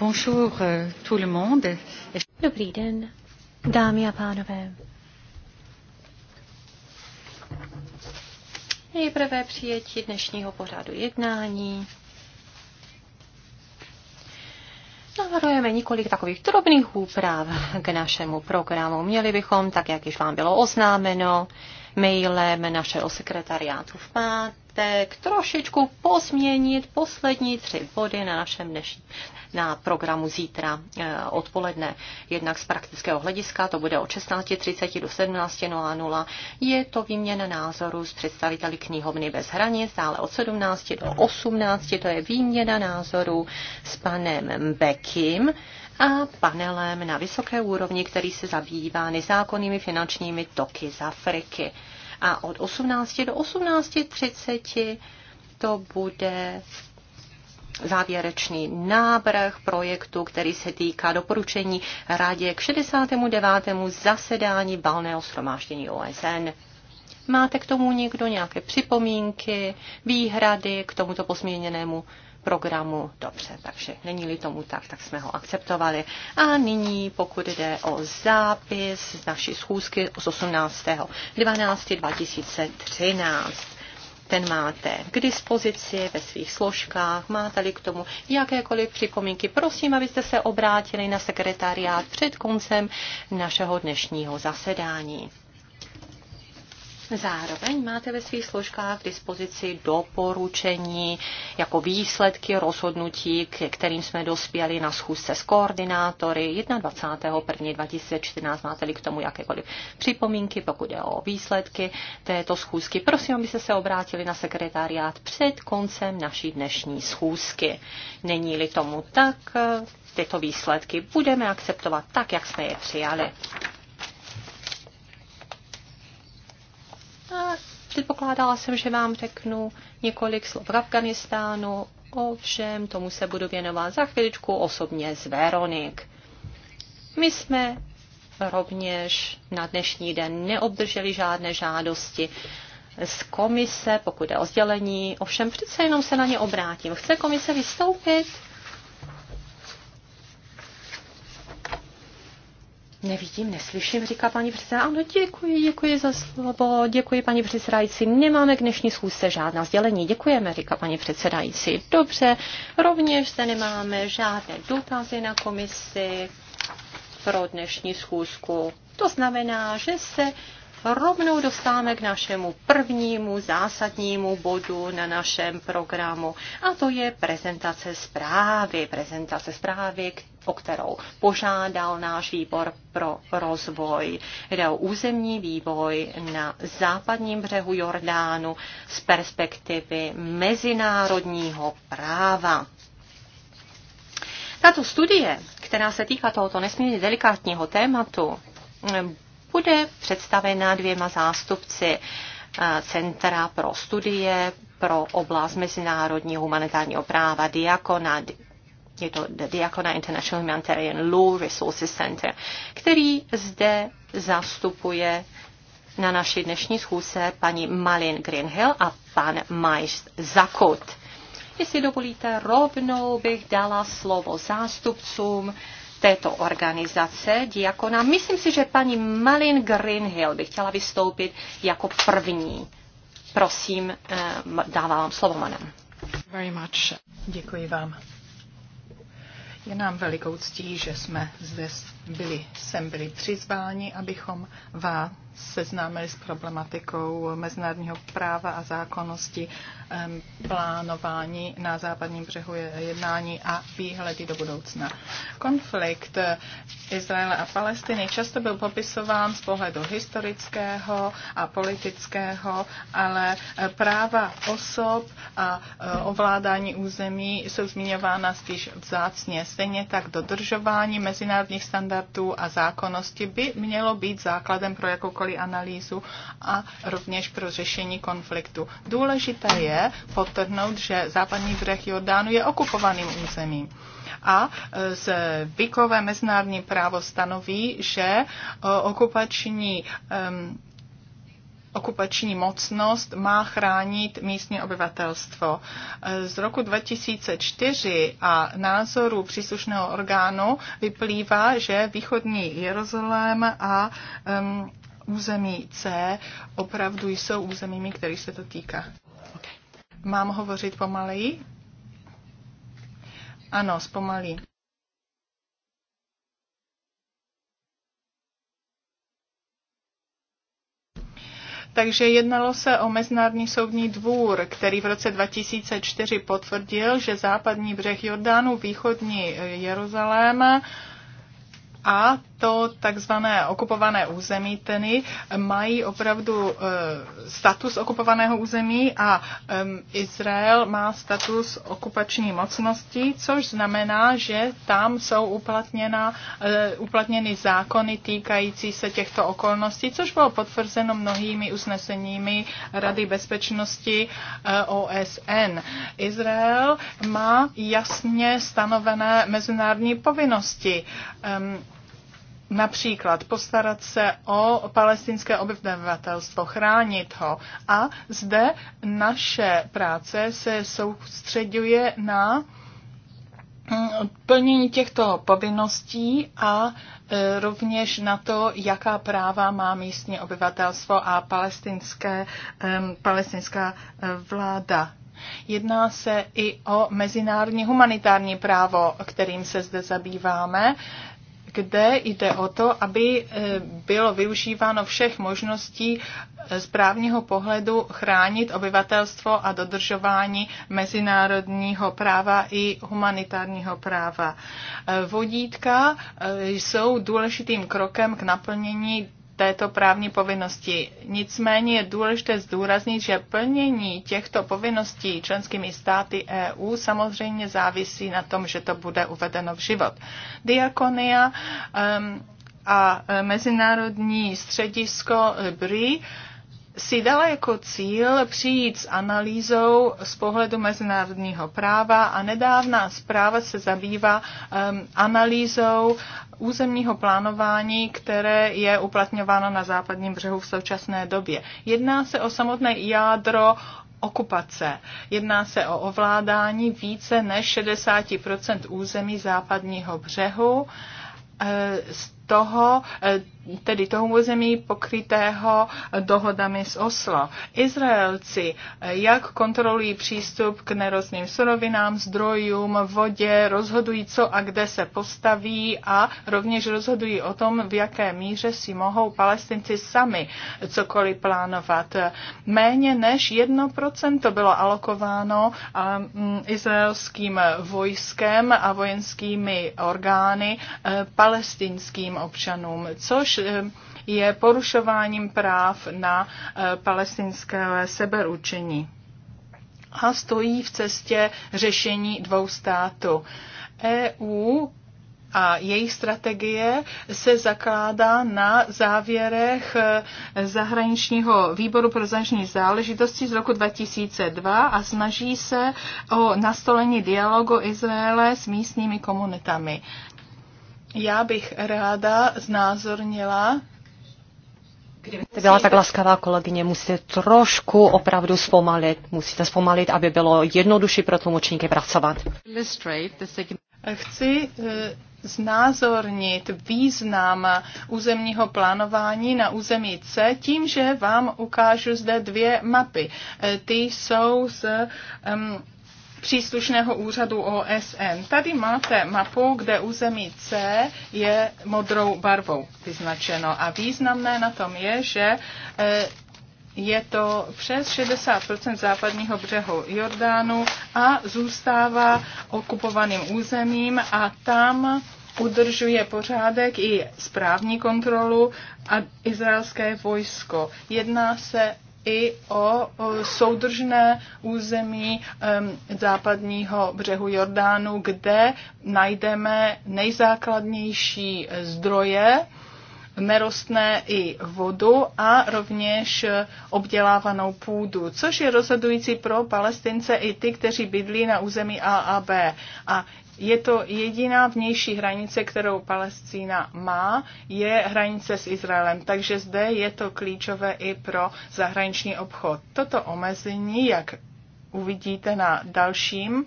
Bonjour euh, tout le monde. Dobrý den, dámy a pánové. Nejprve přijetí dnešního pořadu jednání. Navrhujeme několik takových drobných úprav k našemu programu. Měli bychom, tak jak již vám bylo oznámeno, mailem našeho sekretariátu v pátek trošičku pozměnit poslední tři body na našem dnešním na programu zítra eh, odpoledne. Jednak z praktického hlediska, to bude od 16.30 do 17.00, je to výměna názoru s představiteli knihovny bez hranic, dále od 17 do 18, to je výměna názoru s panem Bekim, a panelem na vysoké úrovni, který se zabývá nezákonnými finančními toky z Afriky. A od 18 do 18.30 to bude závěrečný návrh projektu, který se týká doporučení radě k 69. zasedání balného shromáždění OSN. Máte k tomu někdo nějaké připomínky, výhrady k tomuto posměněnému programu. Dobře, takže není-li tomu tak, tak jsme ho akceptovali. A nyní, pokud jde o zápis z naší schůzky z 18. 12. 2013 ten máte k dispozici ve svých složkách, máte-li k tomu jakékoliv připomínky, prosím, abyste se obrátili na sekretariát před koncem našeho dnešního zasedání. Zároveň máte ve svých složkách k dispozici doporučení jako výsledky rozhodnutí, k kterým jsme dospěli na schůzce s koordinátory 21.1.2014. Máte-li k tomu jakékoliv připomínky, pokud je o výsledky této schůzky, prosím, abyste se obrátili na sekretariát před koncem naší dnešní schůzky. Není-li tomu tak, tyto výsledky budeme akceptovat tak, jak jsme je přijali. A předpokládala jsem, že vám řeknu několik slov v Afganistánu, ovšem tomu se budu věnovat za chviličku osobně z Veronik. My jsme rovněž na dnešní den neobdrželi žádné žádosti z komise, pokud je o sdělení, ovšem přece jenom se na ně obrátím. Chce komise vystoupit? Nevidím, neslyším, říká paní předseda. Ano, děkuji, děkuji za slovo, děkuji paní předsedající. Nemáme k dnešní schůzce žádná sdělení. Děkujeme, říká paní předsedající. Dobře, rovněž se nemáme žádné důkazy na komisi pro dnešní schůzku. To znamená, že se rovnou dostáváme k našemu prvnímu zásadnímu bodu na našem programu a to je prezentace zprávy. Prezentace zprávy, o kterou požádal náš výbor pro rozvoj. Jde o územní vývoj na západním břehu Jordánu z perspektivy mezinárodního práva. Tato studie, která se týká tohoto nesmírně delikátního tématu, bude představena dvěma zástupci eh, Centra pro studie pro oblast mezinárodního humanitárního práva Diakona je to The Diakona International Humanitarian Law Resources Center, který zde zastupuje na naší dnešní schůzce paní Malin Greenhill a pan Majs Zakot. Jestli dovolíte, rovnou bych dala slovo zástupcům této organizace Diakona. Myslím si, že paní Malin Greenhill by chtěla vystoupit jako první. Prosím, eh, dávám slovo, madam. Very much. Děkuji vám. Je nám velikou ctí, že jsme zde byli, sem byli přizváni, abychom vás seznámili s problematikou mezinárodního práva a zákonnosti plánování na západním břehu jednání a výhledy do budoucna. Konflikt eh, Izraele a Palestiny často byl popisován z pohledu historického a politického, ale eh, práva osob a eh, ovládání území jsou zmiňována spíš vzácně. Stejně tak dodržování mezinárodních standardů standardů a zákonnosti by mělo být základem pro jakoukoliv analýzu a rovněž pro řešení konfliktu. Důležité je potrhnout, že západní břeh Jordánu je okupovaným územím a e, z vykové mezinárodní právo stanoví, že e, okupační um, okupační mocnost má chránit místní obyvatelstvo. Z roku 2004 a názoru příslušného orgánu vyplývá, že východní Jeruzalém a um, území C opravdu jsou územími, které se to týká. Mám hovořit pomaleji? Ano, zpomalí. Takže jednalo se o Mezinárodní soudní dvůr, který v roce 2004 potvrdil, že západní břeh Jordánu, východní Jeruzaléma a to takzvané okupované území, teny mají opravdu e, status okupovaného území a Izrael má status okupační mocnosti, což znamená, že tam jsou uplatněna, e, uplatněny zákony týkající se těchto okolností, což bylo potvrzeno mnohými usneseními Rady bezpečnosti e, OSN. Izrael má jasně stanovené mezinárodní povinnosti Například postarat se o palestinské obyvatelstvo, chránit ho. A zde naše práce se soustředuje na mm, plnění těchto povinností a e, rovněž na to, jaká práva má místní obyvatelstvo a palestinské, palestinská e, vláda. Jedná se i o mezinárodní humanitární právo, kterým se zde zabýváme kde jde o to, aby eh, bylo využíváno všech možností eh, z právního pohledu chránit obyvatelstvo a dodržování mezinárodního práva i humanitárního práva. Eh, vodítka jsou důležitým krokem k naplnění této právní povinnosti. Nicméně je důležité zdůraznit, že plnění těchto povinností členskými státy EU samozřejmě závisí na tom, že to bude uvedeno v život. Diakonia um, a e, Mezinárodní středisko e, BRI si dala jako cíl přijít s analýzou z pohledu mezinárodního práva a nedávná zpráva se zabývá um, analýzou územního plánování, které je uplatňováno na západním břehu v současné době. Jedná se o samotné jádro okupace. Jedná se o ovládání více než 60 území západního břehu. Eh, z toho eh, tedy toho území pokrytého dohodami z Oslo. Izraelci jak kontrolují přístup k nerozným surovinám, zdrojům, vodě, rozhodují, co a kde se postaví a rovněž rozhodují o tom, v jaké míře si mohou palestinci sami cokoliv plánovat. Méně než 1% bylo alokováno mm, izraelským vojskem a vojenskými orgány e, palestinským občanům, což což eh, je porušováním práv na eh, palestinské seberučení a stojí v cestě řešení dvou států. EU a jejich strategie se zakládá na závěrech eh, zahraničního výboru pro zahraniční záležitosti z roku 2002 a snaží se o nastolení dialogu Izraele s místními komunitami. Já bych ráda znázornila Kdybyste byla tak laskavá kolegyně, musíte trošku opravdu zpomalit. Musíte zpomalit, aby bylo jednodušší pro tlumočníky pracovat. Chci eh, znázornit význam územního plánování na území C tím, že vám ukážu zde dvě mapy. Eh, ty jsou z um, příslušného úřadu OSN. Tady máte mapu, kde území C je modrou barvou vyznačeno. A významné na tom je, že e, je to přes 60 západního břehu Jordánu a zůstává okupovaným územím a tam udržuje pořádek i správní kontrolu a izraelské vojsko. Jedná se i o soudržné území západního břehu Jordánu, kde najdeme nejzákladnější zdroje, nerostné i vodu a rovněž obdělávanou půdu, což je rozhodující pro palestince i ty, kteří bydlí na území A a B. A je to jediná vnější hranice, kterou Palestína má, je hranice s Izraelem, takže zde je to klíčové i pro zahraniční obchod. Toto omezení, jak uvidíte na dalším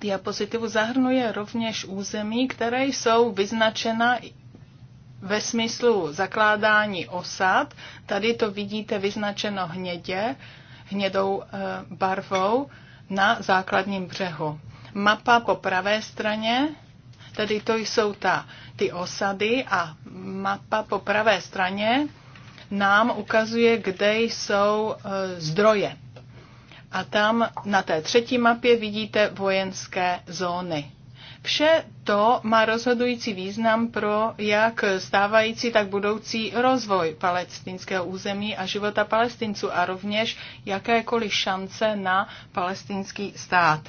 diapozitivu, zahrnuje rovněž území, které jsou vyznačena ve smyslu zakládání osad. Tady to vidíte vyznačeno hnědě, hnědou eh, barvou na základním břehu mapa po pravé straně, tedy to jsou ta, ty osady a mapa po pravé straně nám ukazuje, kde jsou e, zdroje. A tam na té třetí mapě vidíte vojenské zóny. Vše to má rozhodující význam pro jak stávající, tak budoucí rozvoj palestinského území a života palestinců a rovněž jakékoliv šance na palestinský stát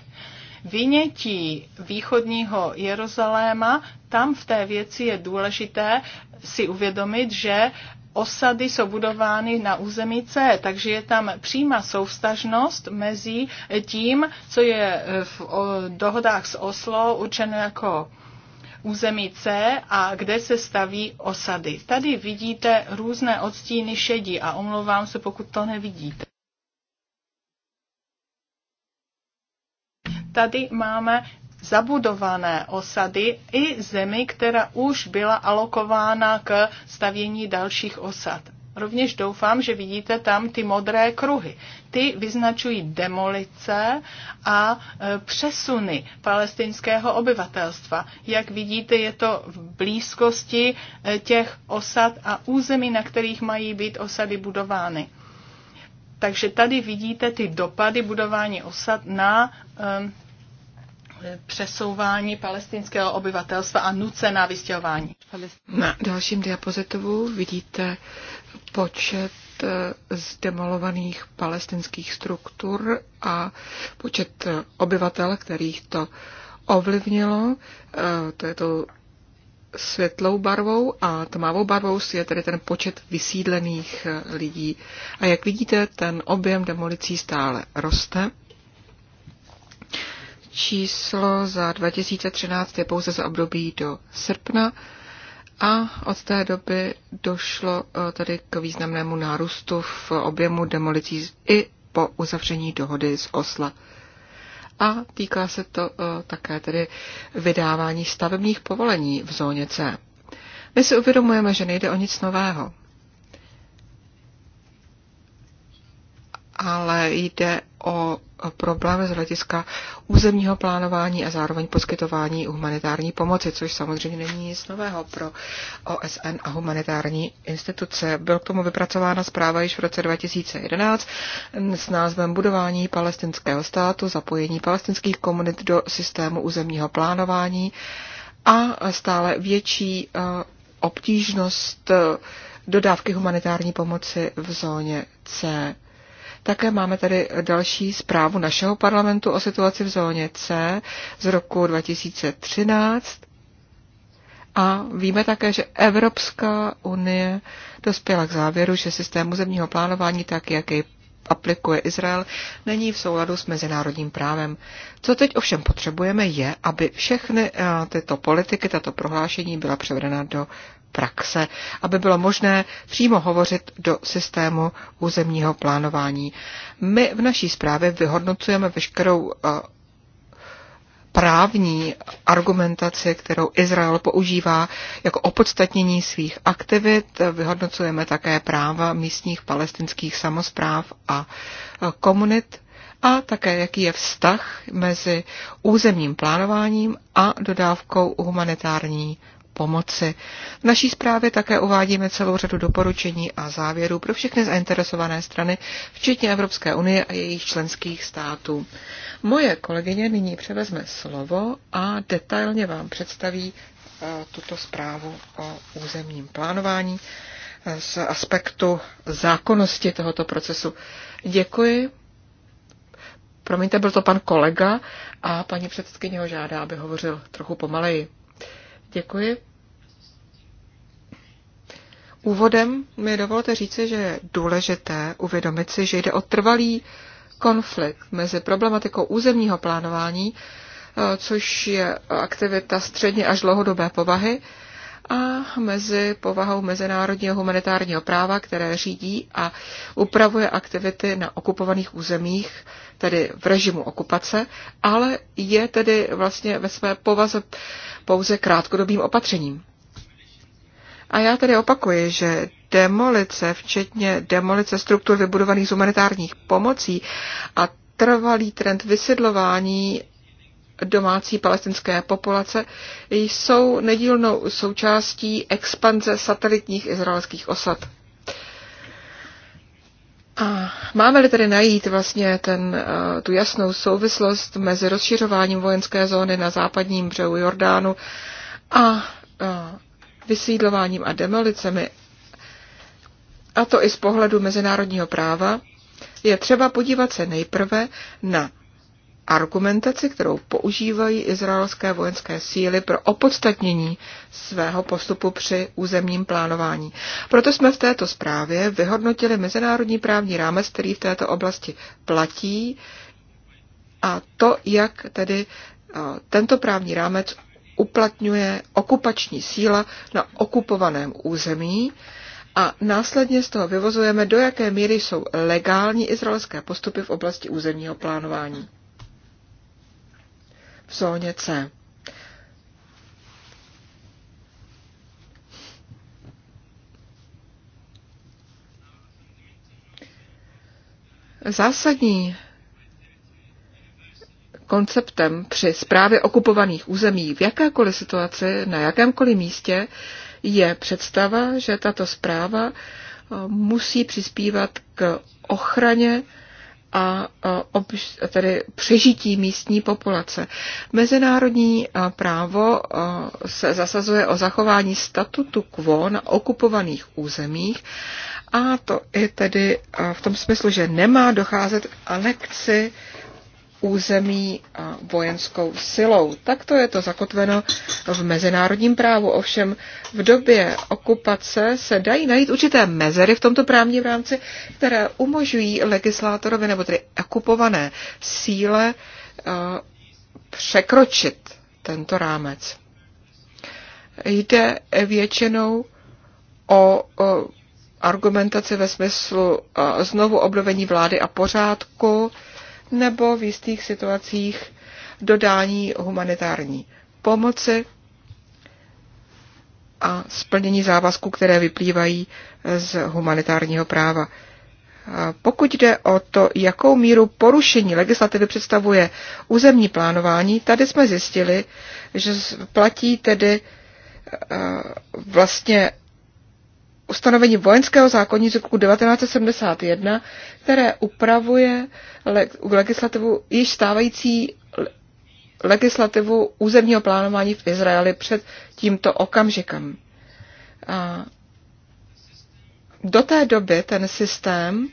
vynětí východního Jeruzaléma, tam v té věci je důležité si uvědomit, že osady jsou budovány na území C, takže je tam přímá soustažnost mezi tím, co je v dohodách s Oslo určeno jako území C a kde se staví osady. Tady vidíte různé odstíny šedí a omlouvám se, pokud to nevidíte. tady máme zabudované osady i zemi, která už byla alokována k stavění dalších osad. Rovněž doufám, že vidíte tam ty modré kruhy. Ty vyznačují demolice a e, přesuny palestinského obyvatelstva. Jak vidíte, je to v blízkosti e, těch osad a území, na kterých mají být osady budovány. Takže tady vidíte ty dopady budování osad na um, přesouvání palestinského obyvatelstva a nucená vystěhování. Na dalším diapozitivu vidíte počet eh, zdemolovaných palestinských struktur a počet eh, obyvatel, kterých to ovlivnilo. Eh, to je to světlou barvou a tmavou barvou je tedy ten počet vysídlených lidí. A jak vidíte, ten objem demolicí stále roste číslo za 2013 je pouze za období do srpna a od té doby došlo eh, tady k významnému nárůstu v objemu demolicí i po uzavření dohody z Osla. A týká se to eh, také tedy vydávání stavebních povolení v zóně C. My si uvědomujeme, že nejde o nic nového. ale jde o problém z hlediska územního plánování a zároveň poskytování humanitární pomoci, což samozřejmě není nic nového pro OSN a humanitární instituce. Byl k tomu vypracována zpráva již v roce 2011 s názvem Budování palestinského státu, zapojení palestinských komunit do systému územního plánování a stále větší eh, obtížnost eh, dodávky humanitární pomoci v zóně C. Také máme tady další zprávu našeho parlamentu o situaci v zóně C z roku 2013. A víme také, že Evropská unie dospěla k závěru, že systém územního plánování, tak jak jej aplikuje Izrael, není v souladu s mezinárodním právem. Co teď ovšem potřebujeme je, aby všechny eh, tyto politiky, tato prohlášení byla převedena do praxe, aby bylo možné přímo hovořit do systému územního plánování. My v naší zprávě vyhodnocujeme veškerou eh, právní argumentaci, kterou Izrael používá jako opodstatnění svých aktivit. Vyhodnocujeme také práva místních palestinských samozpráv a eh, komunit a také jaký je vztah mezi územním plánováním a dodávkou humanitární pomoci. V naší zprávě také uvádíme celou řadu doporučení a závěrů pro všechny zainteresované strany, včetně Evropské unie a jejich členských států. Moje kolegyně nyní převezme slovo a detailně vám představí eh, tuto zprávu o územním plánování eh, z aspektu zákonnosti tohoto procesu. Děkuji. Promiňte, byl to pan kolega a paní předsedkyně ho žádá, aby hovořil trochu pomaleji. Děkuji. Úvodem mi dovolte říci, že je důležité uvědomit si, že jde o trvalý konflikt mezi problematikou územního plánování, eh, což je aktivita středně až dlouhodobé povahy, a mezi povahou mezinárodního humanitárního práva, které řídí a upravuje aktivity na okupovaných územích, tedy v režimu okupace, ale je tedy vlastně ve své povaze pouze krátkodobým opatřením. A já tedy opakuji, že demolice, včetně demolice struktur vybudovaných z humanitárních pomocí a trvalý trend vysidlování domácí palestinské populace jsou nedílnou součástí expanze satelitních izraelských osad. A máme-li tedy najít vlastně ten, eh, tu jasnou souvislost mezi rozšiřováním vojenské zóny na západním břehu Jordánu a eh, vysídlováním a demolicemi, a to i z pohledu mezinárodního práva, je třeba podívat se nejprve na argumentaci, kterou používají izraelské vojenské síly pro opodstatnění svého postupu při územním plánování. Proto jsme v této zprávě vyhodnotili mezinárodní právní rámec, který v této oblasti platí a to, jak tedy tento právní rámec uplatňuje okupační síla na okupovaném území a následně z toho vyvozujeme, do jaké míry jsou legální izraelské postupy v oblasti územního plánování. V zóně C. Zásadní konceptem při zprávě okupovaných území v jakékoliv situaci, na jakémkoliv místě, je představa, že tato zpráva eh, musí přispívat k ochraně a eh, tedy přežití místní populace. Mezinárodní eh, právo se zasazuje o zachování statutu quo na okupovaných územích a to i tedy v tom smyslu, že nemá docházet k anexi území vojenskou silou. Takto je to zakotveno v mezinárodním právu. Ovšem v době okupace se dají najít určité mezery v tomto právním rámci, které umožňují legislátorovi nebo tedy okupované síle eh, překročit tento rámec. Jde většinou o argumentaci ve smyslu eh, znovu obnovení vlády a pořádku, nebo v jistých situacích dodání humanitární pomoci a splnění závazků, které vyplývají z humanitárního práva. Pokud jde o to, jakou míru porušení legislativy představuje územní plánování, tady jsme zjistili, že platí tedy vlastně ustanovení vojenského zákonníku 1971, které upravuje legislativu již stávající legislativu územního plánování v Izraeli před tímto okamžikem. A do té doby ten systém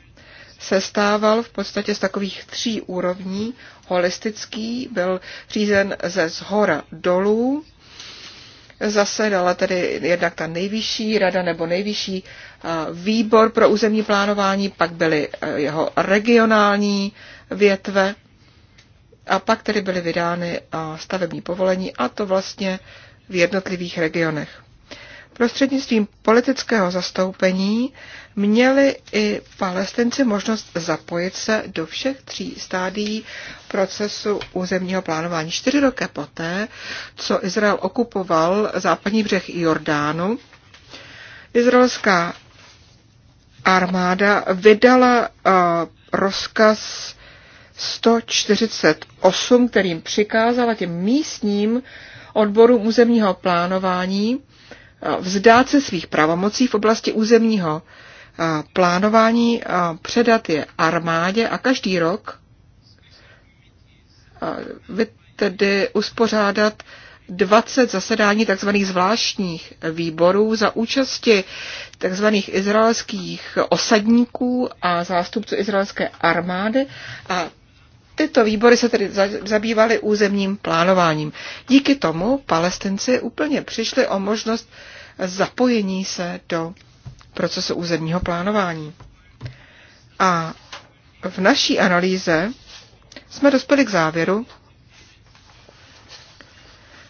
se stával v podstatě z takových tří úrovní. Holistický byl řízen ze zhora dolů, zasedala tedy jednak ta nejvyšší rada nebo nejvyšší eh, výbor pro územní plánování, pak byly eh, jeho regionální větve a pak tedy byly vydány eh, stavební povolení a to vlastně v jednotlivých regionech prostřednictvím politického zastoupení měli i palestinci možnost zapojit se do všech tří stádií procesu územního plánování. Čtyři roky poté, co Izrael okupoval západní břeh Jordánu, izraelská armáda vydala eh, rozkaz 148, kterým přikázala těm místním odborům územního plánování, vzdát se svých pravomocí v oblasti územního plánování, předat je armádě a každý rok tedy uspořádat 20 zasedání tzv. zvláštních výborů za účasti tzv. izraelských osadníků a zástupců izraelské armády a Tyto výbory se tedy zabývaly územním plánováním. Díky tomu palestinci úplně přišli o možnost zapojení se do procesu územního plánování. A v naší analýze jsme dospěli k závěru,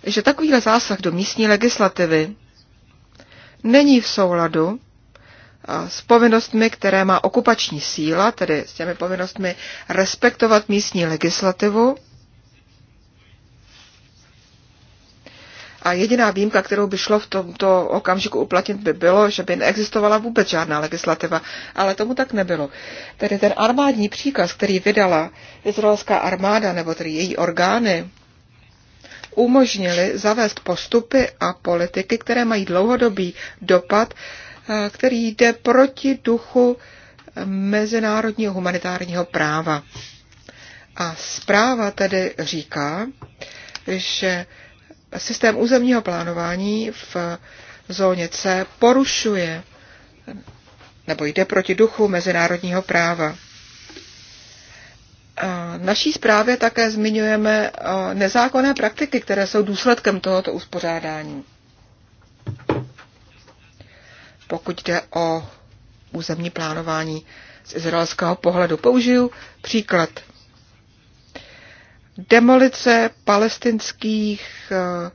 že takovýhle zásah do místní legislativy není v souladu s povinnostmi, které má okupační síla, tedy s těmi povinnostmi respektovat místní legislativu. A jediná výjimka, kterou by šlo v tomto okamžiku uplatnit, by bylo, že by neexistovala vůbec žádná legislativa. Ale tomu tak nebylo. Tedy ten armádní příkaz, který vydala izraelská armáda, nebo tedy její orgány, umožnili zavést postupy a politiky, které mají dlouhodobý dopad Eh, který jde proti duchu mezinárodního humanitárního práva. A zpráva tedy říká, že systém územního plánování v zóně C porušuje nebo jde proti duchu mezinárodního práva. naší zprávě také zmiňujeme eh, nezákonné praktiky, které jsou důsledkem tohoto uspořádání pokud jde o územní plánování z izraelského pohledu. Použiju příklad. Demolice palestinských eh,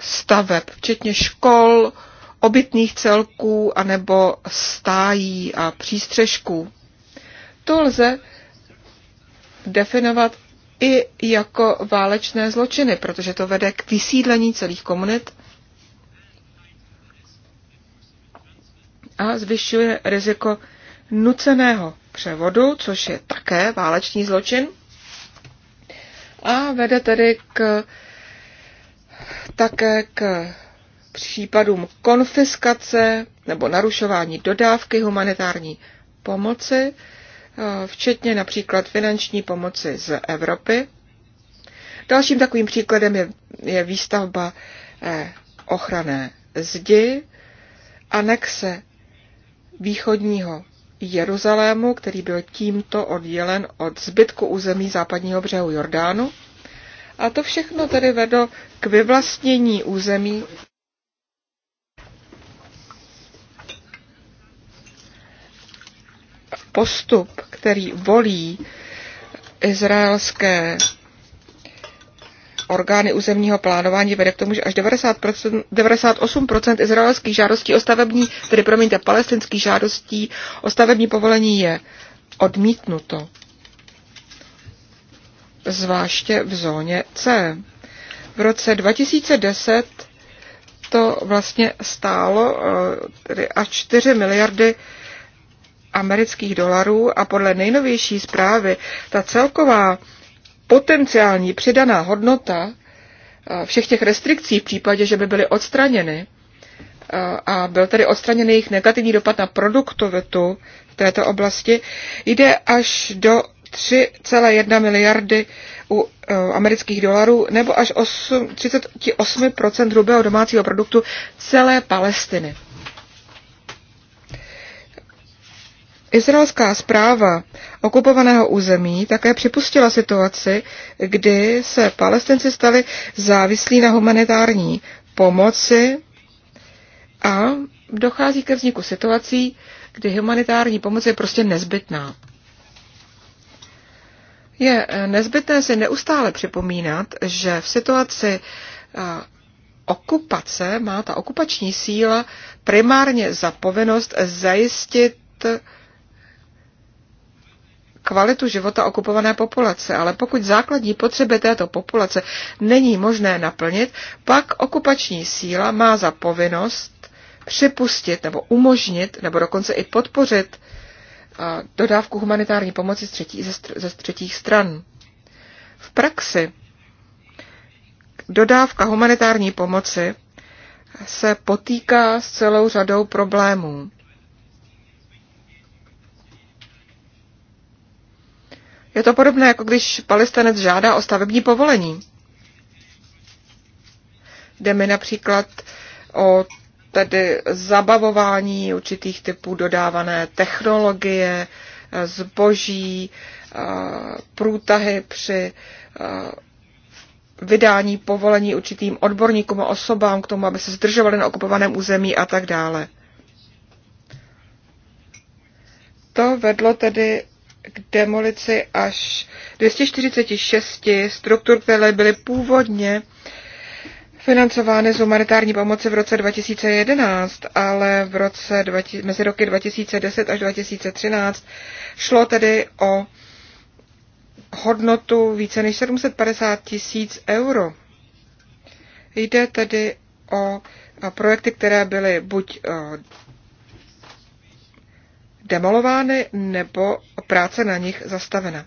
staveb, včetně škol, obytných celků anebo stájí a přístřežků. To lze definovat i jako válečné zločiny, protože to vede k vysídlení celých komunit a zvyšuje riziko nuceného převodu, což je také válečný zločin a vede tedy k, také k případům konfiskace nebo narušování dodávky humanitární pomoci, eh, včetně například finanční pomoci z Evropy. Dalším takovým příkladem je, je výstavba eh, ochranné zdi, anexe východního Jeruzalému, který byl tímto oddělen od zbytku území západního břehu Jordánu. A to všechno tedy vedlo k vyvlastnění území postup, který volí izraelské orgány územního plánování vede k tomu, že až 90%, 98% izraelských žádostí o stavební, tedy promiňte, palestinských žádostí o stavební povolení je odmítnuto. Zvláště v zóně C. V roce 2010 to vlastně stálo eh, tedy až 4 miliardy amerických dolarů a podle nejnovější zprávy ta celková potenciální přidaná hodnota všech těch restrikcí v případě, že by byly odstraněny a byl tedy odstraněn jejich negativní dopad na produktovitu v této oblasti, jde až do 3,1 miliardy u e, amerických dolarů nebo až 8, 38% hrubého domácího produktu celé Palestiny. Izraelská zpráva okupovaného území také připustila situaci, kdy se palestinci stali závislí na humanitární pomoci a dochází ke vzniku situací, kdy humanitární pomoc je prostě nezbytná. Je nezbytné si neustále připomínat, že v situaci okupace má ta okupační síla primárně za povinnost zajistit kvalitu života okupované populace, ale pokud základní potřeby této populace není možné naplnit, pak okupační síla má za povinnost připustit nebo umožnit nebo dokonce i podpořit dodávku humanitární pomoci z ze třetích stran. V praxi dodávka humanitární pomoci se potýká s celou řadou problémů. Je to podobné, jako když palestinec žádá o stavební povolení. Jde mi například o tedy zabavování určitých typů dodávané technologie, zboží, eh, průtahy při eh, vydání povolení určitým odborníkům a osobám k tomu, aby se zdržovali na okupovaném území a tak dále. To vedlo tedy k demolici až 246 struktur, které byly původně financovány z humanitární pomoci v roce 2011, ale v roce, mezi roky 2010 až 2013 šlo tedy o hodnotu více než 750 tisíc euro. Jde tedy o projekty, které byly buď demolovány nebo práce na nich zastavena.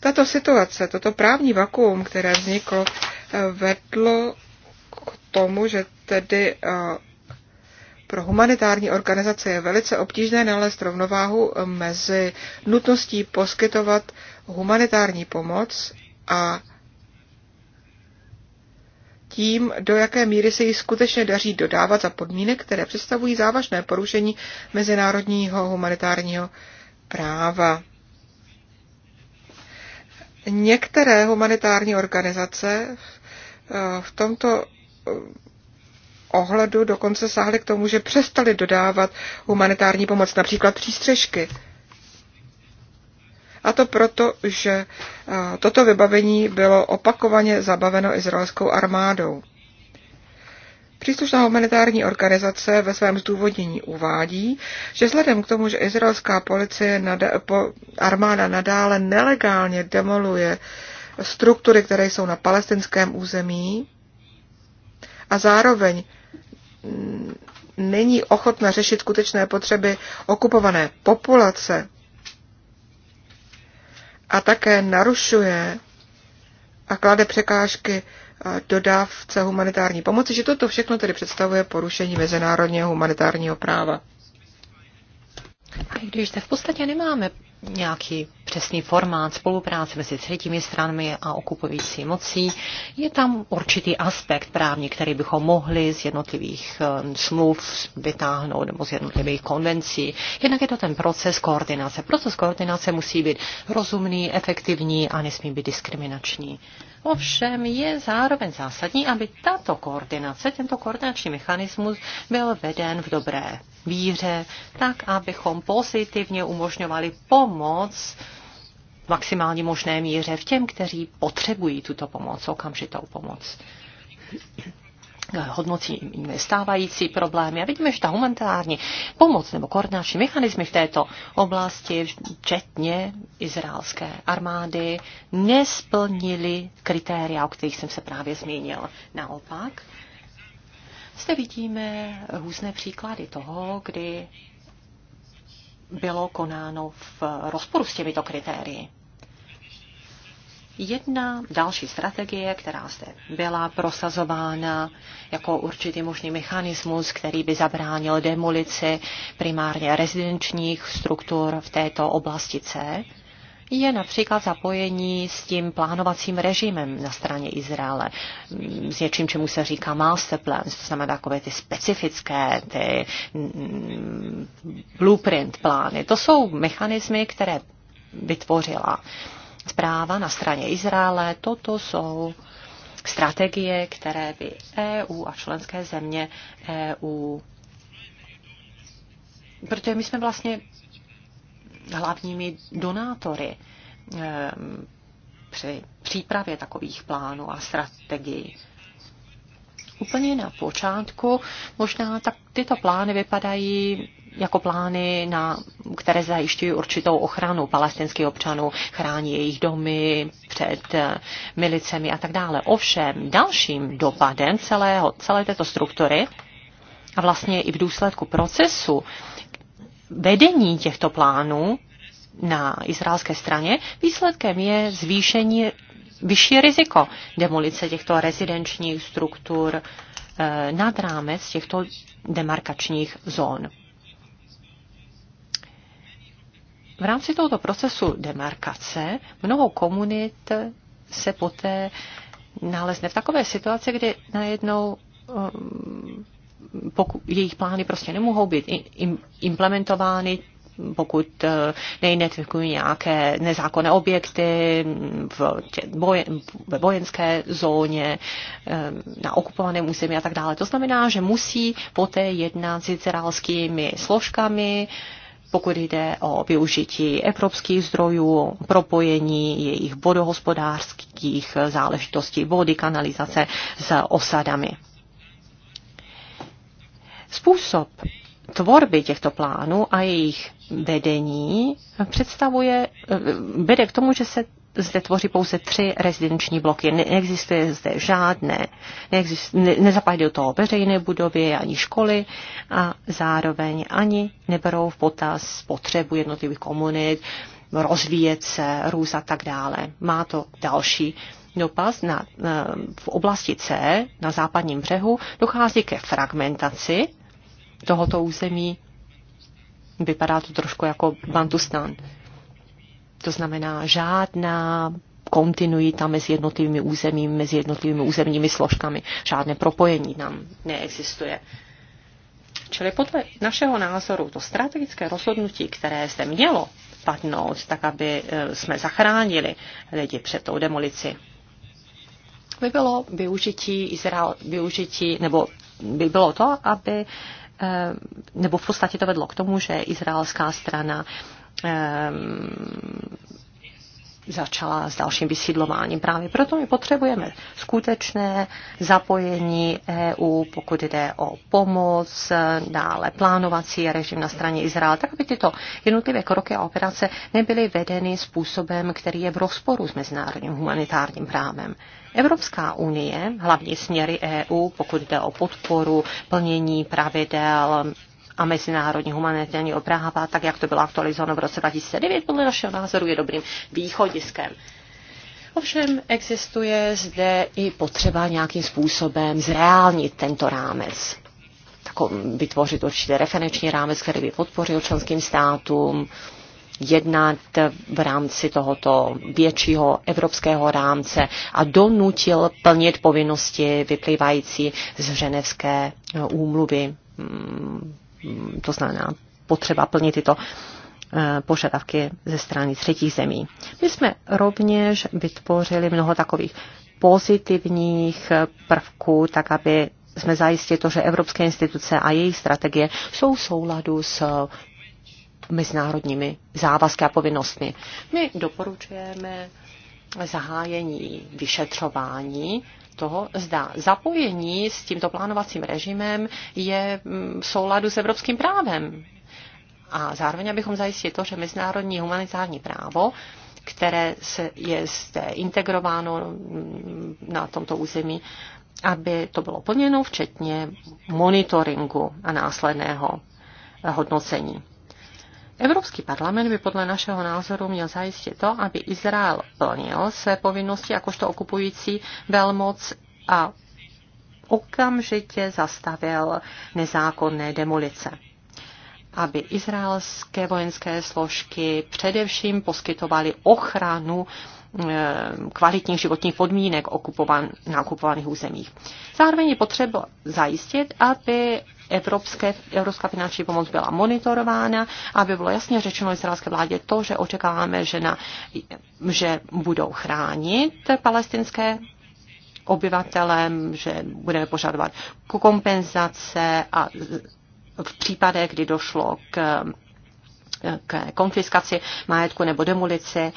Tato situace, toto právní vakuum, které vzniklo, vedlo k tomu, že tedy eh, pro humanitární organizace je velice obtížné nalézt rovnováhu mezi nutností poskytovat humanitární pomoc a tím, do jaké míry se jí skutečně daří dodávat za podmínek, které představují závažné porušení mezinárodního humanitárního práva. Některé humanitární organizace eh, v tomto eh, ohledu dokonce sáhly k tomu, že přestali dodávat humanitární pomoc, například přístřežky. A to proto, že eh, toto vybavení bylo opakovaně zabaveno izraelskou armádou. Příslušná humanitární organizace ve svém zdůvodnění uvádí, že vzhledem k tomu, že izraelská policie nada, po, armáda nadále nelegálně demoluje struktury, které jsou na palestinském území a zároveň není ochotna řešit skutečné potřeby okupované populace, a také narušuje a klade překážky dodávce humanitární pomoci, že toto všechno tedy představuje porušení mezinárodního humanitárního práva. A když zde v podstatě nemáme nějaký přesný formát spolupráce mezi třetími stranami a okupující mocí. Je tam určitý aspekt právní, který bychom mohli z jednotlivých eh, smluv vytáhnout nebo z jednotlivých konvencí. Jednak je to ten proces koordinace. Proces koordinace musí být rozumný, efektivní a nesmí být diskriminační. Ovšem je zároveň zásadní, aby tato koordinace, tento koordinační mechanismus byl veden v dobré víře, tak abychom pozitivně umožňovali pomoc v maximální možné míře v těm, kteří potřebují tuto pomoc, okamžitou pomoc. Hodnocíme stávající problémy a vidíme, že ta humanitární pomoc nebo koordinační mechanismy v této oblasti, včetně izraelské armády, nesplnili kritéria, o kterých jsem se právě zmínil. Naopak, zde vidíme různé příklady toho, kdy bylo konáno v rozporu s těmito kritérii. Jedna další strategie, která zde byla prosazována jako určitý možný mechanismus, který by zabránil demolici primárně rezidenčních struktur v této oblasti C, je například zapojení s tím plánovacím režimem na straně Izraele, mm, s něčím, čemu se říká master Plan, to znamená takové ty specifické, ty mm, blueprint plány. To jsou mechanismy, které vytvořila zpráva na straně Izraele. Toto jsou strategie, které by EU a členské země EU protože my jsme vlastně hlavními donátory eh, při přípravě takových plánů a strategií. Úplně na počátku možná tak tyto plány vypadají jako plány, na, které zajišťují určitou ochranu palestinských občanů, chrání jejich domy před eh, milicemi a tak dále. Ovšem dalším dopadem celého, celé této struktury a vlastně i v důsledku procesu vedení těchto plánů na izraelské straně, výsledkem je zvýšení vyšší riziko demolice těchto rezidenčních struktur eh, nad rámec těchto demarkačních zón. V rámci tohoto procesu demarkace mnoho komunit se poté nalezne v takové situaci, kdy najednou um, poku, jejich plány prostě nemohou být implementovány, pokud eh, neidentifikují nějaké nezákonné objekty v boje, ve vojenské zóně, eh, na okupovaném území a tak dále. To znamená, že musí poté jednat s izraelskými složkami, pokud jde o využití evropských zdrojů, propojení jejich vodohospodářských záležitostí, vody, kanalizace s osadami. Způsob tvorby těchto plánů a jejich vedení představuje, eh, vede k tomu, že se zde tvoří pouze tři rezidenční bloky. Neexistuje zde žádné, neexist, ne, do toho veřejné budovy ani školy a zároveň ani neberou v potaz potřebu jednotlivých komunit, rozvíjet se, růst a tak dále. Má to další dopas na, na, eh, v oblasti C, na západním břehu, dochází ke fragmentaci tohoto území. Vypadá to trošku jako Bantustan. To znamená žádná kontinuita mezi jednotlivými územími, mezi jednotlivými územními složkami. Žádné propojení tam neexistuje. Čili podle našeho názoru to strategické rozhodnutí, které zde mělo padnout, tak aby e, jsme zachránili lidi před tou demolici, by bylo využití, Izrael, využití nebo by bylo to, aby Eh, nebo v podstatě to vedlo k tomu, že izraelská strana eh, začala s dalším vysídlováním. Právě proto my potřebujeme skutečné zapojení EU, pokud jde o pomoc, dále plánovací režim na straně Izraela, tak aby tyto jednotlivé kroky a operace nebyly vedeny způsobem, který je v rozporu s mezinárodním humanitárním právem. Evropská unie, hlavní směry EU, pokud jde o podporu, plnění pravidel, a mezinárodní humanitární práva, tak jak to bylo aktualizováno v roce 2009, podle našeho názoru je dobrým východiskem. Ovšem existuje zde i potřeba nějakým způsobem zreálnit tento rámec. vytvořit určitě referenční rámec, který by podpořil členským státům, jednat v rámci tohoto většího evropského rámce a donutil plnit povinnosti vyplývající z ženevské eh, úmluvy. Mm, to znamená potřeba plnit tyto eh, požadavky ze strany třetích zemí. My jsme rovněž vytvořili mnoho takových pozitivních prvků, tak aby jsme zajistili to, že evropské instituce a jejich strategie jsou v souladu s mezinárodními závazky a povinnostmi. My doporučujeme zahájení vyšetřování toho, zda zapojení s tímto plánovacím režimem je v souladu s evropským právem. A zároveň, abychom zajistili to, že mezinárodní humanitární právo, které se je zde integrováno mm, na tomto území, aby to bylo plněno, včetně monitoringu a následného hodnocení. Evropský parlament by podle našeho názoru měl zajistit to, aby Izrael plnil své povinnosti jakožto okupující velmoc a okamžitě zastavil nezákonné demolice aby izraelské vojenské složky především poskytovaly ochranu eh, kvalitních životních podmínek okupovan, na okupovaných územích. Zároveň je potřeba zajistit, aby evropské, evropská finanční pomoc byla monitorována, aby bylo jasně řečeno izraelské vládě to, že očekáváme, že, na, že budou chránit palestinské obyvatelem, že budeme požadovat kompenzace a v případě, kdy došlo k, k konfiskaci majetku nebo demolici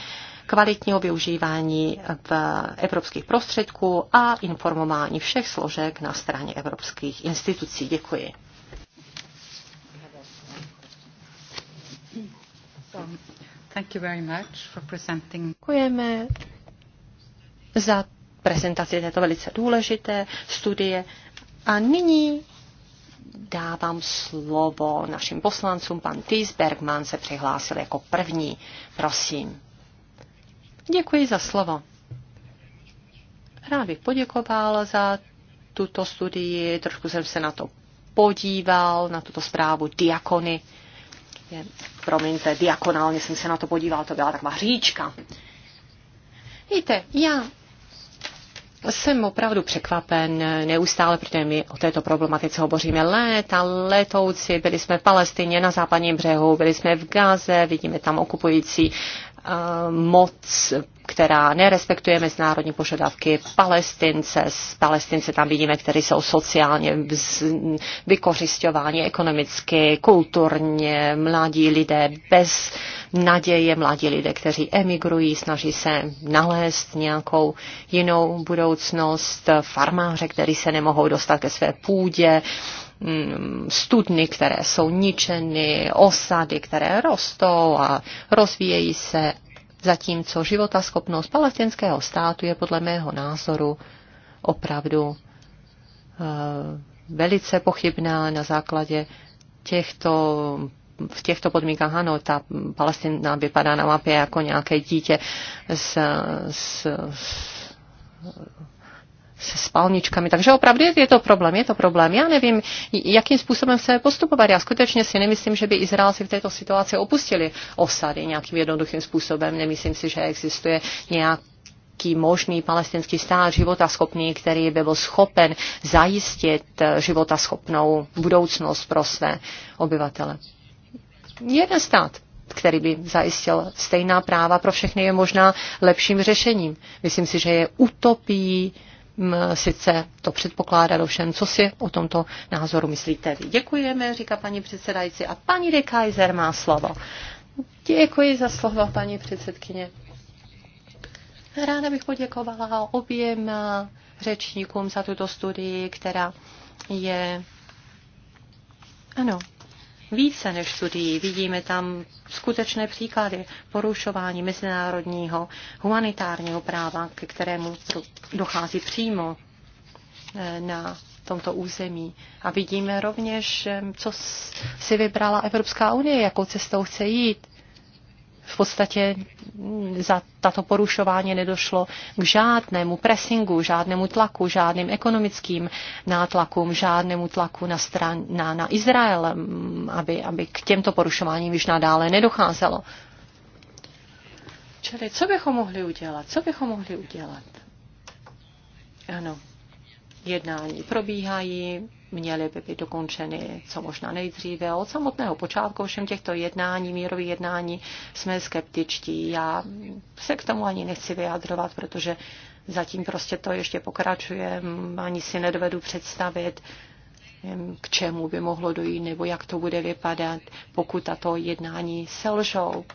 kvalitního využívání v evropských prostředků a informování všech složek na straně evropských institucí. Děkuji. Děkujeme za prezentaci této velice důležité studie. A nyní dávám slovo našim poslancům. Pan Tis Bergman se přihlásil jako první. Prosím. Děkuji za slovo. Rád bych poděkoval za tuto studii, trošku jsem se na to podíval, na tuto zprávu diakony. Je, promiňte, diakonálně jsem se na to podíval, to byla taková hříčka. Víte, já jsem opravdu překvapen neustále, protože my o této problematice hovoříme léta, letouci, byli jsme v Palestině, na západním břehu, byli jsme v Gaze, vidíme tam okupující Eh, moc, která nerespektuje mezinárodní požadavky, palestince, z palestince tam vidíme, kteří jsou sociálně vykořišťováni ekonomicky, kulturně, mladí lidé bez naděje, mladí lidé, kteří emigrují, snaží se nalézt nějakou jinou budoucnost, farmáře, kteří se nemohou dostat ke své půdě, studny, které jsou ničeny, osady, které rostou a rozvíjejí se, zatímco životaschopnost palestinského státu je podle mého názoru opravdu eh, velice pochybná na základě těchto v těchto podmínkách, ano, ta Palestina vypadá na mapě jako nějaké dítě s, s, s se spalničkami. Takže opravdu je to problém, je to problém. Já nevím, jakým způsobem se postupovat. Já skutečně si nemyslím, že by Izraelci v této situaci opustili osady nějakým jednoduchým způsobem. Nemyslím si, že existuje nějak nějaký možný palestinský stát života schopný, který by byl schopen zajistit eh, života schopnou budoucnost pro své obyvatele. Jeden stát, který by zajistil stejná práva pro všechny, je možná lepším řešením. Myslím si, že je utopií Mm, sice to předpokládá ovšem, co si o tomto názoru myslíte vy. Děkujeme, říká paní předsedající. A paní de Kaiser má slovo. Děkuji za slovo, paní předsedkyně. Ráda bych poděkovala oběma řečníkům za tuto studii, která je... Ano, více než studií. Vidíme tam skutečné příklady porušování mezinárodního humanitárního práva, ke kterému dochází přímo eh, na tomto území. A vidíme rovněž, eh, co si vybrala Evropská unie, jakou cestou chce jít v podstatě za tato porušování nedošlo k žádnému pressingu, žádnému tlaku, žádným ekonomickým nátlakům, žádnému tlaku na, stran, na, na Izrael, aby, aby k těmto porušováním již nadále nedocházelo. Čili co bychom mohli udělat? Co bychom mohli udělat? Ano, jednání probíhají, měly by být dokončeny co možná nejdříve. Od samotného počátku všem těchto jednání, mírových jednání, jsme skeptičtí. Já se k tomu ani nechci vyjádřovat, protože zatím prostě to ještě pokračuje. Ani si nedovedu představit, k čemu by mohlo dojít, nebo jak to bude vypadat, pokud tato jednání selžou.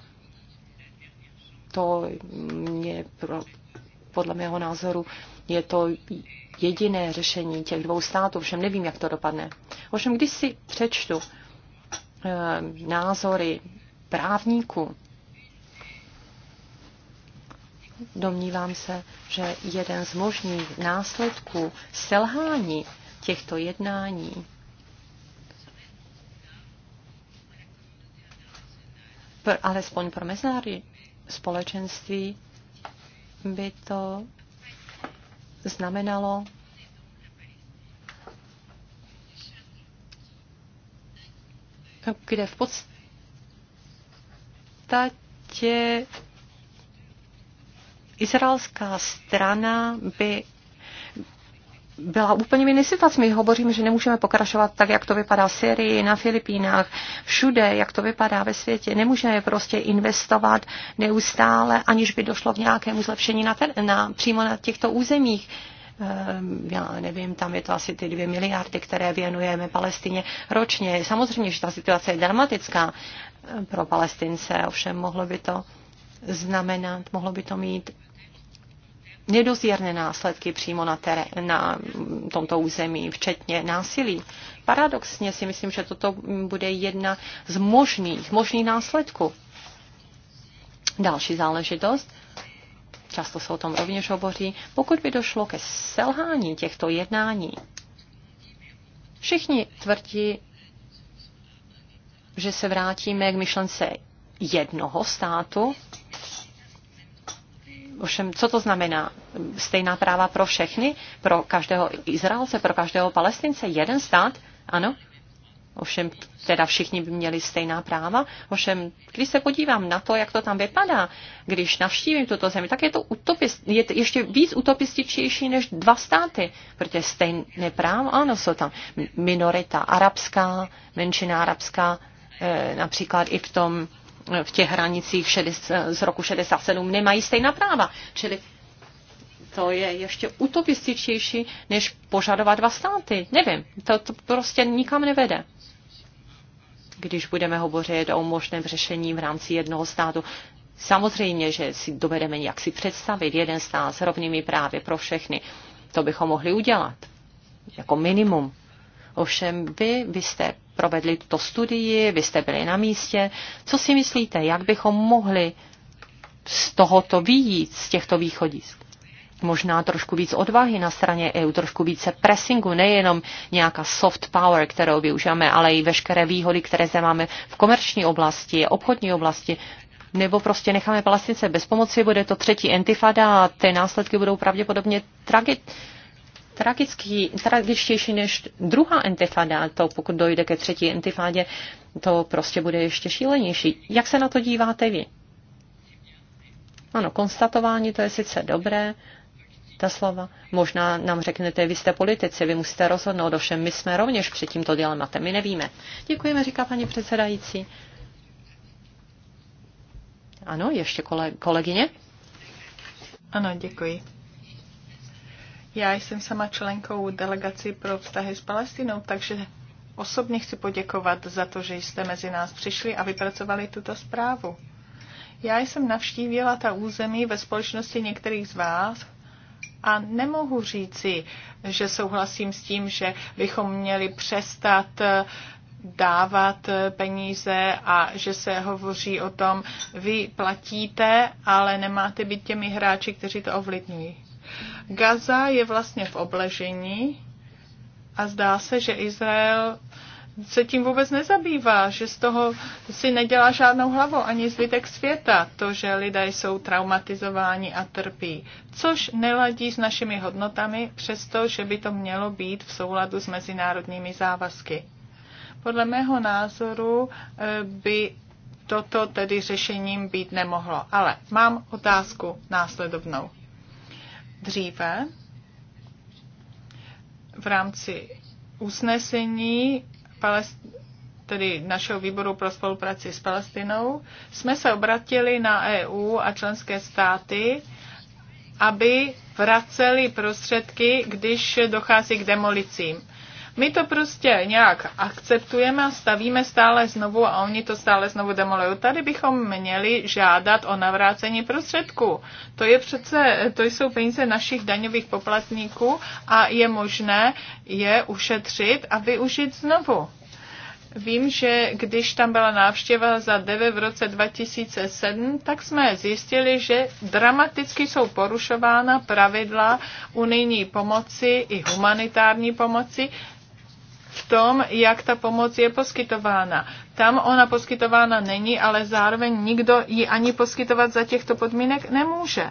To mě pro, podle mého názoru je to jediné řešení těch dvou států, všem nevím, jak to dopadne. Ovšem, když si přečtu eh, názory právníků, domnívám se, že jeden z možných následků selhání těchto jednání pr, alespoň pro mezinárodní společenství by to znamenalo kde v podstatě izraelská strana by byla úplně jiný situace. My hovoříme, že nemůžeme pokračovat tak, jak to vypadá v Syrii, na Filipínách, všude, jak to vypadá ve světě. Nemůžeme prostě investovat neustále, aniž by došlo k nějakému zlepšení na, ten, na přímo na těchto územích ehm, já nevím, tam je to asi ty dvě miliardy, které věnujeme Palestině ročně. Samozřejmě, že ta situace je dramatická ehm, pro Palestince, ovšem mohlo by to znamenat, mohlo by to mít nedozírné následky přímo na, teré, na tomto území, včetně násilí. Paradoxně si myslím, že toto bude jedna z možných, možných následků. Další záležitost, často se o tom rovněž hovoří, pokud by došlo ke selhání těchto jednání. Všichni tvrdí, že se vrátíme k myšlence jednoho státu, Ovšem, co to znamená? Stejná práva pro všechny? Pro každého Izraelce, pro každého Palestince? Jeden stát? Ano? Ovšem, teda všichni by měli stejná práva. Ovšem, když se podívám na to, jak to tam vypadá, když navštívím tuto zemi, tak je to utopist, je to ještě víc utopističnější než dva státy, protože stejné práva, ano, jsou tam minorita arabská, menšina arabská, eh, například i v tom v těch hranicích z roku 67 nemají stejná práva. Čili to je ještě utopističtější, než požadovat dva státy. Nevím, to, to prostě nikam nevede. Když budeme hovořit o možném řešení v rámci jednoho státu, samozřejmě, že si dovedeme jak si představit jeden stát s rovnými právy pro všechny. To bychom mohli udělat. Jako minimum. Ovšem vy, vy jste provedli tuto studii, vy jste byli na místě. Co si myslíte, jak bychom mohli z tohoto výjít, z těchto východisk? Možná trošku víc odvahy na straně EU, trošku více pressingu, nejenom nějaká soft power, kterou využíváme, ale i veškeré výhody, které zde máme v komerční oblasti, obchodní oblasti, nebo prostě necháme palestince bez pomoci, bude to třetí entifada a ty následky budou pravděpodobně tragické tragický, tragičtější než druhá intifada. To pokud dojde ke třetí intifádě, to prostě bude ještě šílenější. Jak se na to díváte vy? Ano, konstatování to je sice dobré, ta slova. Možná nám řeknete, vy jste politici, vy musíte rozhodnout, ovšem my jsme rovněž před tímto dilematem, my nevíme. Děkujeme, říká paní předsedající. Ano, ještě kole, kolegyně. Ano, děkuji. Já jsem sama členkou delegaci pro vztahy s Palestinou, takže osobně chci poděkovat za to, že jste mezi nás přišli a vypracovali tuto zprávu. Já jsem navštívila ta území ve společnosti některých z vás a nemohu říci, že souhlasím s tím, že bychom měli přestat eh, dávat eh, peníze a že se hovoří o tom, vy platíte, ale nemáte být těmi hráči, kteří to ovlivňují. Gaza je vlastně v obležení a zdá se, že Izrael se tím vůbec nezabývá, že z toho si nedělá žádnou hlavu ani zbytek světa, to, že lidé jsou traumatizováni a trpí, což neladí s našimi hodnotami, přestože by to mělo být v souladu s mezinárodními závazky. Podle mého názoru eh, by toto tedy řešením být nemohlo. Ale mám otázku následovnou dříve v rámci usnesení tedy našeho výboru pro spolupráci s Palestinou, jsme se obratili na EU a členské státy, aby vraceli prostředky, když dochází k demolicím. My to prostě nějak akceptujeme a stavíme stále znovu a oni to stále znovu demolují. Tady bychom měli žádat o navrácení prostředků. To je přece, to jsou peníze našich daňových poplatníků a je možné je ušetřit a využít znovu. Vím, že když tam byla návštěva za DEVE v roce 2007, tak jsme zjistili, že dramaticky jsou porušována pravidla unijní pomoci i humanitární pomoci, v tom, jak ta pomoc je poskytována. Tam ona poskytována není, ale zároveň nikdo ji ani poskytovat za těchto podmínek nemůže.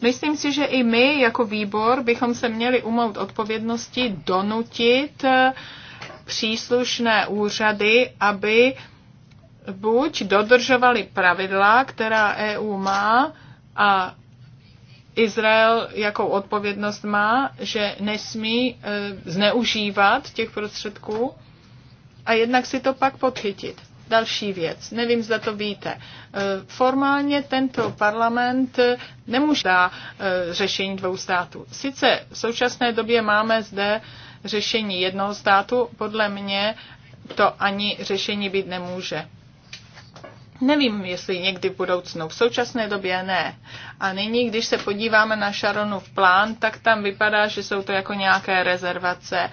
Myslím si, že i my jako výbor bychom se měli umout odpovědnosti donutit eh, příslušné úřady, aby buď dodržovali pravidla, která EU má, a Izrael jakou odpovědnost má, že nesmí e, zneužívat těch prostředků a jednak si to pak podchytit. Další věc, nevím, zda to víte. E, formálně tento parlament nemůže dát e, řešení dvou států. Sice v současné době máme zde řešení jednoho státu, podle mě to ani řešení být nemůže. Nevím, jestli někdy v budoucnu, v současné době ne. A nyní, když se podíváme na Sharonův plán, tak tam vypadá, že jsou to jako nějaké rezervace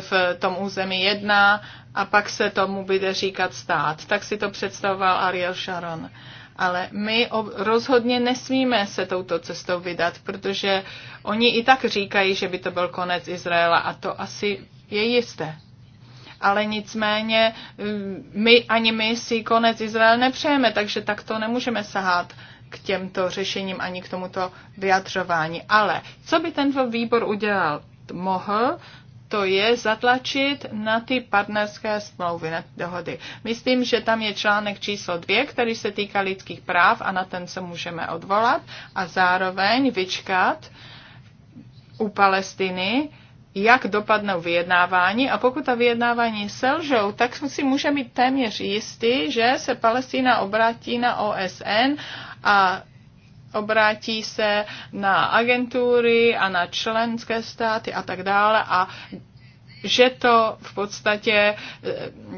v tom území jedna, a pak se tomu bude říkat stát. Tak si to představoval Ariel Sharon. Ale my rozhodně nesmíme se touto cestou vydat, protože oni i tak říkají, že by to byl konec Izraela a to asi je jisté ale nicméně eh, my ani my si konec Izrael nepřejeme, takže tak to nemůžeme sahat k těmto řešením ani k tomuto vyjadřování. Ale co by tento výbor udělal? Mohl to je zatlačit na ty partnerské smlouvy, na ty dohody. Myslím, že tam je článek číslo dvě, který se týká lidských práv a na ten se můžeme odvolat a zároveň vyčkat u Palestiny, jak dopadnou vyjednávání a pokud ta vyjednávání selžou, tak si může být téměř jistý, že se Palestina obrátí na OSN a obrátí se na agentury a na členské státy a tak dále a že to v podstatě e,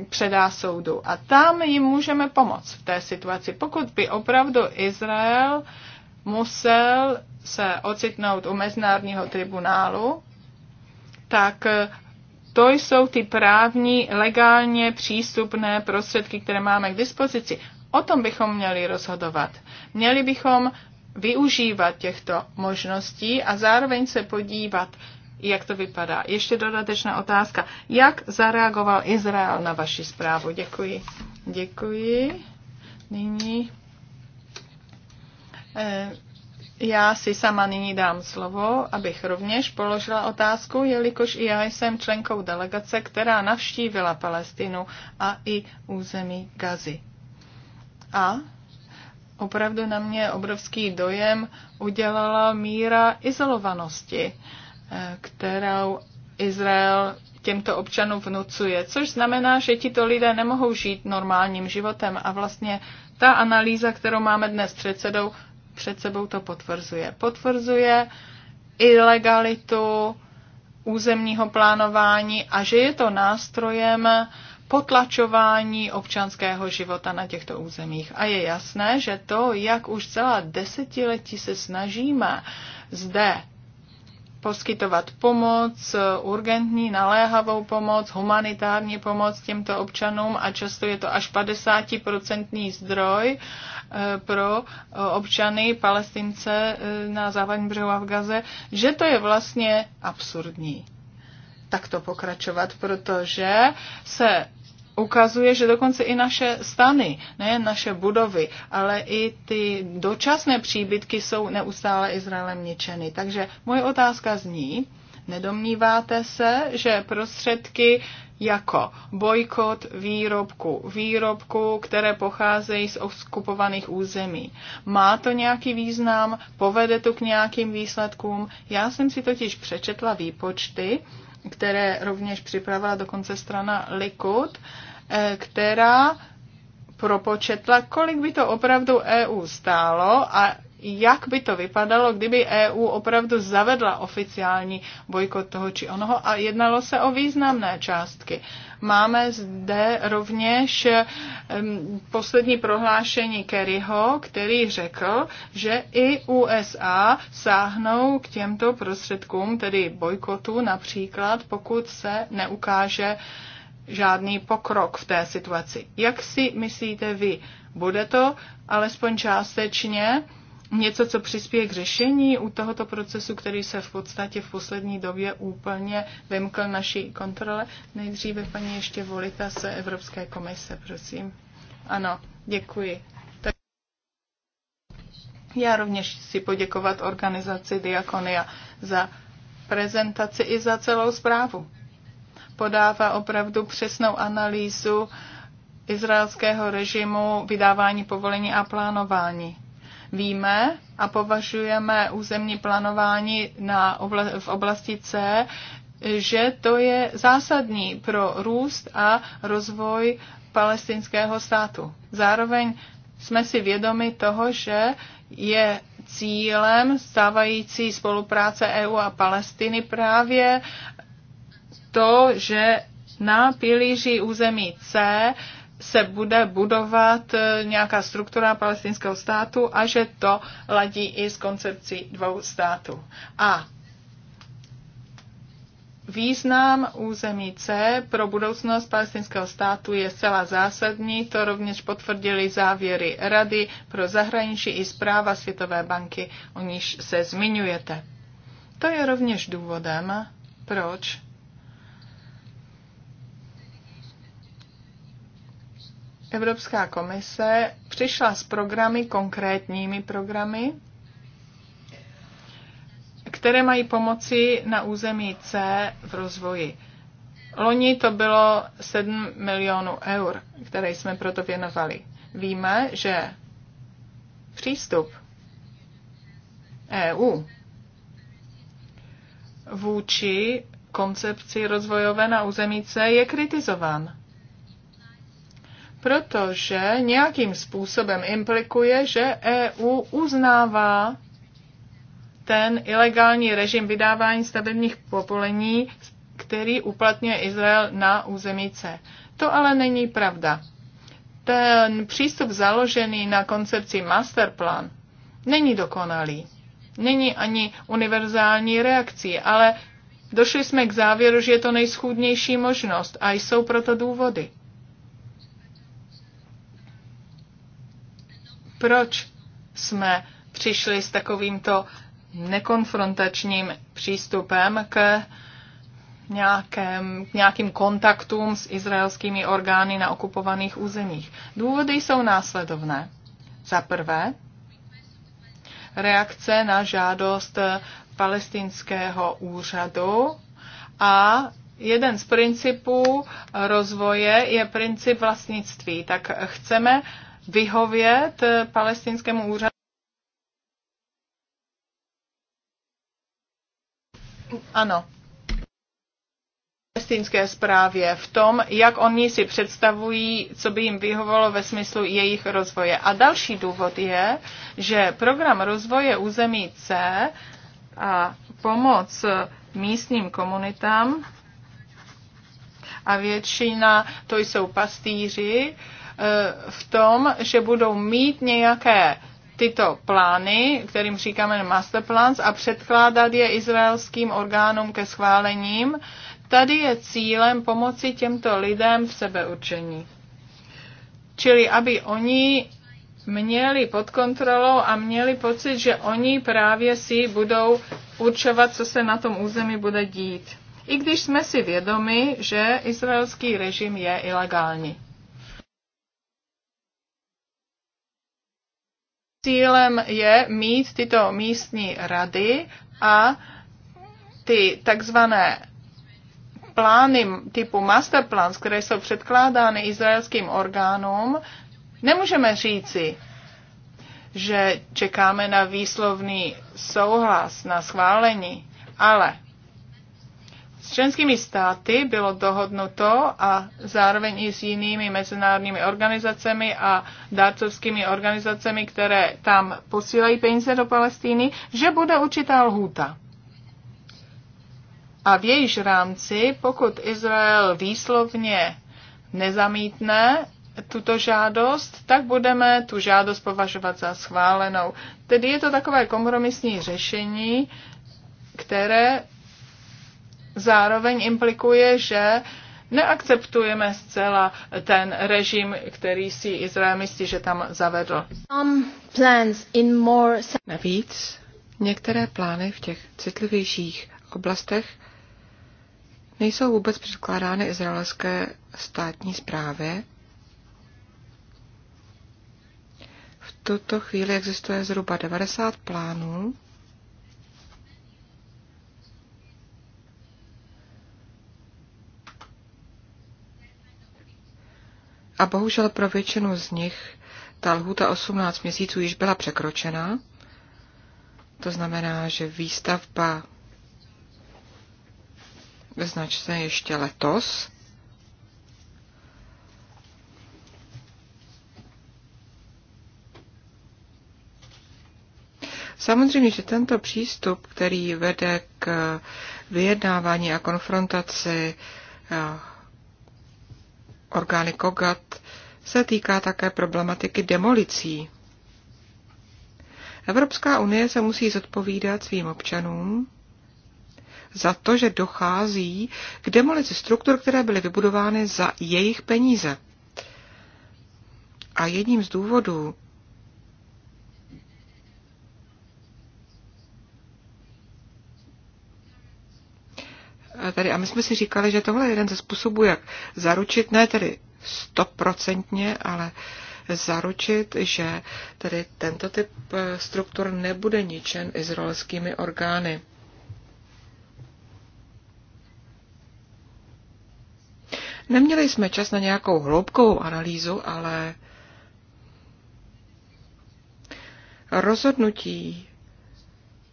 předá soudu. A tam jim můžeme pomoct v té situaci. Pokud by opravdu Izrael musel se ocitnout u Mezinárodního tribunálu, tak eh, to jsou ty právní, legálně přístupné prostředky, které máme k dispozici. O tom bychom měli rozhodovat. Měli bychom využívat těchto možností a zároveň se podívat, jak to vypadá. Ještě dodatečná otázka. Jak zareagoval Izrael na vaši zprávu? Děkuji. Děkuji. Nyní eh, já si sama nyní dám slovo, abych rovněž položila otázku, jelikož i já jsem členkou delegace, která navštívila Palestinu a i území Gazy. A opravdu na mě obrovský dojem udělala míra izolovanosti, eh, kterou Izrael těmto občanům vnucuje, což znamená, že tito lidé nemohou žít normálním životem a vlastně ta analýza, kterou máme dnes před sedou, před sebou to potvrzuje. Potvrzuje ilegalitu územního plánování a že je to nástrojem potlačování občanského života na těchto územích. A je jasné, že to, jak už celá desetiletí se snažíme zde poskytovat pomoc, urgentní, naléhavou pomoc, humanitární pomoc těmto občanům a často je to až 50% zdroj eh, pro eh, občany Palestince eh, na západním břehu a v Gaze, že to je vlastně absurdní takto pokračovat, protože se ukazuje, že dokonce i naše stany, nejen naše budovy, ale i ty dočasné příbytky jsou neustále Izraelem ničeny. Takže moje otázka zní, nedomníváte se, že prostředky jako bojkot výrobku, výrobku, které pocházejí z okupovaných území. Má to nějaký význam? Povede to k nějakým výsledkům? Já jsem si totiž přečetla výpočty, které rovněž připravila dokonce strana Likud, eh, která propočetla, kolik by to opravdu EU stálo a jak by to vypadalo, kdyby EU opravdu zavedla oficiální bojkot toho či onoho a jednalo se o významné částky. Máme zde rovněž um, poslední prohlášení Kerryho, který řekl, že i USA sáhnou k těmto prostředkům, tedy bojkotu například, pokud se neukáže žádný pokrok v té situaci. Jak si myslíte vy? Bude to alespoň částečně něco, co přispěje k řešení u tohoto procesu, který se v podstatě v poslední době úplně vymkl naší kontrole. Nejdříve paní ještě Volita se Evropské komise, prosím. Ano, děkuji. Tak já rovněž si poděkovat organizaci Diakonia za prezentaci i za celou zprávu. Podává opravdu přesnou analýzu izraelského režimu vydávání povolení a plánování víme a považujeme územní plánování na obla- v oblasti C, že to je zásadní pro růst a rozvoj palestinského státu. Zároveň jsme si vědomi toho, že je cílem stávající spolupráce EU a Palestiny právě to, že na pilíři území C se bude budovat eh, nějaká struktura palestinského státu a že to ladí i s koncepcí dvou států. A Význam území C pro budoucnost palestinského státu je zcela zásadní, to rovněž potvrdili závěry Rady pro zahraničí i zpráva Světové banky, o níž se zmiňujete. To je rovněž důvodem, proč Evropská komise přišla s programy, konkrétními programy, které mají pomoci na území C v rozvoji. Loni to bylo 7 milionů eur, které jsme proto věnovali. Víme, že přístup EU vůči koncepci rozvojové na území C je kritizován protože nějakým způsobem implikuje, že EU uznává ten ilegální režim vydávání stavebních povolení, který uplatňuje Izrael na území C. To ale není pravda. Ten přístup založený na koncepci masterplan není dokonalý. Není ani univerzální reakcí, ale došli jsme k závěru, že je to nejschůdnější možnost a jsou proto důvody. Proč jsme přišli s takovýmto nekonfrontačním přístupem k nějakém, nějakým kontaktům s izraelskými orgány na okupovaných územích. Důvody jsou následovné. Za prvé, reakce na žádost palestinského úřadu a jeden z principů rozvoje je princip vlastnictví. Tak chceme vyhovět eh, palestinskému úřadu. Ano, palestinské zprávě v tom, jak oni si představují, co by jim vyhovovalo ve smyslu jejich rozvoje. A další důvod je, že program rozvoje území C a pomoc místním komunitám a většina to jsou pastýři eh, v tom, že budou mít nějaké tyto plány, kterým říkáme master plans, a předkládat je izraelským orgánům ke schválením. Tady je cílem pomoci těmto lidem v sebeurčení. Čili aby oni měli pod kontrolou a měli pocit, že oni právě si budou určovat, co se na tom území bude dít i když jsme si vědomi, že izraelský režim je ilegální. Cílem je mít tyto místní rady a ty takzvané plány typu masterplans, které jsou předkládány izraelským orgánům, nemůžeme říci, že čekáme na výslovný souhlas, na schválení, ale s členskými státy bylo dohodnuto a zároveň i s jinými mezinárodními organizacemi a dárcovskými organizacemi, které tam posílají peníze do Palestíny, že bude určitá lhůta. A v jejíž rámci, pokud Izrael výslovně nezamítne tuto žádost, tak budeme tu žádost považovat za schválenou. Tedy je to takové kompromisní řešení, které zároveň implikuje, že neakceptujeme zcela ten režim, který si Izraelisti, že tam zavedl. Navíc některé plány v těch citlivějších oblastech nejsou vůbec předkládány izraelské státní správě. V tuto chvíli existuje zhruba 90 plánů, A bohužel pro většinu z nich ta lhůta 18 měsíců již byla překročena. To znamená, že výstavba značce ještě letos. Samozřejmě, že tento přístup, který vede k vyjednávání a konfrontaci orgány KOGAT se týká také problematiky demolicí. Evropská unie se musí zodpovídat svým občanům za to, že dochází k demolici struktur, které byly vybudovány za jejich peníze. A jedním z důvodů, Eh, tady, a my jsme si říkali, že tohle je jeden ze způsobů, jak zaručit, ne tedy stoprocentně, ale zaručit, že tedy tento typ eh, struktur nebude ničen izraelskými orgány. Neměli jsme čas na nějakou hloubkou analýzu, ale rozhodnutí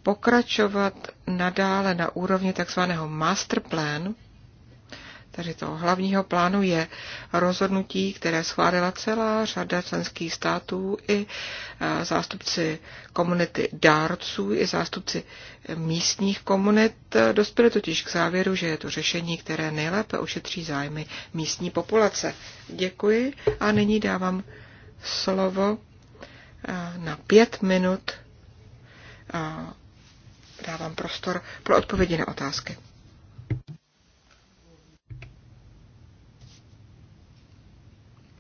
pokračovat nadále na úrovni takzvaného plan, tedy toho hlavního plánu je rozhodnutí, které schválila celá řada členských států i e, zástupci komunity dárců, i zástupci místních komunit. Dospěli totiž k závěru, že je to řešení, které nejlépe ošetří zájmy místní populace. Děkuji a nyní dávám slovo e, na pět minut e, dávám prostor pro odpovědi na otázky.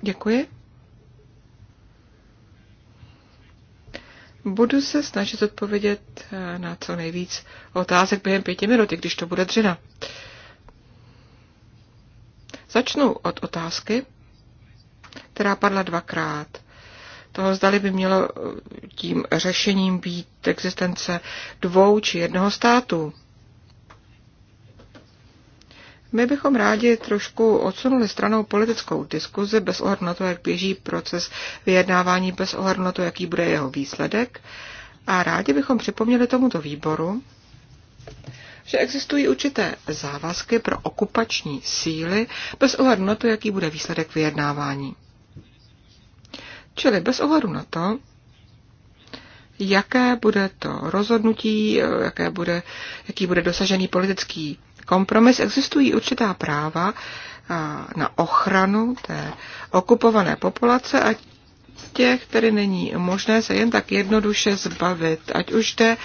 Děkuji. Budu se snažit odpovědět eh, na co nejvíc otázek během pěti minut, i když to bude dřina. Začnu od otázky, která padla dvakrát toho, zdali by mělo eh, tím řešením být existence dvou či jednoho státu. My bychom rádi trošku odsunuli stranou politickou diskuzi bez ohledu na to, jak běží proces vyjednávání, bez ohledu na to, jaký bude jeho výsledek. A rádi bychom připomněli tomuto výboru, že existují určité závazky pro okupační síly bez ohledu na to, jaký bude výsledek vyjednávání. Čili bez ohledu na to, jaké bude to rozhodnutí, eh, jaké bude, jaký bude dosažený politický kompromis, existují určitá práva eh, na ochranu té okupované populace a těch, které není možné se jen tak jednoduše zbavit, ať už jde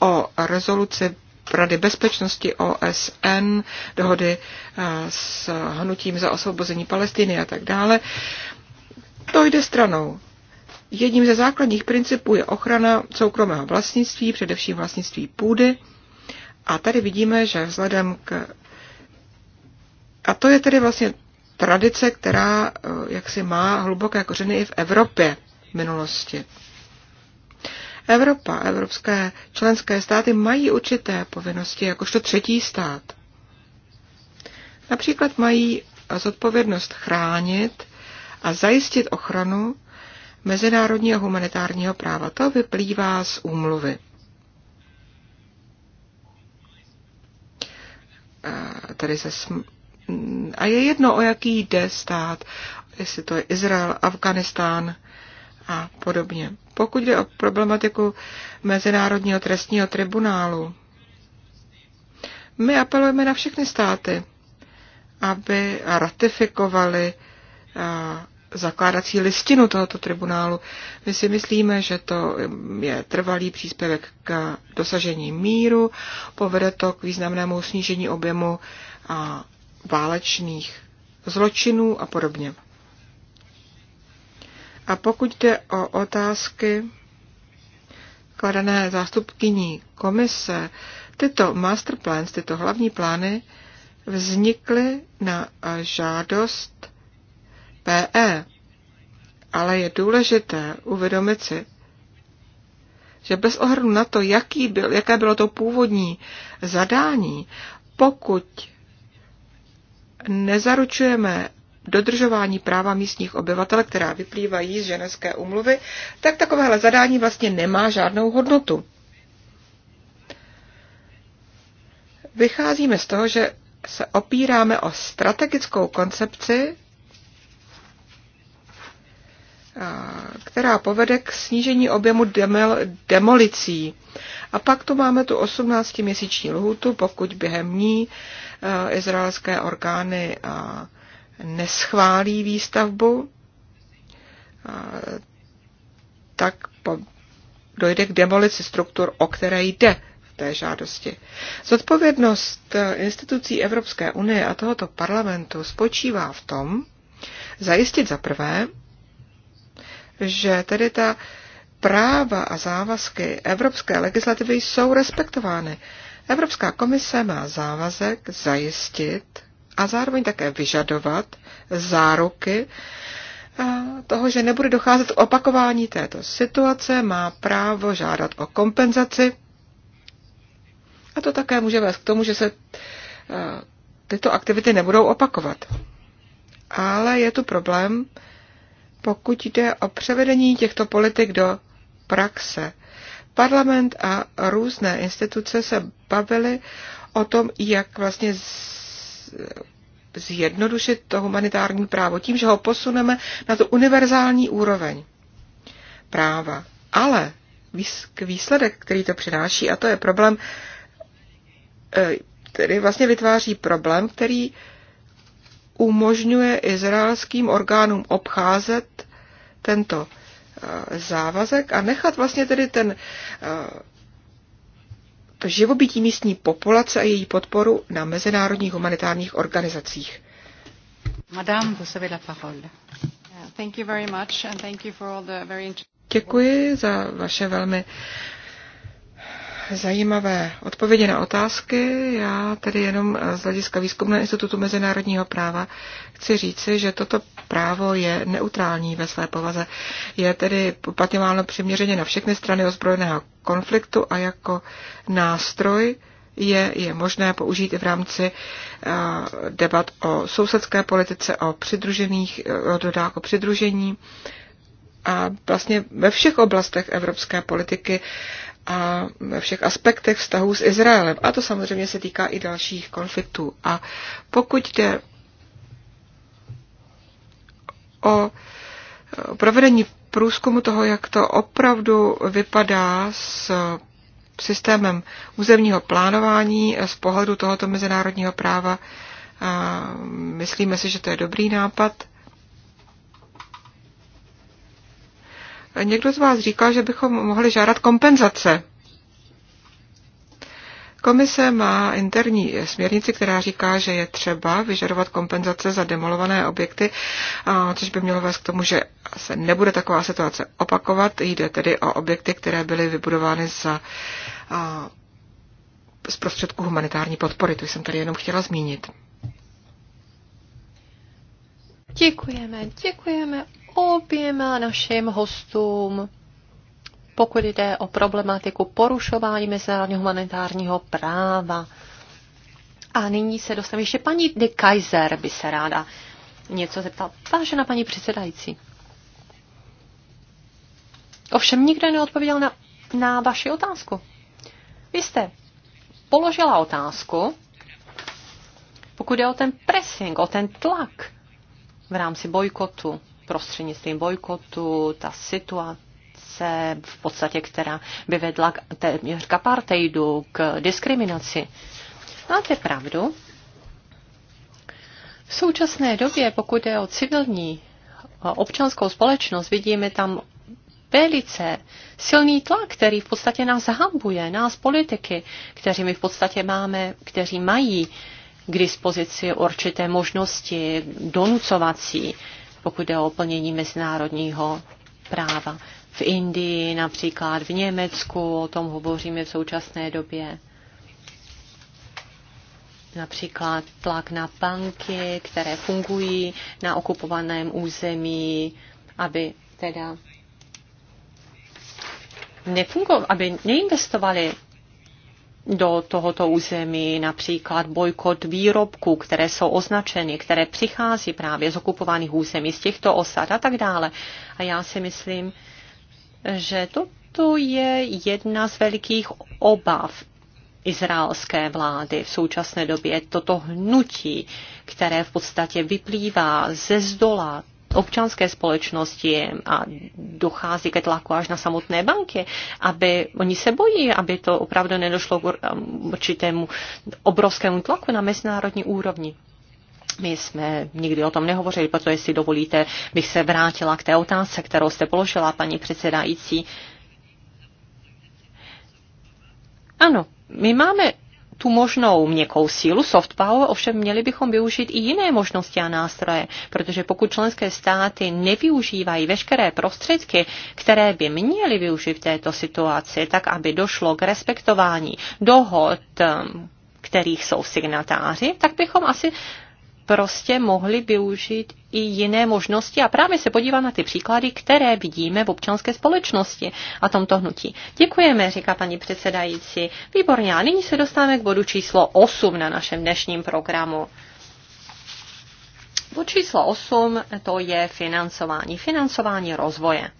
o rezoluci Rady bezpečnosti OSN, dohody eh, s hnutím za osvobození Palestiny a tak dále. To jde stranou. Jedním ze základních principů je ochrana soukromého vlastnictví, především vlastnictví půdy. A tady vidíme, že vzhledem k... A to je tedy vlastně tradice, která eh, jaksi má hluboké kořeny i v Evropě v minulosti. Evropa, evropské členské státy mají určité povinnosti jakožto třetí stát. Například mají zodpovědnost chránit a zajistit ochranu mezinárodního humanitárního práva. To vyplývá z úmluvy. tady se sm- a je jedno, o jaký jde stát, jestli to je Izrael, Afganistán a podobně. Pokud jde o problematiku Mezinárodního trestního tribunálu, my apelujeme na všechny státy, aby ratifikovali zakládací listinu tohoto tribunálu. My si myslíme, že to je trvalý příspěvek k dosažení míru, povede to k významnému snížení objemu a válečných zločinů a podobně. A pokud jde o otázky kladené zástupkyní komise, tyto masterplans, tyto hlavní plány vznikly na žádost PE. Ale je důležité uvědomit si, že bez ohledu na to, jaký byl, jaké bylo to původní zadání, pokud nezaručujeme dodržování práva místních obyvatel, která vyplývají z ženevské umluvy, tak takovéhle zadání vlastně nemá žádnou hodnotu. Vycházíme z toho, že se opíráme o strategickou koncepci, která povede k snížení objemu demel, demolicí. A pak tu máme tu 18-měsíční lhutu, pokud během ní e, izraelské orgány neschválí výstavbu, tak dojde k demolici struktur, o které jde v té žádosti. Zodpovědnost e, institucí Evropské unie a tohoto parlamentu spočívá v tom, zajistit za prvé, že tedy ta práva a závazky evropské legislativy jsou respektovány. Evropská komise má závazek zajistit a zároveň také vyžadovat záruky toho, že nebude docházet k opakování této situace, má právo žádat o kompenzaci. A to také může vést k tomu, že se tyto aktivity nebudou opakovat. Ale je tu problém, pokud jde o převedení těchto politik do praxe. Parlament a různé instituce se bavily o tom, jak vlastně zjednodušit to humanitární právo tím, že ho posuneme na tu univerzální úroveň práva. Ale výsledek, který to přináší, a to je problém, e, který vlastně vytváří problém, který umožňuje izraelským orgánům obcházet tento eh, závazek a nechat vlastně tedy ten to eh, živobytí místní populace a její podporu na mezinárodních humanitárních organizacích. Madame, vous avez la parole. Thank you very much and thank you for all the very Děkuji za vaše velmi zajímavé odpovědi na otázky. Já tedy jenom eh, z hlediska Výzkumného institutu mezinárodního práva chci říci, že toto právo je neutrální ve své povaze. Je tedy uplatňováno přiměřeně na všechny strany ozbrojeného konfliktu a jako nástroj je, je možné použít i v rámci uh, debat o sousedské politice, o přidružených, eh, o dodách o přidružení a vlastně ve všech oblastech evropské politiky a ve všech aspektech vztahů s Izraelem. A to samozřejmě se týká i dalších konfliktů. A pokud jde o provedení průzkumu toho, jak to opravdu vypadá s systémem územního plánování z pohledu tohoto mezinárodního práva, myslíme si, že to je dobrý nápad. Někdo z vás říkal, že bychom mohli žádat kompenzace. Komise má interní směrnici, která říká, že je třeba vyžadovat kompenzace za demolované objekty, což by mělo vést k tomu, že se nebude taková situace opakovat. Jde tedy o objekty, které byly vybudovány za z prostředků humanitární podpory. To jsem tady jenom chtěla zmínit. Děkujeme, děkujeme oběma našim hostům, pokud jde o problematiku porušování mezinárodního humanitárního práva. A nyní se dostanu ještě paní de Kaiser by se ráda něco zeptal. Vážená paní předsedající. Ovšem nikdo neodpověděl na, na vaši otázku. Vy jste položila otázku, pokud jde o ten pressing, o ten tlak v rámci bojkotu prostřednictvím bojkotu, ta situace v podstatě, která by vedla k, téměř k apartheidu, k diskriminaci. Máte pravdu. V současné době, pokud je o civilní občanskou společnost, vidíme tam velice silný tlak, který v podstatě nás zahambuje, nás politiky, kteří my v podstatě máme, kteří mají k dispozici určité možnosti donucovací, pokud jde o plnění mezinárodního práva. V Indii, například v Německu, o tom hovoříme v současné době. Například tlak na banky, které fungují na okupovaném území, aby teda nefungovali, aby neinvestovali do tohoto území, například bojkot výrobků, které jsou označeny, které přichází právě z okupovaných území, z těchto osad a tak dále. A já si myslím, že toto je jedna z velikých obav izraelské vlády v současné době. Toto hnutí, které v podstatě vyplývá ze zdola, občanské společnosti a dochází ke tlaku až na samotné banky, aby oni se bojí, aby to opravdu nedošlo k určitému obrovskému tlaku na mezinárodní úrovni. My jsme nikdy o tom nehovořili, protože jestli dovolíte, bych se vrátila k té otázce, kterou jste položila, paní předsedající. Ano, my máme tu možnou měkkou sílu, soft power, ovšem měli bychom využít i jiné možnosti a nástroje, protože pokud členské státy nevyužívají veškeré prostředky, které by měly využít v této situaci, tak aby došlo k respektování dohod, um, kterých jsou signatáři, tak bychom asi prostě mohli využít i jiné možnosti a právě se podívat na ty příklady, které vidíme v občanské společnosti a tomto hnutí. Děkujeme, říká paní předsedající. Výborně, a nyní se dostáváme k bodu číslo 8 na našem dnešním programu. Bod číslo 8 to je financování, financování rozvoje.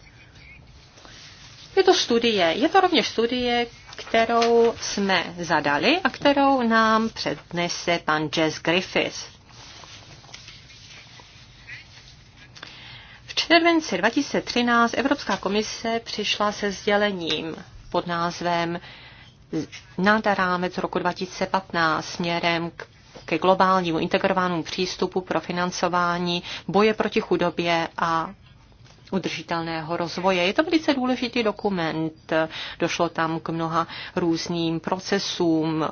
Je to studie, je to rovněž studie, kterou jsme zadali a kterou nám přednese pan Jess Griffiths. V červenci 2013 Evropská komise přišla se sdělením pod názvem nad rámec roku 2015 směrem k ke globálnímu integrovanému přístupu pro financování boje proti chudobě a udržitelného rozvoje. Je to velice důležitý dokument. Došlo tam k mnoha různým procesům, eh,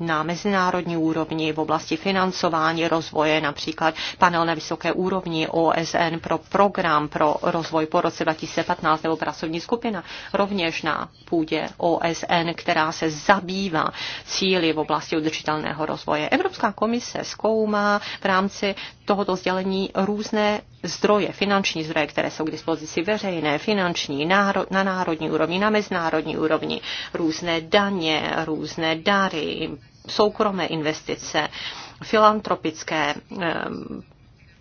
na mezinárodní úrovni v oblasti financování rozvoje, například panel na vysoké úrovni OSN pro program pro rozvoj po roce 2015 nebo pracovní skupina, rovněž na půdě OSN, která se zabývá cíly v oblasti udržitelného rozvoje. Evropská komise zkoumá v rámci tohoto sdělení různé zdroje, finanční zdroje, které jsou k dispozici veřejné, finanční, náro, na národní úrovni, na mezinárodní úrovni, různé daně, různé dary, soukromé investice, filantropické eh,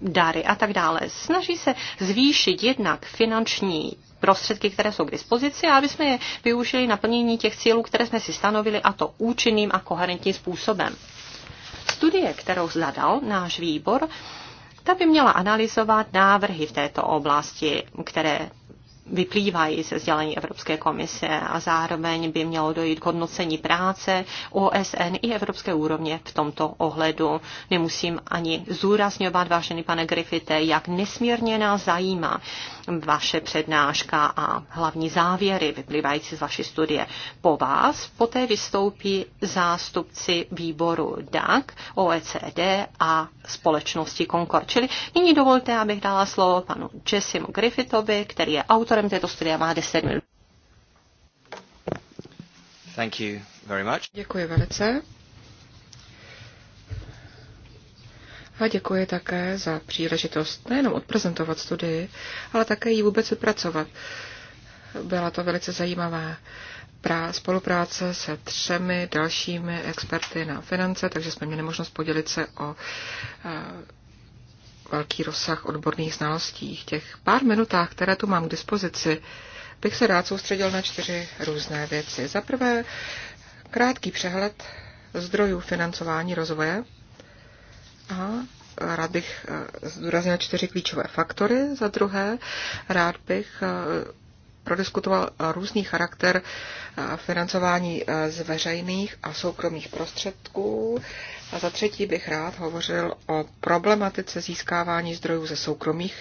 dary a tak dále. Snaží se zvýšit jednak finanční prostředky, které jsou k dispozici, aby jsme je využili na plnění těch cílů, které jsme si stanovili, a to účinným a koherentním způsobem. Studie, kterou zadal náš výbor, ta by měla analyzovat návrhy v této oblasti, které vyplývají ze sdělení Evropské komise a zároveň by mělo dojít k hodnocení práce OSN i evropské úrovně v tomto ohledu. Nemusím ani zúrazňovat, vážený pane Griffite, jak nesmírně nás zajímá vaše přednáška a hlavní závěry vyplývající z vaší studie. Po vás poté vystoupí zástupci výboru DAC, OECD a společnosti Concord. Čili nyní dovolte, abych dala slovo panu Jessimu Griffithovi, který je autor autorem této studie má 10 minut. Thank you very much. Děkuji velice. A děkuji také za příležitost nejenom odprezentovat studii, ale také ji vůbec vypracovat. Byla to velice zajímavá prá- spolupráce se třemi dalšími experty na finance, takže jsme měli možnost podělit se o eh, velký rozsah odborných znalostí. V těch pár minutách, které tu mám k dispozici, bych se rád soustředil na čtyři různé věci. Za prvé, krátký přehled zdrojů financování rozvoje a rád bych eh, zdůraznil čtyři klíčové faktory. Za druhé, rád bych eh, prodiskutoval různý charakter eh, financování eh, z veřejných a soukromých prostředků. A za třetí bych rád hovořil o problematice získávání zdrojů ze soukromých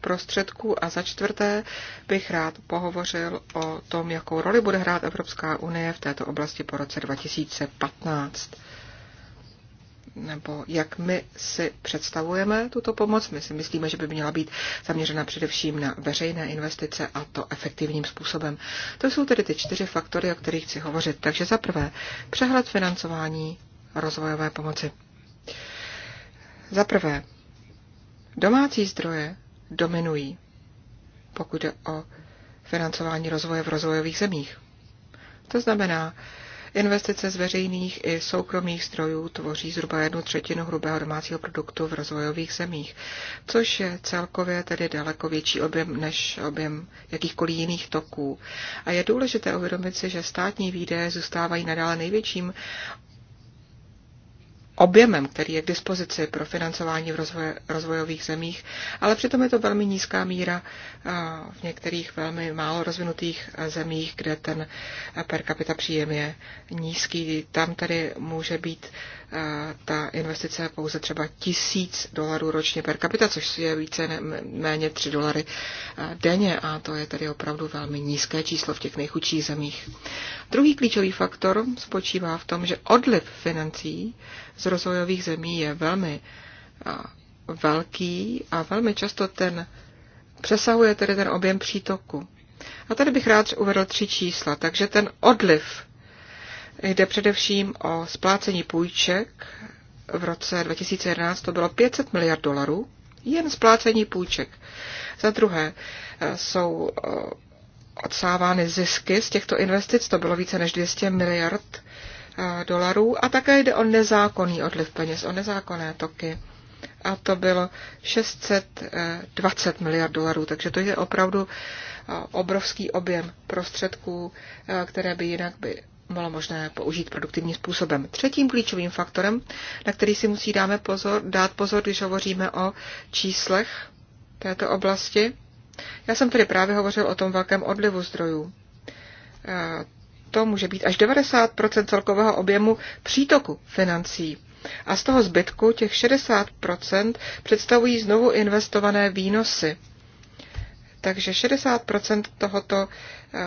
prostředků a za čtvrté bych rád pohovořil o tom, jakou roli bude hrát Evropská unie v této oblasti po roce 2015 nebo jak my si představujeme tuto pomoc. My si myslíme, že by měla být zaměřena především na veřejné investice a to efektivním způsobem. To jsou tedy ty čtyři faktory, o kterých chci hovořit. Takže za prvé, přehled financování rozvojové pomoci. Za prvé, domácí zdroje dominují, pokud jde o financování rozvoje v rozvojových zemích. To znamená, Investice z veřejných i soukromých strojů tvoří zhruba jednu třetinu hrubého domácího produktu v rozvojových zemích, což je celkově tedy daleko větší objem než objem jakýchkoliv jiných toků. A je důležité uvědomit si, že státní výdaje zůstávají nadále největším objemem, který je k dispozici pro financování v rozvoje, rozvojových zemích, ale přitom je to velmi nízká míra v některých velmi málo rozvinutých zemích, kde ten per capita příjem je nízký. Tam tedy může být ta investice pouze třeba tisíc dolarů ročně per capita, což je více ne, méně 3 dolary denně a to je tedy opravdu velmi nízké číslo v těch nejchudších zemích. Druhý klíčový faktor spočívá v tom, že odliv financí z rozvojových zemí je velmi velký a velmi často ten přesahuje tedy ten objem přítoku. A tady bych rád uvedl tři čísla. Takže ten odliv jde především o splácení půjček. V roce 2011 to bylo 500 miliard dolarů, jen splácení půjček. Za druhé e, jsou e, odsávány zisky z těchto investic, to bylo více než 200 miliard dolarů a také jde o nezákonný odliv peněz, o nezákonné toky. A to bylo 620 miliard dolarů, takže to je opravdu obrovský objem prostředků, které by jinak by bylo možné použít produktivním způsobem. Třetím klíčovým faktorem, na který si musí dáme pozor, dát pozor, když hovoříme o číslech této oblasti, já jsem tedy právě hovořil o tom velkém odlivu zdrojů to může být až 90 celkového objemu přítoku financí. A z toho zbytku těch 60 představují znovu investované výnosy. Takže 60 tohoto eh,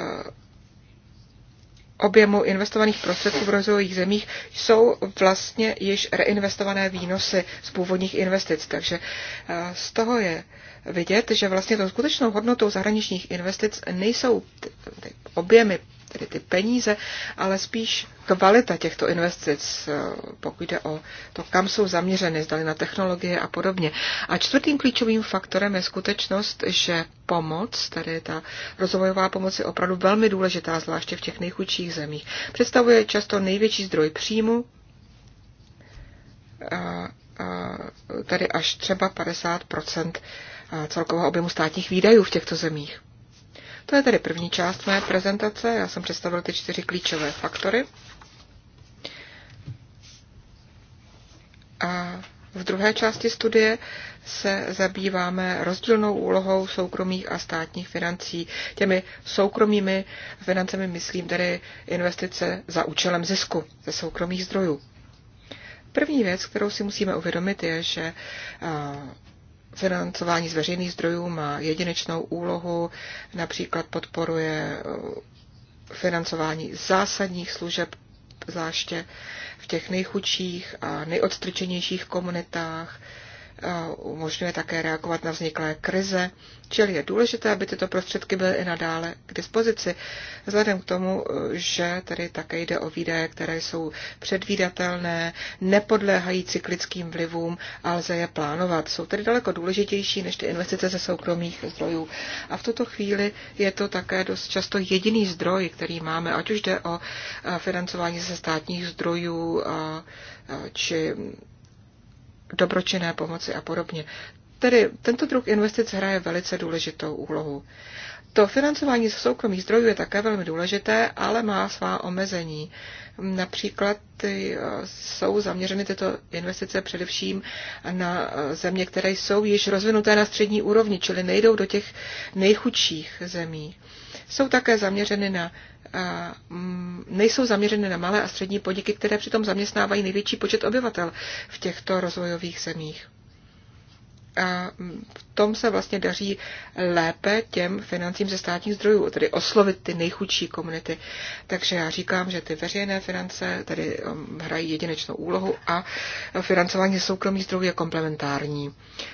objemu investovaných prostředků v rozvojových zemích jsou vlastně již reinvestované výnosy z původních investic. Takže eh, z toho je vidět, že vlastně tou skutečnou hodnotou zahraničních investic nejsou objemy tedy ty peníze, ale spíš kvalita těchto investic, eh, pokud jde o to, kam jsou zaměřeny, zdali na technologie a podobně. A čtvrtým klíčovým faktorem je skutečnost, že pomoc, tedy ta rozvojová pomoc je opravdu velmi důležitá, zvláště v těch nejchudších zemích. Představuje často největší zdroj příjmu, eh, eh, tedy až třeba 50 celkového objemu státních výdajů v těchto zemích. To je tedy první část mé prezentace. Já jsem představil ty čtyři klíčové faktory. A v druhé části studie se zabýváme rozdílnou úlohou soukromých a státních financí. Těmi soukromými financemi myslím tedy investice za účelem zisku ze soukromých zdrojů. První věc, kterou si musíme uvědomit, je, že financování z veřejných zdrojů má jedinečnou úlohu, například podporuje eh, financování zásadních služeb, zvláště v těch nejchudších a nejodstrčenějších komunitách, umožňuje také reagovat na vzniklé krize, čili je důležité, aby tyto prostředky byly i nadále k dispozici, vzhledem k tomu, že tady také jde o výdaje, které jsou předvídatelné, nepodléhají cyklickým vlivům a lze je plánovat. Jsou tedy daleko důležitější než ty investice ze soukromých zdrojů. A v tuto chvíli je to také dost často jediný zdroj, který máme, ať už jde o financování ze státních zdrojů či dobročinné pomoci a podobně. Tedy tento druh investic hraje velice důležitou úlohu. To financování z soukromých zdrojů je také velmi důležité, ale má svá omezení. Například eh, jsou zaměřeny tyto investice především na eh, země, které jsou již rozvinuté na střední úrovni, čili nejdou do těch nejchudších zemí. Jsou také zaměřeny na Mm, nejsou zaměřeny na malé a střední podniky, které přitom zaměstnávají největší počet obyvatel v těchto rozvojových zemích. A mm, v tom se vlastně daří lépe těm financím ze státních zdrojů, tedy oslovit ty nejchudší komunity. Takže já říkám, že ty veřejné finance tedy mm, hrají jedinečnou úlohu a financování soukromých zdrojů je komplementární.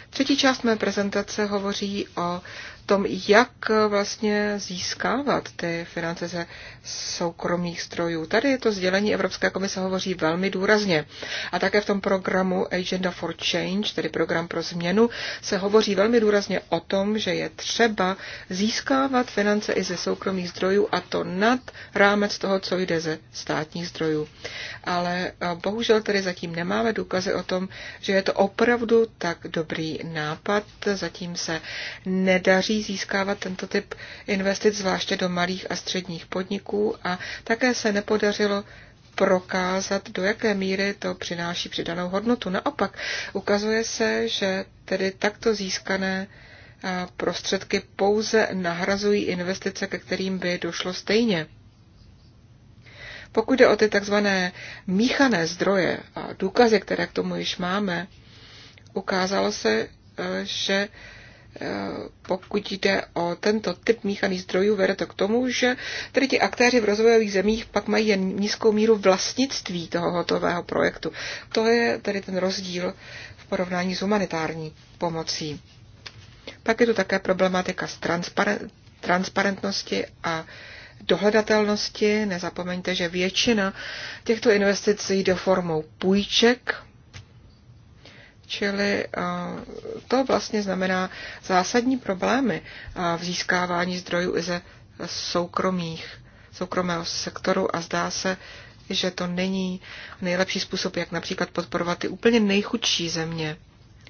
Třetí část mé prezentace hovoří o tom, jak vlastně získávat ty finance ze soukromých strojů. Tady je to sdělení Evropské komise hovoří velmi důrazně. A také v tom programu Agenda for Change, tedy program pro změnu, se hovoří velmi důrazně o tom, že je třeba získávat finance i ze soukromých zdrojů a to nad rámec toho, co jde ze státních zdrojů. Ale eh, bohužel tady zatím nemáme důkazy o tom, že je to opravdu tak dobrý nápad. Zatím se nedaří daří získávat tento typ investic, zvláště do malých a středních podniků a také se nepodařilo prokázat, do jaké míry to přináší přidanou hodnotu. Naopak, ukazuje se, že tedy takto získané prostředky pouze nahrazují investice, ke kterým by došlo stejně. Pokud jde o ty takzvané míchané zdroje a důkazy, které k tomu již máme, ukázalo se, e, že pokud jde o tento typ míchaných zdrojů, vede to k tomu, že tedy ti aktéři v rozvojových zemích pak mají jen nízkou míru vlastnictví toho hotového projektu. To je tedy ten rozdíl v porovnání s humanitární pomocí. Pak je tu také problematika s transparen- transparentnosti a dohledatelnosti. Nezapomeňte, že většina těchto investic jde formou půjček, Čili to vlastně znamená zásadní problémy v získávání zdrojů i ze soukromých, soukromého sektoru a zdá se, že to není nejlepší způsob, jak například podporovat ty úplně nejchudší země,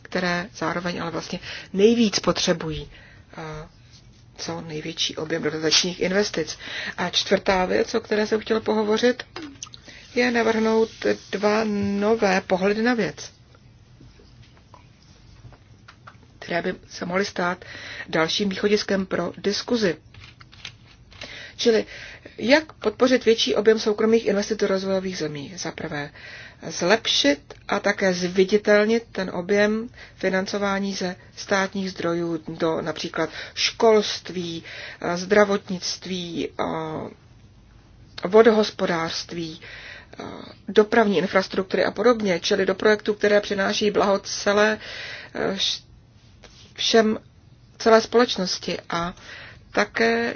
které zároveň ale vlastně nejvíc potřebují co největší objem dodatečních investic. A čtvrtá věc, o které jsem chtěla pohovořit, je navrhnout dva nové pohledy na věc které by se mohly stát dalším východiskem pro diskuzi. Čili jak podpořit větší objem soukromých investic do rozvojových zemí? Za prvé, zlepšit a také zviditelnit ten objem financování ze státních zdrojů do například školství, zdravotnictví, vodohospodářství, dopravní infrastruktury a podobně, čili do projektů, které přináší blaho celé e, všem celé společnosti a také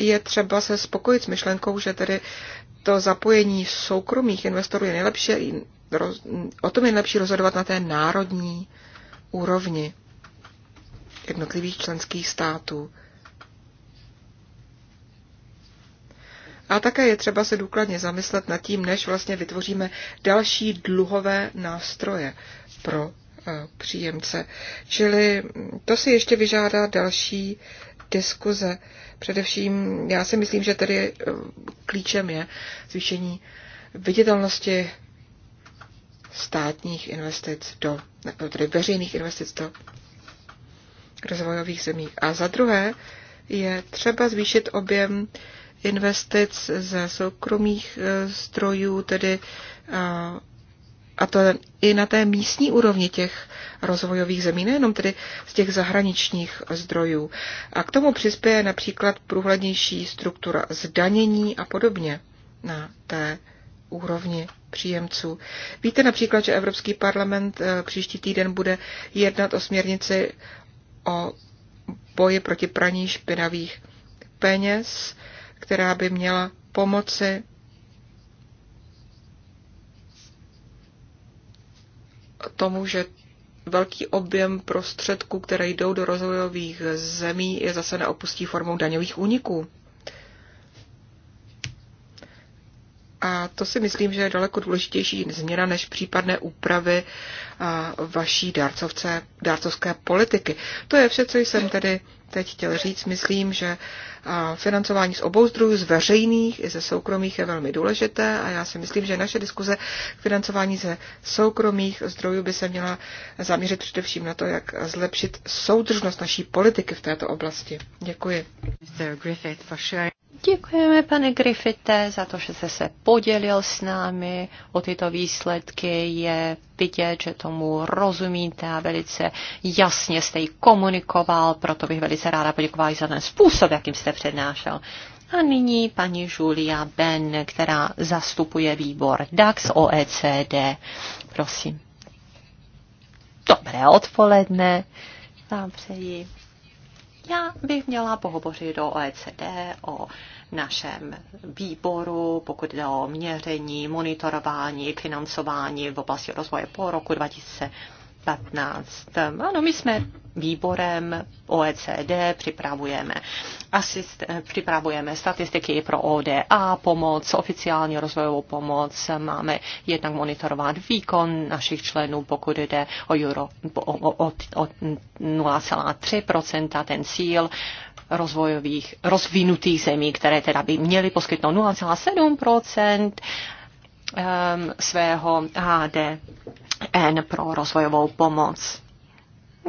je třeba se spokojit s myšlenkou, že tedy to zapojení soukromých investorů je nejlepší, o tom je nejlepší rozhodovat na té národní úrovni jednotlivých členských států. A také je třeba se důkladně zamyslet nad tím, než vlastně vytvoříme další dluhové nástroje pro příjemce. Čili to si ještě vyžádá další diskuze. Především já si myslím, že tedy eh, klíčem je zvýšení viditelnosti státních investic do, tedy veřejných investic do rozvojových zemí. A za druhé je třeba zvýšit objem investic ze soukromých eh, zdrojů, tedy eh, a to i na té místní úrovni těch rozvojových zemí, nejenom tedy z těch zahraničních zdrojů. A k tomu přispěje například průhlednější struktura zdanění a podobně na té úrovni příjemců. Víte například, že Evropský parlament eh, příští týden bude jednat o směrnici o boji proti praní špinavých peněz, která by měla pomoci tomu, že velký objem prostředků, které jdou do rozvojových zemí, je zase neopustí formou daňových úniků. A to si myslím, že je daleko důležitější změna než případné úpravy vaší dárcovce, dárcovské politiky. To je vše, co jsem tedy teď chtěl říct. Myslím, že financování z obou zdrojů, z veřejných i ze soukromých, je velmi důležité a já si myslím, že naše diskuze k financování ze soukromých zdrojů by se měla zaměřit především na to, jak zlepšit soudržnost naší politiky v této oblasti. Děkuji. Děkujeme, pane Griffithe, za to, že jste se podělil s námi o tyto výsledky. Je vidět, že tomu rozumíte a velice jasně jste ji komunikoval, proto bych velice ráda poděkovala za ten způsob, jakým jste přednášel. A nyní paní Julia Ben, která zastupuje výbor DAX OECD. Prosím. Dobré odpoledne vám přeji. Já bych měla pohovořit o OECD, o našem výboru, pokud jde o měření, monitorování, financování v oblasti rozvoje po roku 2015. Ano, my jsme výborem OECD, připravujeme, asist, připravujeme statistiky pro ODA, pomoc, oficiální rozvojovou pomoc, máme jednak monitorovat výkon našich členů, pokud jde o, euro, o, o, o 0,3%, ten cíl rozvojových, rozvinutých zemí, které teda by měly poskytnout 0,7 ehm, svého HDN pro rozvojovou pomoc.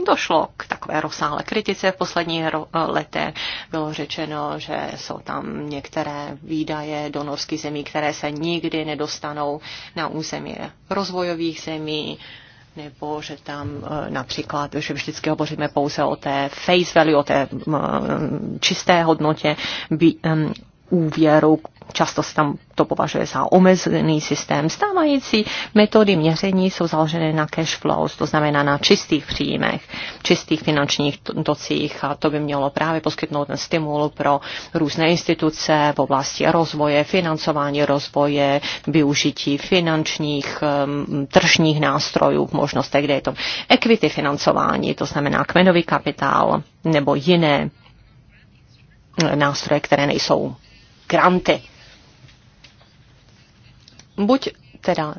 Došlo k takové rozsáhlé kritice v posledních letech. Bylo řečeno, že jsou tam některé výdaje do norských zemí, které se nikdy nedostanou na území rozvojových zemí nebo že tam e, například, že vždycky hovoříme pouze o té face value, o té e, čisté hodnotě by úvěru, Často se tam to považuje za omezený systém. Stávající metody měření jsou založené na cash flows, to znamená na čistých příjmech, čistých finančních tocích a to by mělo právě poskytnout ten stimul pro různé instituce v oblasti rozvoje, financování rozvoje, využití finančních um, tržních nástrojů, možnostech, kde je to equity financování, to znamená kmenový kapitál nebo jiné nástroje, které nejsou granty. Buď teda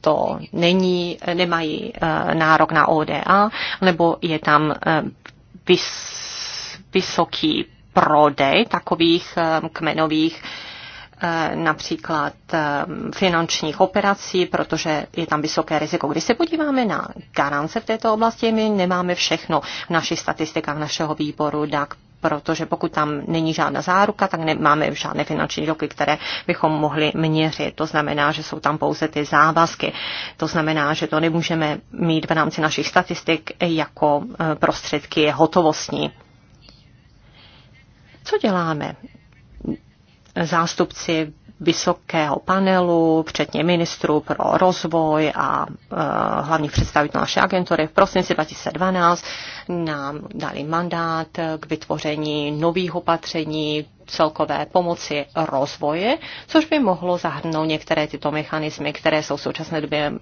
to není, nemají eh, nárok na ODA, nebo je tam eh, vysoký prodej takových eh, kmenových například finančních operací, protože je tam vysoké riziko. Když se podíváme na garance v této oblasti, my nemáme všechno v našich statistikách našeho výboru DAC protože pokud tam není žádná záruka, tak nemáme žádné finanční roky, které bychom mohli měřit. To znamená, že jsou tam pouze ty závazky. To znamená, že to nemůžeme mít v rámci našich statistik jako e, prostředky hotovostní. Co děláme? Zástupci vysokého panelu, včetně ministru pro rozvoj a e, hlavních představitelů naší agentury v prosinci 2012 nám dali mandát k vytvoření nových opatření celkové pomoci rozvoje, což by mohlo zahrnout některé tyto mechanismy, které jsou v současné době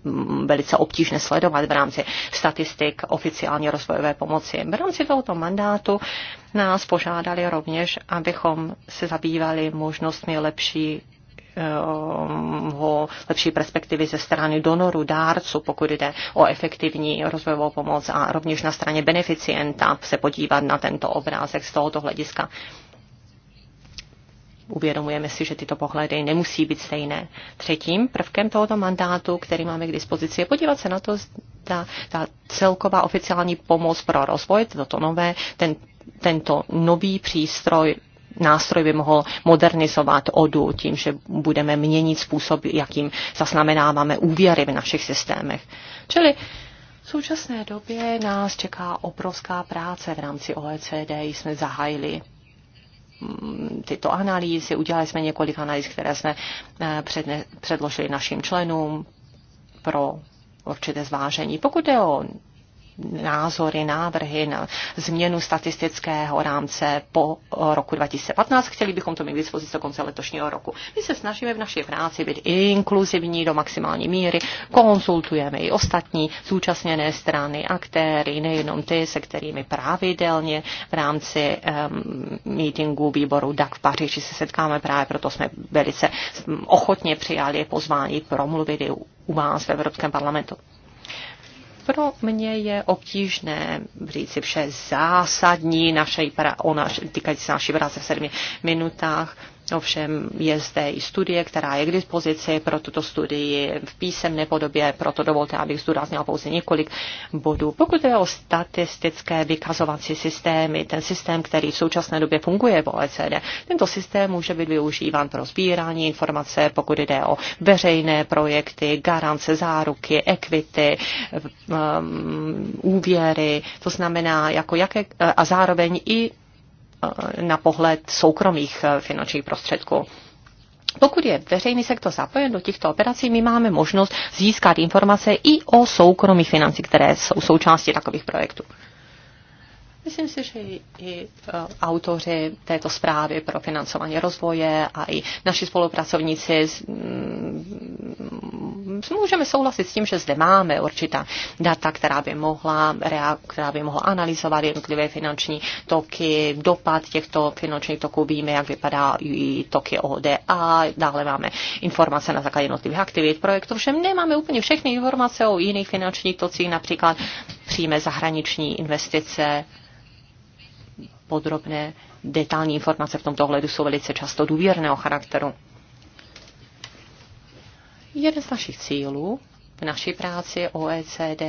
velice obtížně sledovat v rámci statistik oficiální rozvojové pomoci. V rámci tohoto mandátu nás požádali rovněž, abychom se zabývali možnostmi lepší Eh, o lepší perspektivy ze strany donoru, dárců, pokud jde o efektivní rozvojovou pomoc a rovněž na straně beneficienta se podívat na tento obrázek z tohoto hlediska. Uvědomujeme si, že tyto pohledy nemusí být stejné. Třetím prvkem tohoto mandátu, který máme k dispozici, je podívat se na to, zda ta celková oficiální pomoc pro rozvoj, toto nové, ten, tento nový přístroj nástroj by mohl modernizovat ODU tím, že budeme měnit způsob, jakým zaznamenáváme úvěry v našich systémech. Čili v současné době nás čeká obrovská práce v rámci OECD, jsme zahájili mm, tyto analýzy, udělali jsme několik analýz, které jsme eh, předložili našim členům pro určité zvážení. Pokud je o názory, návrhy na změnu statistického rámce po roku 2015. Chtěli bychom to mít k dispozici do konce letošního roku. My se snažíme v naší práci být inkluzivní do maximální míry, konzultujeme i ostatní zúčastněné strany, aktéry, nejenom ty, se kterými pravidelně v rámci um, meetingu výboru DAC v Paříži se setkáme, právě proto jsme velice ochotně přijali pozvání promluvit u vás v Evropském parlamentu. Pro mě je obtížné říci vše zásadní naše, o naš, týkající se naší práce v sedmi minutách. Ovšem je zde i studie, která je k dispozici pro tuto studii v písemné podobě, proto dovolte, abych zdůraznila pouze několik bodů. Pokud je o statistické vykazovací systémy, ten systém, který v současné době funguje v OECD, tento systém může být využíván pro sbírání informace, pokud jde o veřejné projekty, garance, záruky, equity, um, úvěry, to znamená jako jaké, a zároveň i Eh, na pohled soukromých eh, finančních prostředků. Pokud je veřejný sektor zapojen do těchto operací, my máme možnost získat informace i o soukromých financích, které jsou součástí takových projektů. Myslím si, že i, i e, autoři této zprávy pro financování rozvoje a i naši spolupracovníci z, mm, můžeme souhlasit s tím, že zde máme určitá data, která by mohla, která by mohla analyzovat jednotlivé finanční toky, dopad těchto finančních toků, víme, jak vypadá i toky ODA, dále máme informace na základě jednotlivých aktivit projektů, všem nemáme úplně všechny informace o jiných finančních tocích, například přijme zahraniční investice, podrobné detailní informace v tomto ohledu jsou velice často důvěrného charakteru. Jeden z našich cílů v naší práci OECD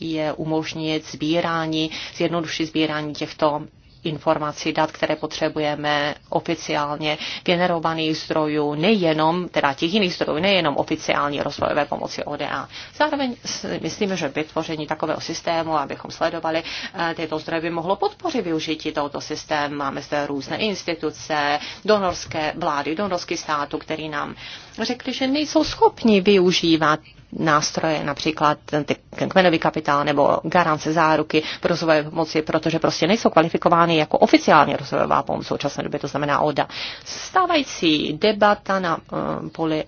je umožnit sbírání, zjednodušit sbírání těchto informací, dat, které potřebujeme oficiálně generovaných zdrojů, nejenom, teda těch jiných zdrojů, nejenom oficiální rozvojové pomoci ODA. Zároveň myslíme, že vytvoření takového systému, abychom sledovali eh, tyto zdroje, by mohlo podpořit využití tohoto systému. Máme zde různé instituce, donorské vlády, donorský státu, který nám řekli, že nejsou schopni využívat nástroje, například ty kmenový kapitál nebo garance záruky pro rozvojové pomoci, protože prostě nejsou kvalifikovány jako oficiální rozvojová pomoc v současné době, to znamená ODA. Stávající debata na um, poli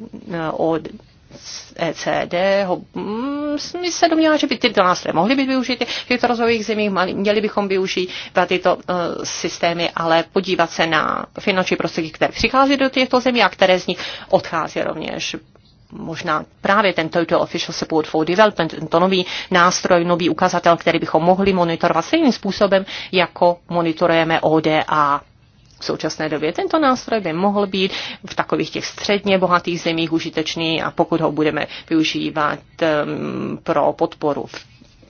um, eh, od ECD, ho, mm, se domnívá, že by tyto nástroje mohly být využity v těchto rozvojových zemích, měli bychom využívat tyto uh, systémy, ale podívat se na finanční prostředky, které přichází do těchto zemí a které z nich odchází rovněž možná právě ten Total Official Support for Development, tento nový nástroj, nový ukazatel, který bychom mohli monitorovat stejným způsobem, jako monitorujeme ODA v současné době. Tento nástroj by mohl být v takových těch středně bohatých zemích užitečný a pokud ho budeme využívat um, pro podporu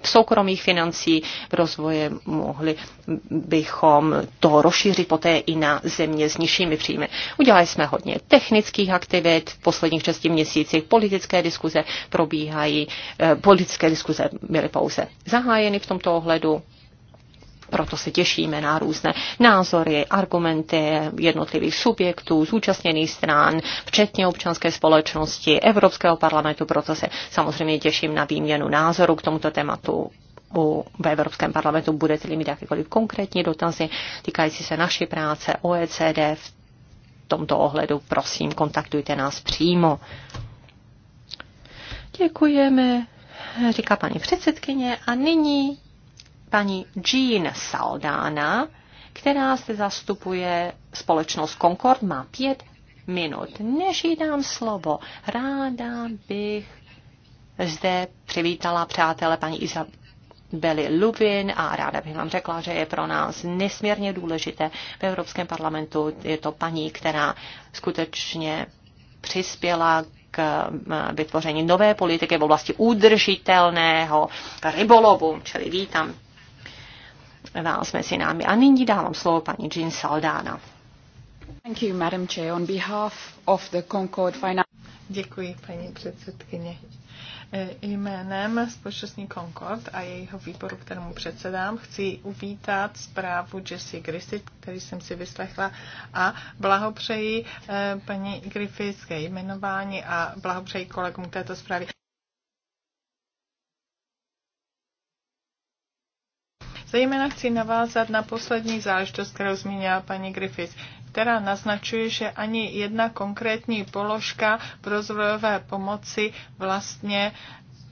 v soukromých financí, v rozvoje mohli bychom to rozšířit poté i na země s nižšími příjmy. Udělali jsme hodně technických aktivit, v posledních šesti měsících politické diskuze probíhají, eh, politické diskuze byly pouze zahájeny v tomto ohledu, proto se těšíme na různé názory, argumenty jednotlivých subjektů, zúčastněných stran, včetně občanské společnosti, Evropského parlamentu, proto se samozřejmě těším na výměnu názoru k tomuto tématu u, ve Evropském parlamentu budete-li mít jakékoliv konkrétní dotazy týkající se naší práce, OECD, v tomto ohledu prosím, kontaktujte nás přímo. Děkujeme, říká paní předsedkyně. A nyní paní Jean Saldana, která se zastupuje společnost Concord, má pět minut. Než jí dám slovo, ráda bych zde přivítala přátele paní Izabely Luvin a ráda bych vám řekla, že je pro nás nesmírně důležité v Evropském parlamentu. Je to paní, která skutečně přispěla k vytvoření nové politiky v oblasti udržitelného rybolovu. Čili vítám vás mezi námi. A nyní dávám slovo paní Jean Saldana. Thank you, Madam Chair. On behalf of the Concord Finance... Děkuji, paní předsedkyně. E, jménem společnosti Concord a jejího výboru, kterému předsedám, chci uvítat zprávu Jessie Griffith, který jsem si vyslechla, a blahopřeji e, paní Griffith ke jmenování a blahopřeji kolegům této zprávy. Zejména chci navázat na poslední záležitost, kterou zmínila paní Griffith která naznačuje, že ani jedna konkrétní položka pro rozvojové pomoci vlastně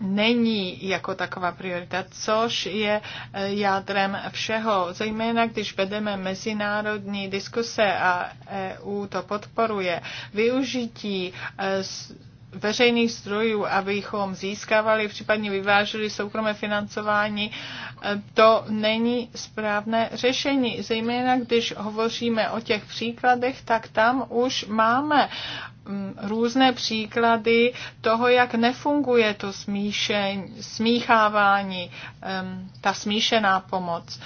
není jako taková priorita, což je eh, jádrem všeho, zejména když vedeme mezinárodní diskuse a EU to podporuje. Využití eh, veřejných zdrojů, abychom získávali, případně vyvážili soukromé financování, to není správné řešení. Zejména když hovoříme o těch příkladech, tak tam už máme mm, různé příklady toho, jak nefunguje to smíšení, smíchávání, ta smíšená pomoc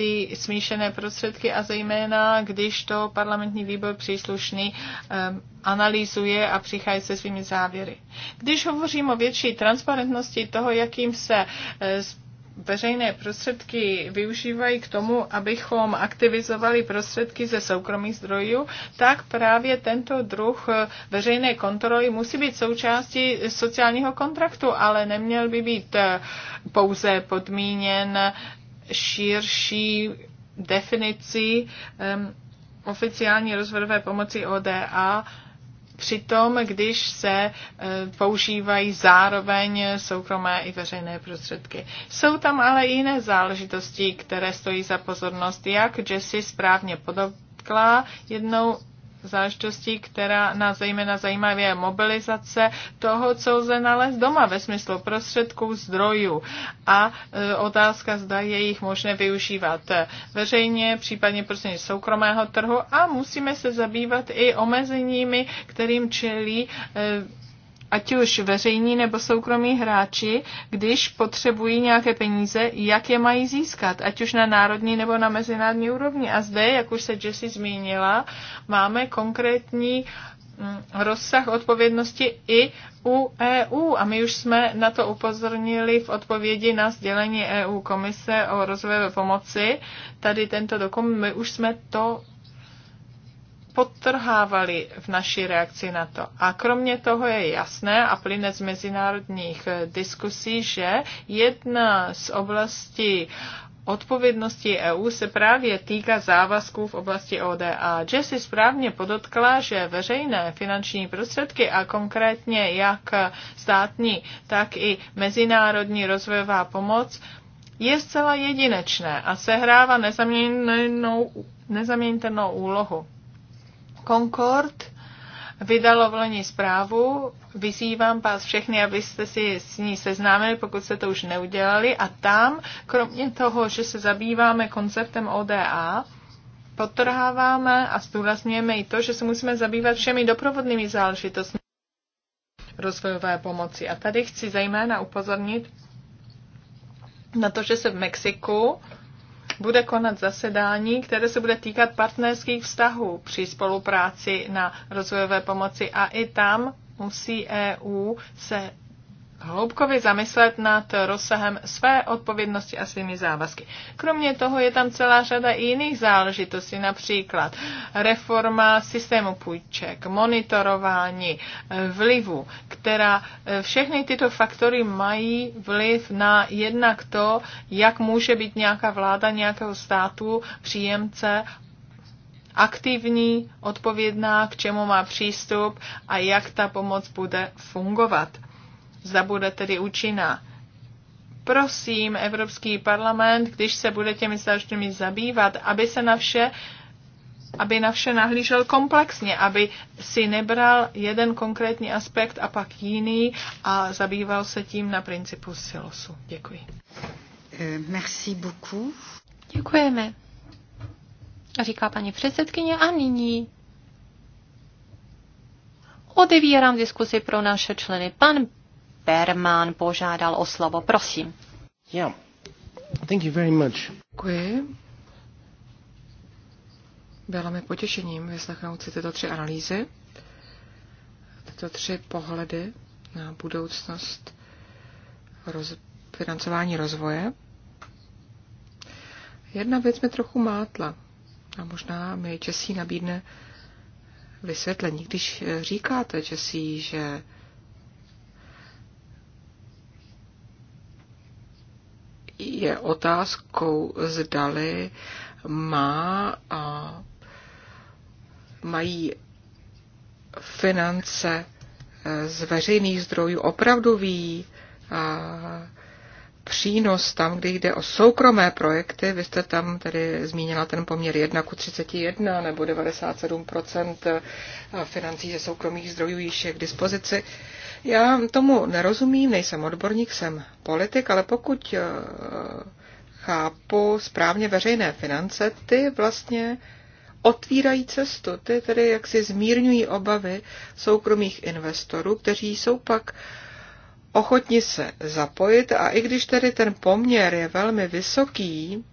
ty smíšené prostředky a zejména, když to parlamentní výbor příslušný um, analýzuje a přichází se svými závěry. Když hovořím o větší transparentnosti toho, jakým se uh, veřejné prostředky využívají k tomu, abychom aktivizovali prostředky ze soukromých zdrojů, tak právě tento druh eh, veřejné kontroly musí být součástí sociálního kontraktu, ale neměl by být eh, pouze podmíněn širší definici um, oficiální rozvodové pomoci ODA přitom, když se eh, používají zároveň soukromé i veřejné prostředky. Jsou tam ale i jiné záležitosti, které stojí za pozornost, jak Jesse správně podobá jednou záležitostí, která nás zejména zajímá, je mobilizace toho, co lze nalézt doma ve smyslu prostředků, zdrojů a e, otázka, zda je jich možné využívat veřejně, případně prostě soukromého trhu a musíme se zabývat i omezeními, kterým čelí e, ať už veřejní nebo soukromí hráči, když potřebují nějaké peníze, jak je mají získat, ať už na národní nebo na mezinárodní úrovni. A zde, jak už se Jessie zmínila, máme konkrétní mm, rozsah odpovědnosti i u EU. A my už jsme na to upozornili v odpovědi na sdělení EU komise o rozvojové pomoci. Tady tento dokument, my už jsme to podtrhávali v naší reakci na to. A kromě toho je jasné a plyne z mezinárodních diskusí, že jedna z oblastí odpovědnosti EU se právě týká závazků v oblasti ODA. Jesse správně podotkla, že veřejné finanční prostředky a konkrétně jak státní, tak i mezinárodní rozvojová pomoc je zcela jedinečné a sehrává nezaměnitelnou úlohu Concord vydalo v loni zprávu. Vyzývám vás všechny, abyste si s ní seznámili, pokud jste to už neudělali. A tam, kromě toho, že se zabýváme konceptem ODA, potrháváme a zdůrazňujeme i to, že se musíme zabývat všemi doprovodnými záležitostmi rozvojové pomoci. A tady chci zejména upozornit na to, že se v Mexiku bude konat zasedání, které se bude týkat partnerských vztahů při spolupráci na rozvojové pomoci a i tam musí EU se hloubkově zamyslet nad rozsahem své odpovědnosti a svými závazky. Kromě toho je tam celá řada i jiných záležitostí, například reforma systému půjček, monitorování vlivu, která eh, všechny tyto faktory mají vliv na jednak to, jak může být nějaká vláda nějakého státu příjemce aktivní, odpovědná, k čemu má přístup a jak ta pomoc bude fungovat zda bude tedy účinná. Prosím Evropský parlament, když se bude těmi záležitostmi zabývat, aby se na vše aby na vše nahlížel komplexně, aby si nebral jeden konkrétní aspekt a pak jiný a zabýval se tím na principu silosu. Děkuji. Eh, merci beaucoup. Děkujeme, říká paní předsedkyně a nyní otevírám diskusi pro naše členy. Pan Berman požádal o slovo. Prosím. Yeah. Thank you very much. Děkuji. Bylo mi potěšením vyslechnout si tyto tři analýzy, tyto tři pohledy na budoucnost roz, financování rozvoje. Jedna věc mi trochu mátla a možná mi Česí nabídne vysvětlení. Když říkáte Česí, že je otázkou, zdali má a mají finance e, z veřejných zdrojů opravdový přínos tam, kde jde o soukromé projekty. Vy jste tam tedy zmínila ten poměr 1 ku 31 nebo 97 e, financí ze soukromých zdrojů již je k dispozici. Já tomu nerozumím, nejsem odborník, jsem politik, ale pokud eh, chápu správně veřejné finance, ty vlastně otvírají cestu, ty tedy jaksi zmírňují obavy soukromých investorů, kteří jsou pak ochotni se zapojit a i když tedy ten poměr je velmi vysoký,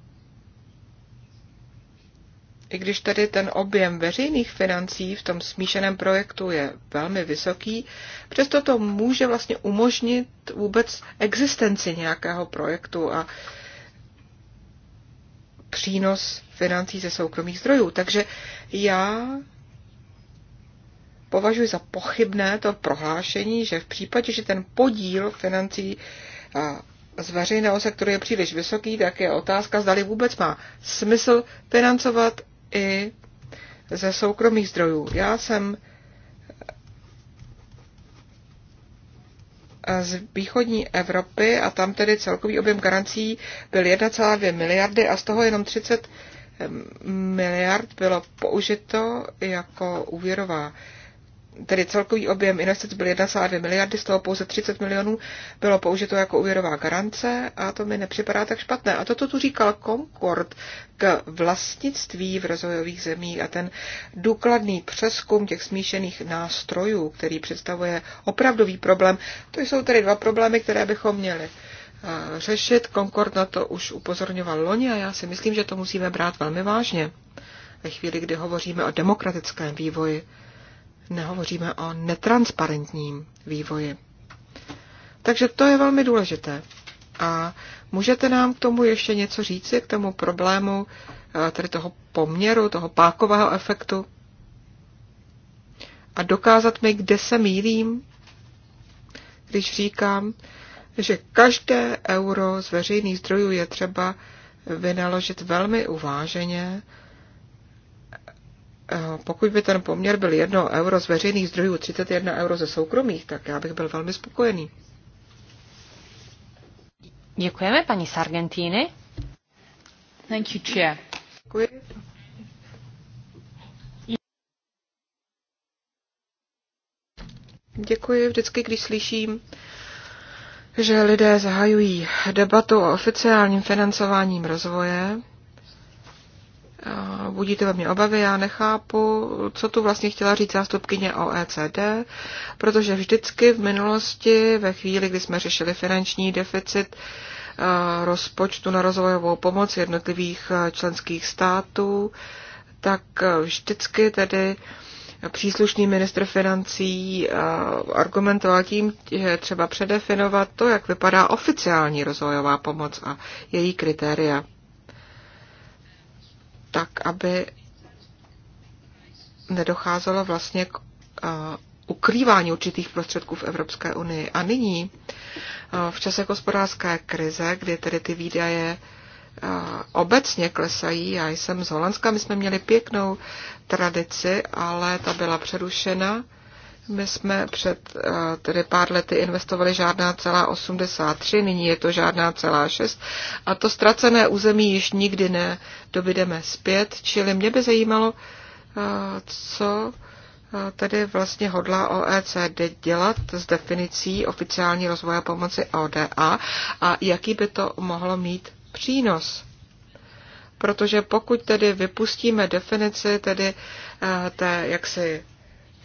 i když tedy ten objem veřejných financí v tom smíšeném projektu je velmi vysoký, přesto to může vlastně umožnit vůbec existenci nějakého projektu a přínos financí ze soukromých zdrojů. Takže já považuji za pochybné to prohlášení, že v případě, že ten podíl financí z veřejného sektoru je příliš vysoký, tak je otázka, zda vůbec má smysl financovat i ze soukromých zdrojů. Já jsem z východní Evropy a tam tedy celkový objem garancí byl 1,2 miliardy a z toho jenom 30 miliard bylo použito jako úvěrová tedy celkový objem investic byl 1,2 miliardy, z toho pouze 30 milionů bylo použito jako úvěrová garance a to mi nepřipadá tak špatné. A toto tu říkal Concord k vlastnictví v rozvojových zemích a ten důkladný přeskum těch smíšených nástrojů, který představuje opravdový problém. To jsou tedy dva problémy, které bychom měli eh, řešit. Concord na to už upozorňoval loni a já si myslím, že to musíme brát velmi vážně ve chvíli, kdy hovoříme o demokratickém vývoji nehovoříme o netransparentním vývoji. Takže to je velmi důležité. A můžete nám k tomu ještě něco říci, k tomu problému, eh, tedy toho poměru, toho pákového efektu? A dokázat mi, kde se mílím, když říkám, že každé euro z veřejných zdrojů je třeba vynaložit velmi uváženě, Eh, pokud by ten poměr byl 1 euro z veřejných zdrojů, 31 euro ze soukromých, tak já bych byl velmi spokojený. Děkujeme paní z Thank you, Chair. Děkuji. Děkuji vždycky, když slyším, že lidé zahajují debatu o oficiálním financováním rozvoje, budíte ve mně obavy, já nechápu, co tu vlastně chtěla říct zástupkyně OECD, protože vždycky v minulosti, ve chvíli, kdy jsme řešili finanční deficit rozpočtu na rozvojovou pomoc jednotlivých členských států, tak vždycky tedy příslušný ministr financí argumentoval tím, že třeba předefinovat to, jak vypadá oficiální rozvojová pomoc a její kritéria tak aby nedocházelo vlastně k eh, ukrývání určitých prostředků v Evropské unii. A nyní, eh, v čase hospodářské krize, kdy tedy ty výdaje eh, obecně klesají, já jsem z Holandska, my jsme měli pěknou tradici, ale ta byla přerušena my jsme před eh, tedy pár lety investovali žádná celá 83, nyní je to žádná celá 6 a to ztracené území již nikdy nedobydeme zpět, čili mě by zajímalo, eh, co eh, tedy vlastně hodlá OECD dělat s definicí oficiální rozvoje pomoci ODA a jaký by to mohlo mít přínos. Protože pokud tedy vypustíme definici tedy té jaksi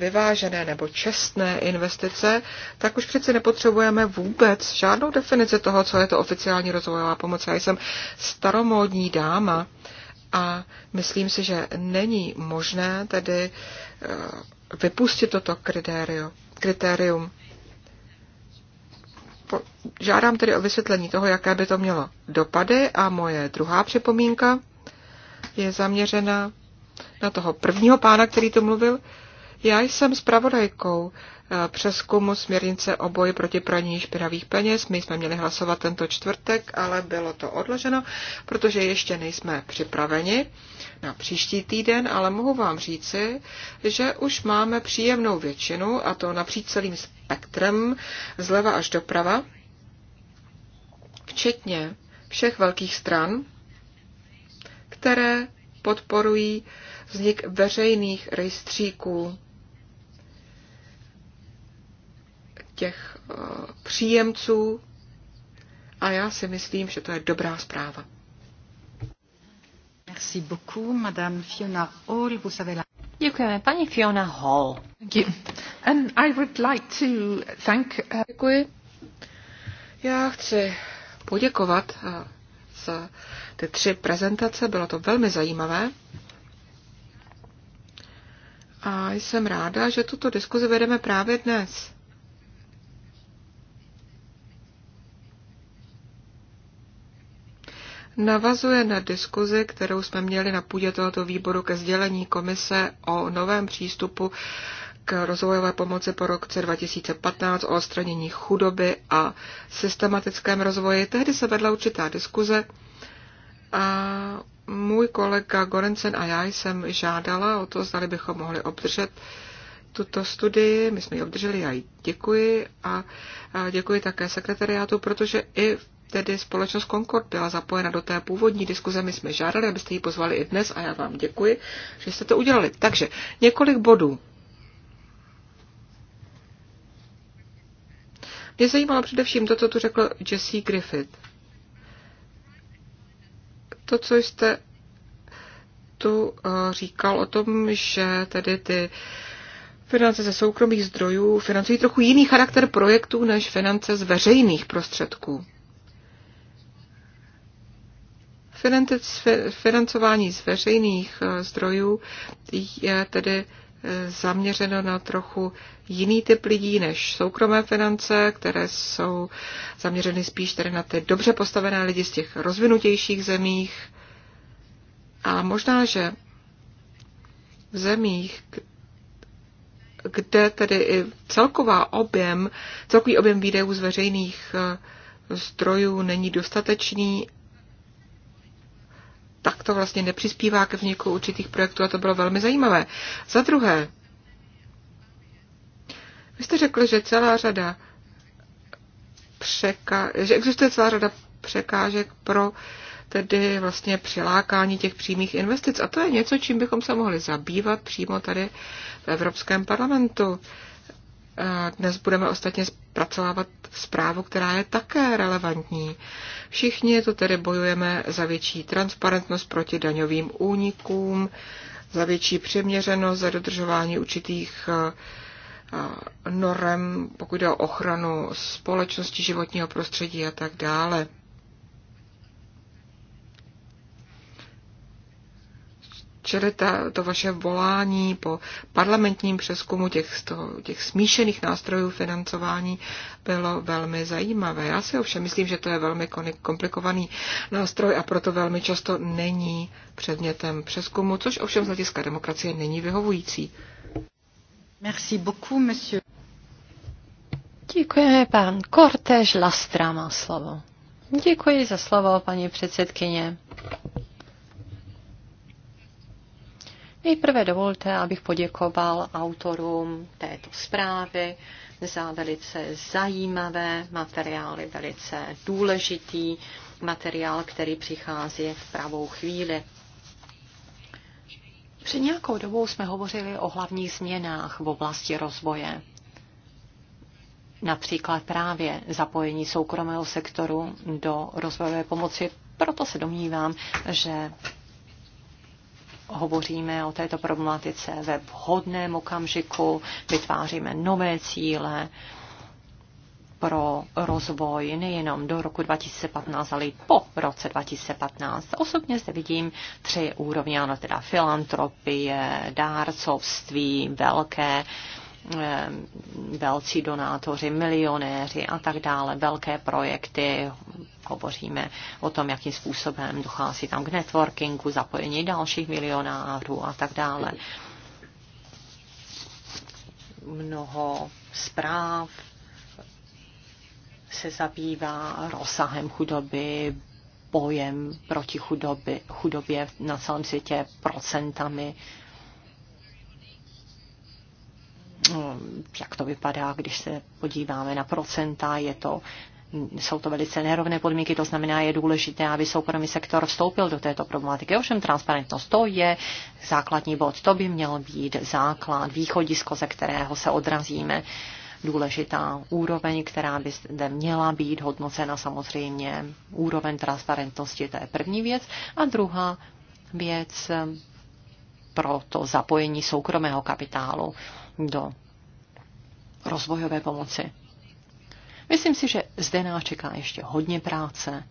vyvážené nebo čestné investice, tak už přeci nepotřebujeme vůbec žádnou definici toho, co je to oficiální rozvojová pomoc. Já jsem staromódní dáma a myslím si, že není možné tedy eh, vypustit toto kritérium. Žádám tedy o vysvětlení toho, jaké by to mělo dopady a moje druhá připomínka je zaměřena na toho prvního pána, který to mluvil, já jsem zpravodajkou eh, přeskumu směrnice o boji proti praní špinavých peněz. My jsme měli hlasovat tento čtvrtek, ale bylo to odloženo, protože ještě nejsme připraveni na příští týden, ale mohu vám říci, že už máme příjemnou většinu, a to napříč celým spektrem, zleva až doprava, včetně všech velkých stran, které podporují vznik veřejných rejstříků těch eh, příjemců a já si myslím, že to je dobrá zpráva. Merci beaucoup, Madame Fiona Hall. Vous avez la... Děkujeme, paní Fiona Hall. Thank you. And I would like to thank... Uh, Děkuji. Já chci poděkovat eh, za ty tři prezentace, bylo to velmi zajímavé. A jsem ráda, že tuto diskuzi vedeme právě dnes. navazuje na diskuzi, kterou jsme měli na půdě tohoto výboru ke sdělení komise o novém přístupu k rozvojové pomoci po roce 2015 o odstranění chudoby a systematickém rozvoji. Tehdy se vedla určitá diskuze a můj kolega Gorensen a já jsem žádala o to, zda bychom mohli obdržet tuto studii. My jsme ji obdrželi, já ji děkuji a děkuji také sekretariátu, protože i v tedy společnost Concord byla zapojena do té původní diskuze. My jsme žádali, abyste ji pozvali i dnes a já vám děkuji, že jste to udělali. Takže několik bodů. Mě zajímalo především to, co tu řekl Jesse Griffith. To, co jste tu eh, říkal o tom, že tedy ty finance ze soukromých zdrojů financují trochu jiný charakter projektů než finance z veřejných prostředků. Financování z veřejných eh, zdrojů je tedy eh, zaměřeno na trochu jiný typ lidí než soukromé finance, které jsou zaměřeny spíš tedy na ty dobře postavené lidi z těch rozvinutějších zemích. A možná, že v zemích, kde tedy i celková objem, celkový objem výdajů z veřejných eh, zdrojů není dostatečný tak to vlastně nepřispívá ke vzniku určitých projektů a to bylo velmi zajímavé. Za druhé, vy jste řekl, že celá řada překa- že existuje celá řada překážek pro tedy vlastně přilákání těch přímých investic. A to je něco, čím bychom se mohli zabývat přímo tady v Evropském parlamentu. Uh, dnes budeme ostatně zpracovávat zprávu, která je také relevantní. Všichni tu tedy bojujeme za větší transparentnost proti daňovým únikům, za větší přiměřenost, za dodržování určitých norem, pokud jde o ochranu společnosti, životního prostředí a tak dále. Čili ta, to vaše volání po parlamentním přeskumu těch, toho, těch smíšených nástrojů financování bylo velmi zajímavé. Já si ovšem myslím, že to je velmi komplikovaný nástroj a proto velmi často není předmětem přeskumu, což ovšem z hlediska demokracie není vyhovující. Merci beaucoup, monsieur. Děkujeme, pán Kortež Lastra má slovo. Děkuji za slovo, paní předsedkyně. Nejprve dovolte, abych poděkoval autorům této zprávy za velice zajímavé materiály, velice důležitý materiál, který přichází v pravou chvíli. Před nějakou dobou jsme hovořili o hlavních změnách v oblasti rozvoje. Například právě zapojení soukromého sektoru do rozvojové pomoci. Proto se domnívám, že hovoříme o této problematice ve vhodném okamžiku, vytváříme nové cíle pro rozvoj nejenom do roku 2015, ale i po roce 2015. Osobně zde vidím tři úrovně, ano, teda filantropie, dárcovství, velké Eh, velcí donátoři, milionéři a tak dále, velké projekty, hovoříme o tom, jakým způsobem dochází tam k networkingu, zapojení dalších milionářů a tak dále. Mnoho zpráv se zabývá rozsahem chudoby, bojem proti chudoby, chudobě na celém světě, procentami Eh, jak to vypadá, když se podíváme na procenta, je to jsou to velice nerovné podmínky, to znamená, je důležité, aby soukromý sektor vstoupil do této problematiky. Ovšem transparentnost to je základní bod, to by měl být základ, východisko, ze kterého se odrazíme. Důležitá úroveň, která by zde měla být hodnocena samozřejmě, úroveň transparentnosti, to je první věc. A druhá věc, pro to zapojení soukromého kapitálu do rozvojové pomoci. Myslím si, že zde nás čeká ještě hodně práce.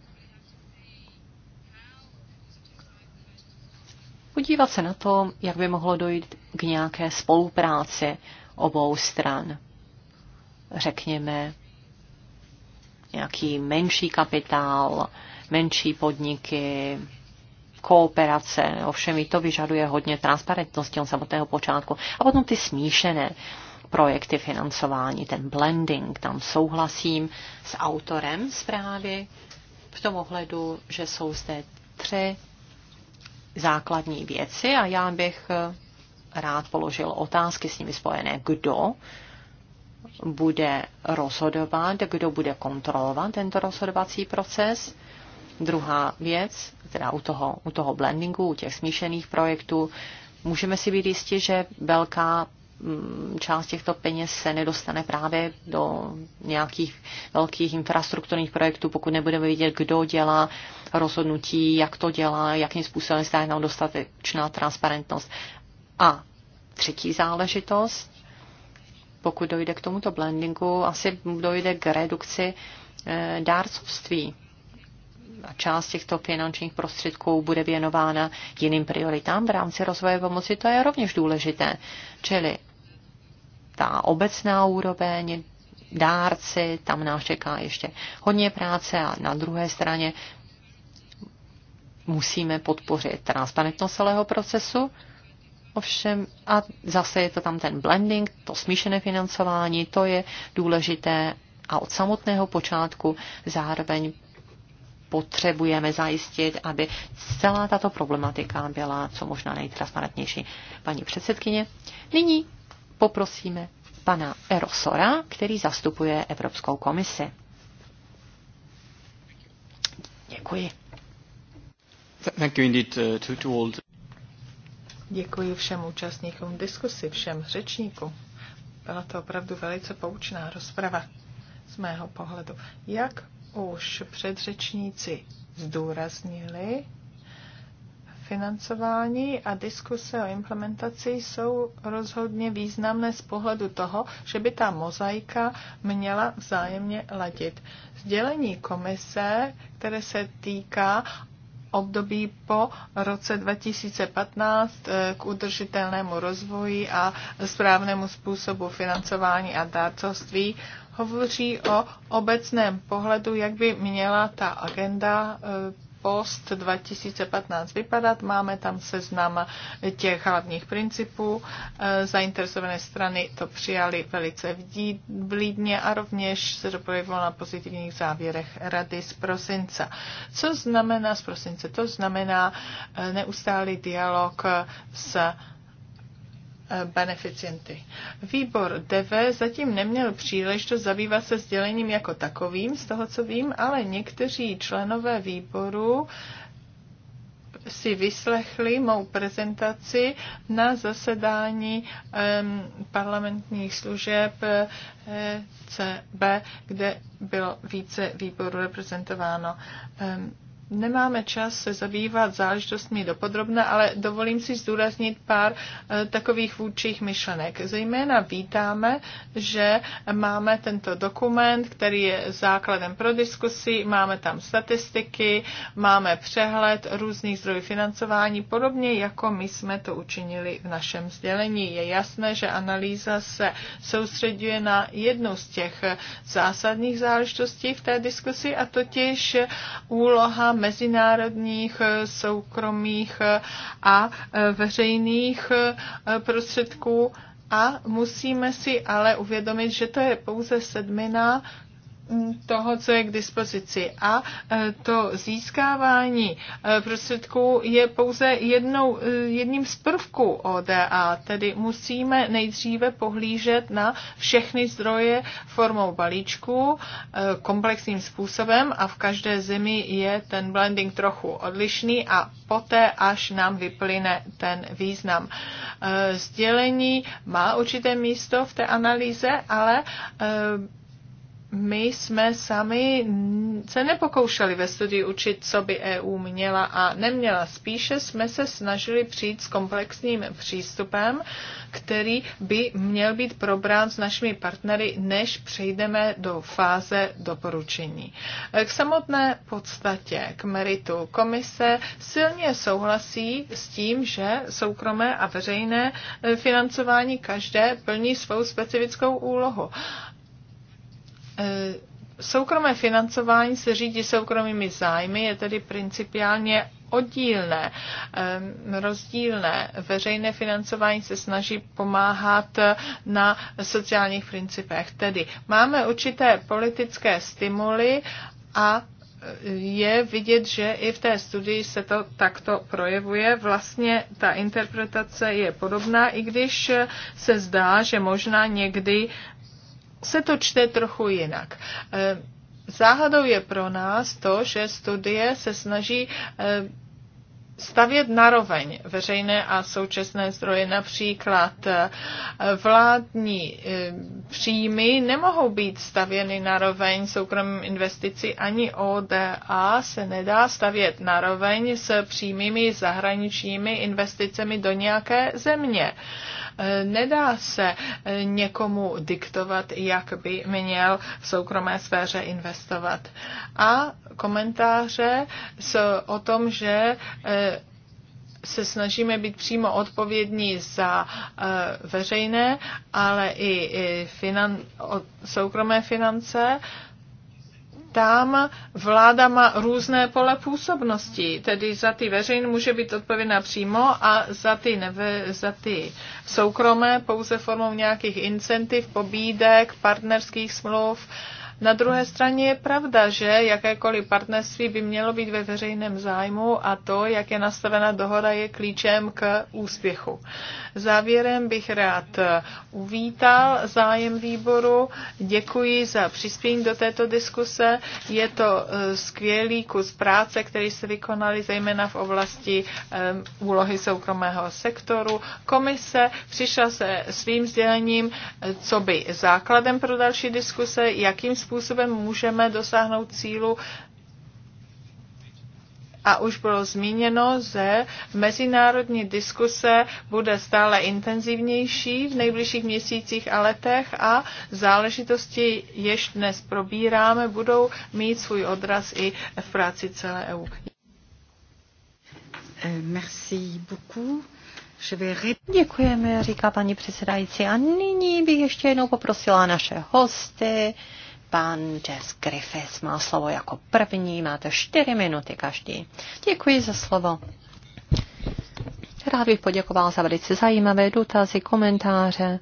Podívat se na to, jak by mohlo dojít k nějaké spolupráci obou stran. Řekněme, nějaký menší kapitál, menší podniky, kooperace. Ovšem i to vyžaduje hodně transparentnosti od samotného počátku. A potom ty smíšené projekty financování, ten blending, tam souhlasím s autorem zprávy v tom ohledu, že jsou zde tři základní věci a já bych eh, rád položil otázky s nimi spojené. Kdo bude rozhodovat, kdo bude kontrolovat tento rozhodovací proces, Druhá věc, která u toho, u toho blendingu, u těch smíšených projektů, můžeme si být jistí, že velká mm, část těchto peněz se nedostane právě do nějakých velkých infrastrukturních projektů, pokud nebudeme vidět, kdo dělá rozhodnutí, jak to dělá, jakým způsobem se nám dostatečná transparentnost. A třetí záležitost, pokud dojde k tomuto blendingu, asi dojde k redukci eh, dárcovství část těchto finančních prostředků bude věnována jiným prioritám v rámci rozvoje pomoci, to je rovněž důležité. Čili ta obecná úroveň, dárci, tam nás čeká ještě hodně práce a na druhé straně musíme podpořit transparentnost celého procesu, Ovšem, a zase je to tam ten blending, to smíšené financování, to je důležité a od samotného počátku zároveň potřebujeme zajistit, aby celá tato problematika byla co možná nejtransparentnější. Paní předsedkyně, nyní poprosíme pana Erosora, který zastupuje Evropskou komisi. Děkuji. Thank you indeed uh, to, to all. Děkuji všem účastníkům diskusy, všem řečníkům. Byla to opravdu velice poučná rozprava z mého pohledu. Jak už předřečníci zdůraznili, financování a diskuse o implementaci jsou rozhodně významné z pohledu toho, že by ta mozaika měla vzájemně ladit. Sdělení komise, které se týká období po roce 2015 eh, k udržitelnému rozvoji a správnému způsobu financování a dárcovství, hovoří o obecném pohledu, jak by měla ta agenda eh, post 2015 vypadat. Máme tam seznam těch hlavních principů. Eh, zainteresované strany to přijali velice vlídně a rovněž se to projevilo na pozitivních závěrech Rady z prosince. Co znamená z prosince? To znamená eh, neustálý dialog s beneficienty. Výbor DV zatím neměl příležitost zabývat se sdělením jako takovým, z toho, co vím, ale někteří členové výboru si vyslechli mou prezentaci na zasedání um, parlamentních služeb eh, CB, kde bylo více výborů reprezentováno. Um, Nemáme čas se zabývat záležitostmi dopodrobna, ale dovolím si zdůraznit pár eh, takových vůdčích myšlenek. Zejména vítáme, že máme tento dokument, který je základem pro diskusi, máme tam statistiky, máme přehled různých zdrojů financování, podobně jako my jsme to učinili v našem sdělení. Je jasné, že analýza se soustředuje na jednu z těch eh, zásadních záležitostí v té diskusi, a totiž úloha mezinárodních, eh, soukromých eh, a eh, veřejných prostředků. A musíme si ale uvědomit, že to je pouze sedmina toho, co je k dispozici. A e, to získávání e, prostředků je pouze jednou, e, jedním z prvků ODA, tedy musíme nejdříve pohlížet na všechny zdroje formou balíčku komplexním způsobem a v každé zemi je ten blending trochu odlišný a poté, až nám vyplyne ten význam. Sdělení má určité místo v té analýze, ale my jsme sami se nepokoušeli ve studii učit, co by EU měla a neměla. Spíše jsme se snažili přijít s komplexním přístupem, který by měl být probrán s našimi partnery, než přejdeme do fáze doporučení. K samotné podstatě, k meritu komise silně souhlasí s tím, že soukromé a veřejné financování každé plní svou specifickou úlohu. E, soukromé financování se řídí soukromými zájmy, je tedy principiálně oddílné, e, rozdílné. Veřejné financování se snaží pomáhat na sociálních principech. Tedy máme určité politické stimuly a je vidět, že i v té studii se to takto projevuje. Vlastně ta interpretace je podobná, i když se zdá, že možná někdy se to čte trochu jinak. Eh, záhadou je pro nás to, že studie se snaží eh, stavět naroveň veřejné a současné zdroje, například eh, vládní příjmy nemohou být stavěny naroveň soukromým investici, ani ODA se nedá stavět naroveň s přímými zahraničními investicemi do nějaké země. E, nedá se e, někomu diktovat, jak by měl v soukromé sféře investovat. A komentáře o tom, že e, se snažíme být přímo odpovědní za veřejné, ale i finan, soukromé finance, tam vláda má různé pole působnosti, tedy za ty veřejné může být odpovědná přímo a za ty, neve, za ty soukromé pouze formou nějakých incentiv, pobídek, partnerských smluv, uh, na druhé straně je pravda, že jakékoliv partnerství by mělo být ve veřejném zájmu a to, jak je nastavena dohoda, je klíčem k úspěchu. Závěrem bych rád eh, uvítal zájem výboru. Děkuji za přispění do této diskuse. Je to eh, skvělý kus práce, který se vykonali zejména v oblasti eh, úlohy soukromého sektoru. Komise přišla se svým sdělením, co by základem pro další diskuse, jakým způsobem způsobem můžeme dosáhnout cílu a už bylo zmíněno, že mezinárodní diskuse bude stále intenzivnější v nejbližších měsících a letech a záležitosti, jež dnes probíráme, budou mít svůj odraz i v práci celé EU. Eh, merci beaucoup. Děkujeme, říká paní předsedající. A nyní bych ještě jednou poprosila naše hosty, Pan Jess Griffiths má slovo jako první, máte čtyři minuty každý. Děkuji za slovo. Rád bych poděkoval za velice zajímavé dotazy, komentáře.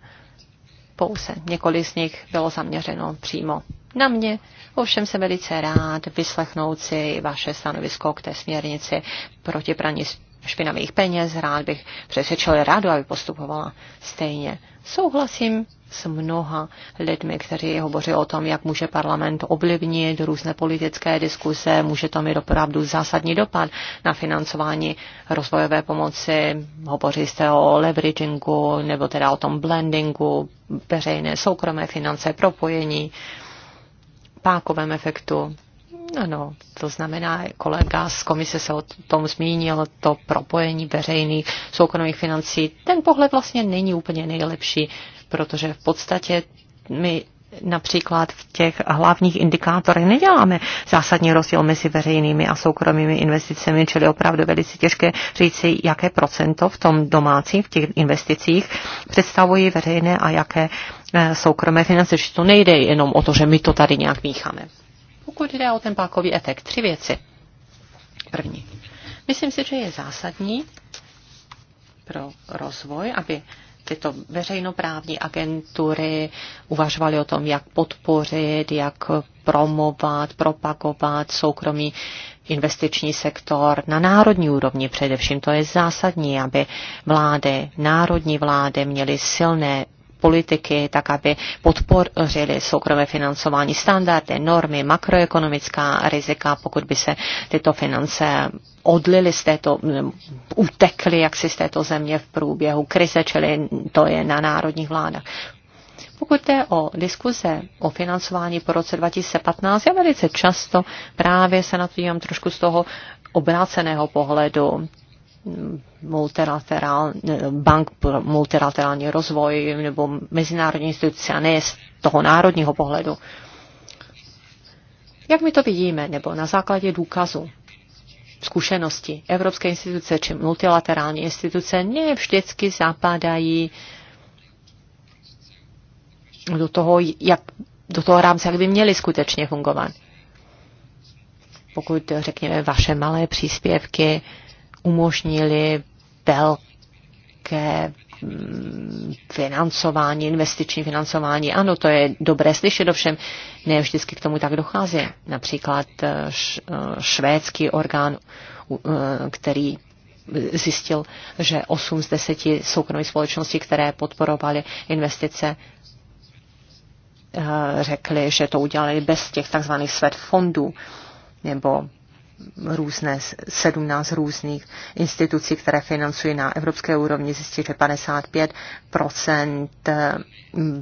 Pouze několik z nich bylo zaměřeno přímo na mě. Ovšem se velice rád vyslechnout si vaše stanovisko k té směrnici proti praní špinavých peněz. Rád bych přesvědčil radu, aby postupovala stejně. Souhlasím s mnoha lidmi, kteří hovoří o tom, jak může parlament ovlivnit různé politické diskuse, může to mít opravdu zásadní dopad na financování rozvojové pomoci. Hovoří se o leveragingu nebo teda o tom blendingu, veřejné soukromé finance, propojení, pákovém efektu. Ano, to znamená, kolega z komise se o tom zmínil, to propojení veřejných soukromých financí. Ten pohled vlastně není úplně nejlepší, protože v podstatě my například v těch hlavních indikátorech neděláme zásadní rozdíl mezi veřejnými a soukromými investicemi, čili opravdu velice těžké říci, jaké procento v tom domácím, v těch investicích představují veřejné a jaké eh, soukromé finance. Že to nejde jenom o to, že my to tady nějak mícháme. Pokud jde o ten pákový efekt, tři věci. První. Myslím si, že je zásadní pro rozvoj, aby tyto veřejnoprávní agentury uvažovaly o tom, jak podpořit, jak promovat, propagovat soukromý investiční sektor na národní úrovni především. To je zásadní, aby vlády, národní vlády měly silné politiky, tak aby podpořili soukromé financování standardy, normy, makroekonomická rizika, pokud by se tyto finance odlili z této, utekli jaksi z této země v průběhu krize, čili to je na národních vládách. Pokud jde o diskuze o financování po roce 2015, já velice často právě se na to dívám trošku z toho obráceného pohledu multilaterál, bank pro multilaterální rozvoj nebo mezinárodní instituce a ne z toho národního pohledu. Jak my to vidíme, nebo na základě důkazu, zkušenosti, evropské instituce či multilaterální instituce ne vždycky zapadají do toho, jak, do toho rámce, jak by měly skutečně fungovat. Pokud, řekněme, vaše malé příspěvky umožnili velké mm, financování, investiční financování. Ano, to je dobré slyšet, ovšem ne vždycky k tomu tak dochází. Například eh, eh, švédský orgán, eh, který zjistil, že 8 z 10 soukromých společností, které podporovaly investice, řekli, že to udělali bez těch takzvaných svět fondů nebo různé, 17 různých institucí, které financují na evropské úrovni, zjistí, že 55%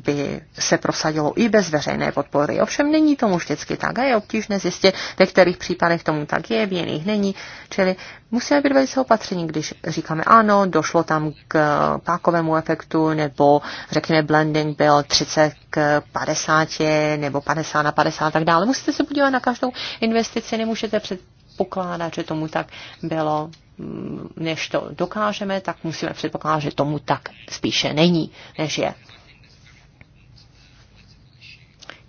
by se prosadilo i bez veřejné podpory. Ovšem není tomu vždycky tak a je obtížné zjistit, ve kterých případech tomu tak je, v jiných není. Čili Musíme být velice opatření, když říkáme ano, došlo tam k pákovému efektu, nebo řekněme blending byl 30 k 50, nebo 50 na 50 a tak dále. Musíte se podívat na každou investici, nemůžete předpokládat, že tomu tak bylo. Mm, než to dokážeme, tak musíme předpokládat, že tomu tak spíše není, než je.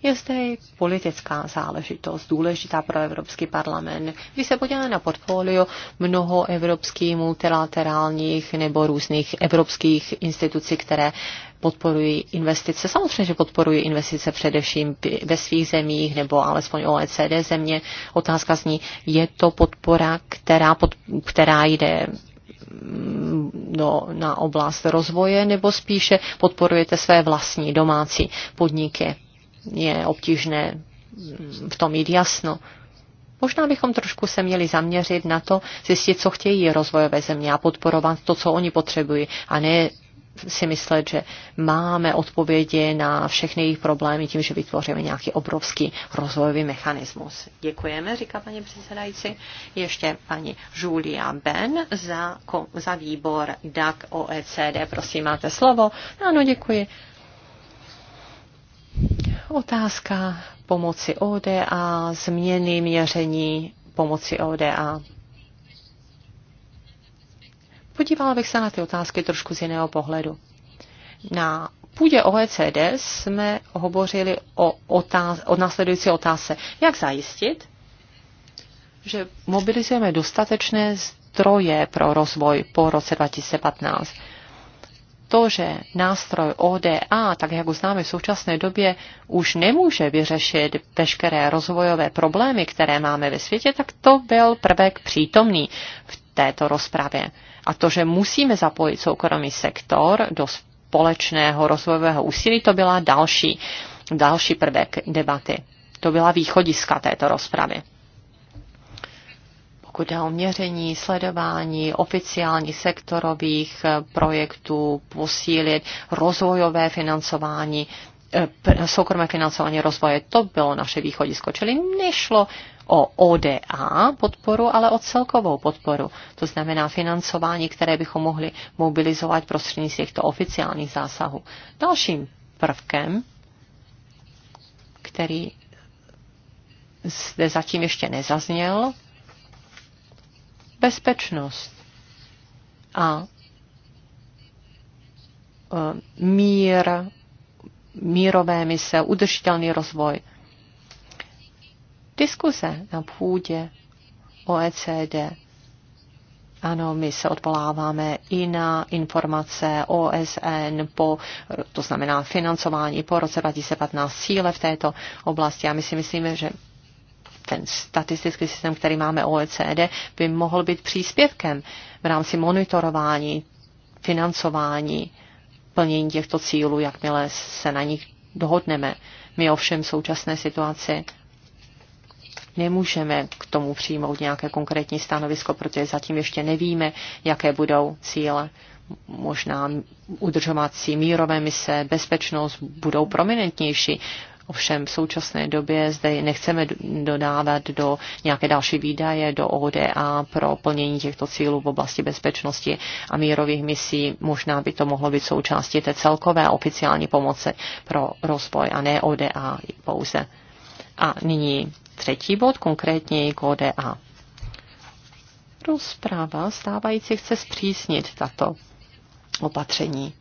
Je zde i politická záležitost, důležitá pro Evropský parlament. Když se podíváme na portfolio mnoho evropských multilaterálních nebo různých evropských institucí, které podporují investice. Samozřejmě, že podporují investice především ve svých zemích nebo alespoň OECD země. Otázka zní, je to podpora, která, pod, která jde no, na oblast rozvoje, nebo spíše podporujete své vlastní domácí podniky je obtížné v tom mít jasno. Možná bychom trošku se měli zaměřit na to, zjistit, co chtějí rozvojové země a podporovat to, co oni potřebují, a ne si myslet, že máme odpovědi na všechny jejich problémy tím, že vytvoříme nějaký obrovský rozvojový mechanismus. Děkujeme, říká paní předsedající. Ještě paní Julia Ben za, za výbor DAC OECD. Prosím, máte slovo. Ano, děkuji. Otázka pomoci ODA, změny měření pomoci ODA. Podívala bych se na ty otázky trošku z jiného pohledu. Na půdě OECD jsme hovořili o, otáz- o následující otázce. Jak zajistit, že mobilizujeme dostatečné zdroje pro rozvoj po roce 2015? to, že nástroj ODA, tak jak ho známe v současné době, už nemůže vyřešit veškeré rozvojové problémy, které máme ve světě, tak to byl prvek přítomný v této rozpravě. A to, že musíme zapojit soukromý sektor do společného rozvojového úsilí, to byla další, další prvek debaty. To byla východiska této rozpravy pokud jde o měření, sledování oficiálních sektorových eh, projektů, posílit rozvojové financování, eh, soukromé financování rozvoje. To bylo naše východisko, čili nešlo o ODA podporu, ale o celkovou podporu. To znamená financování, které bychom mohli mobilizovat prostřednictvím těchto oficiálních zásahů. Dalším prvkem, který zde zatím ještě nezazněl, bezpečnost a e, mír, mírové mise, udržitelný rozvoj. diskuse na půdě OECD. Ano, my se odvoláváme i na informace OSN po, to znamená financování po roce 2015 cíle v této oblasti. A my si myslíme, že ten statistický systém, který máme OECD, by mohl být příspěvkem v rámci monitorování, financování, plnění těchto cílů, jakmile se na nich dohodneme. My ovšem v současné situaci nemůžeme k tomu přijmout nějaké konkrétní stanovisko, protože zatím ještě nevíme, jaké budou cíle. Možná udržovací mírové mise, bezpečnost budou prominentnější Ovšem v současné době zde nechceme dodávat do nějaké další výdaje do ODA pro plnění těchto cílů v oblasti bezpečnosti a mírových misí. Možná by to mohlo být součástí té celkové oficiální pomoci pro rozvoj a ne ODA pouze. A nyní třetí bod, konkrétně k ODA. Rozpráva stávající chce zpřísnit tato opatření.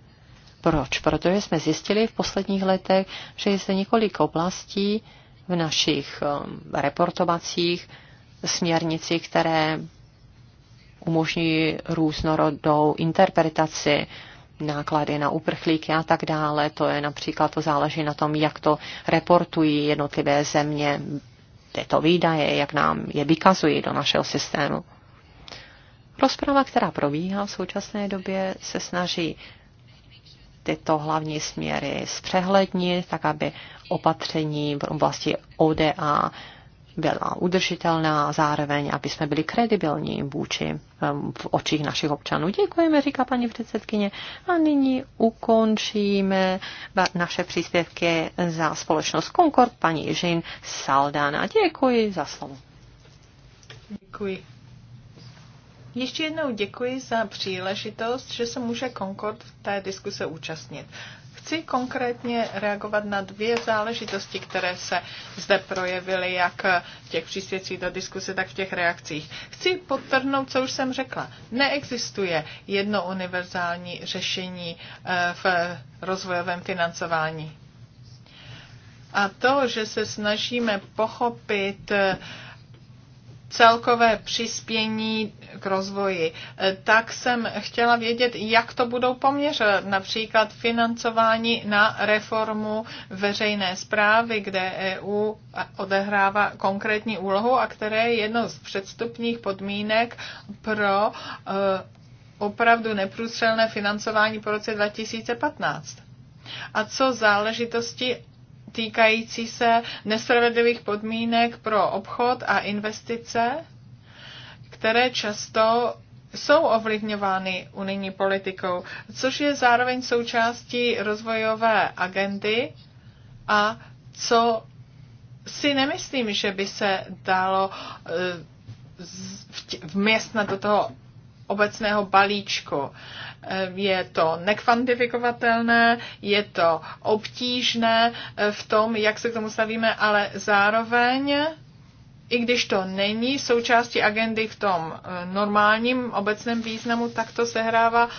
Proč? Protože jsme zjistili v posledních letech, že je zde několik oblastí v našich um, reportovacích směrnicích, které umožňují různorodou interpretaci náklady na uprchlíky a tak dále. To je například, to záleží na tom, jak to reportují jednotlivé země tyto výdaje, jak nám je vykazují do našeho systému. Rozprava, která probíhá v současné době, se snaží tyto hlavní směry zpřehlednit, tak aby opatření v oblasti ODA byla udržitelná a zároveň, aby jsme byli kredibilní vůči v očích našich občanů. Děkujeme, říká paní předsedkyně. A nyní ukončíme naše příspěvky za společnost Concord, paní Ježin Saldana. Děkuji za slovo. Děkuji. Ještě jednou děkuji za příležitost, že se může Concord v té diskuse účastnit. Chci konkrétně reagovat na dvě záležitosti, které se zde projevily, jak v těch příspěvcích do diskuse, tak v těch reakcích. Chci podtrhnout, co už jsem řekla. Neexistuje jedno univerzální řešení eh, v rozvojovém financování. A to, že se snažíme pochopit, eh, celkové přispění k rozvoji, e, tak jsem chtěla vědět, jak to budou poměřovat. Například financování na reformu veřejné zprávy, kde EU odehrává konkrétní úlohu a které je jedno z předstupních podmínek pro e, opravdu neprůstřelné financování po roce 2015. A co záležitosti týkající se nespravedlivých podmínek pro obchod a investice, které často jsou ovlivňovány unijní politikou, což je zároveň součástí rozvojové agendy a co si nemyslím, že by se dalo eh, vměstnat do toho obecného balíčku. Eh, je to nekvantifikovatelné, je to obtížné eh, v tom, jak se k tomu stavíme, ale zároveň i když to není součástí agendy v tom eh, normálním obecném významu, tak to sehrává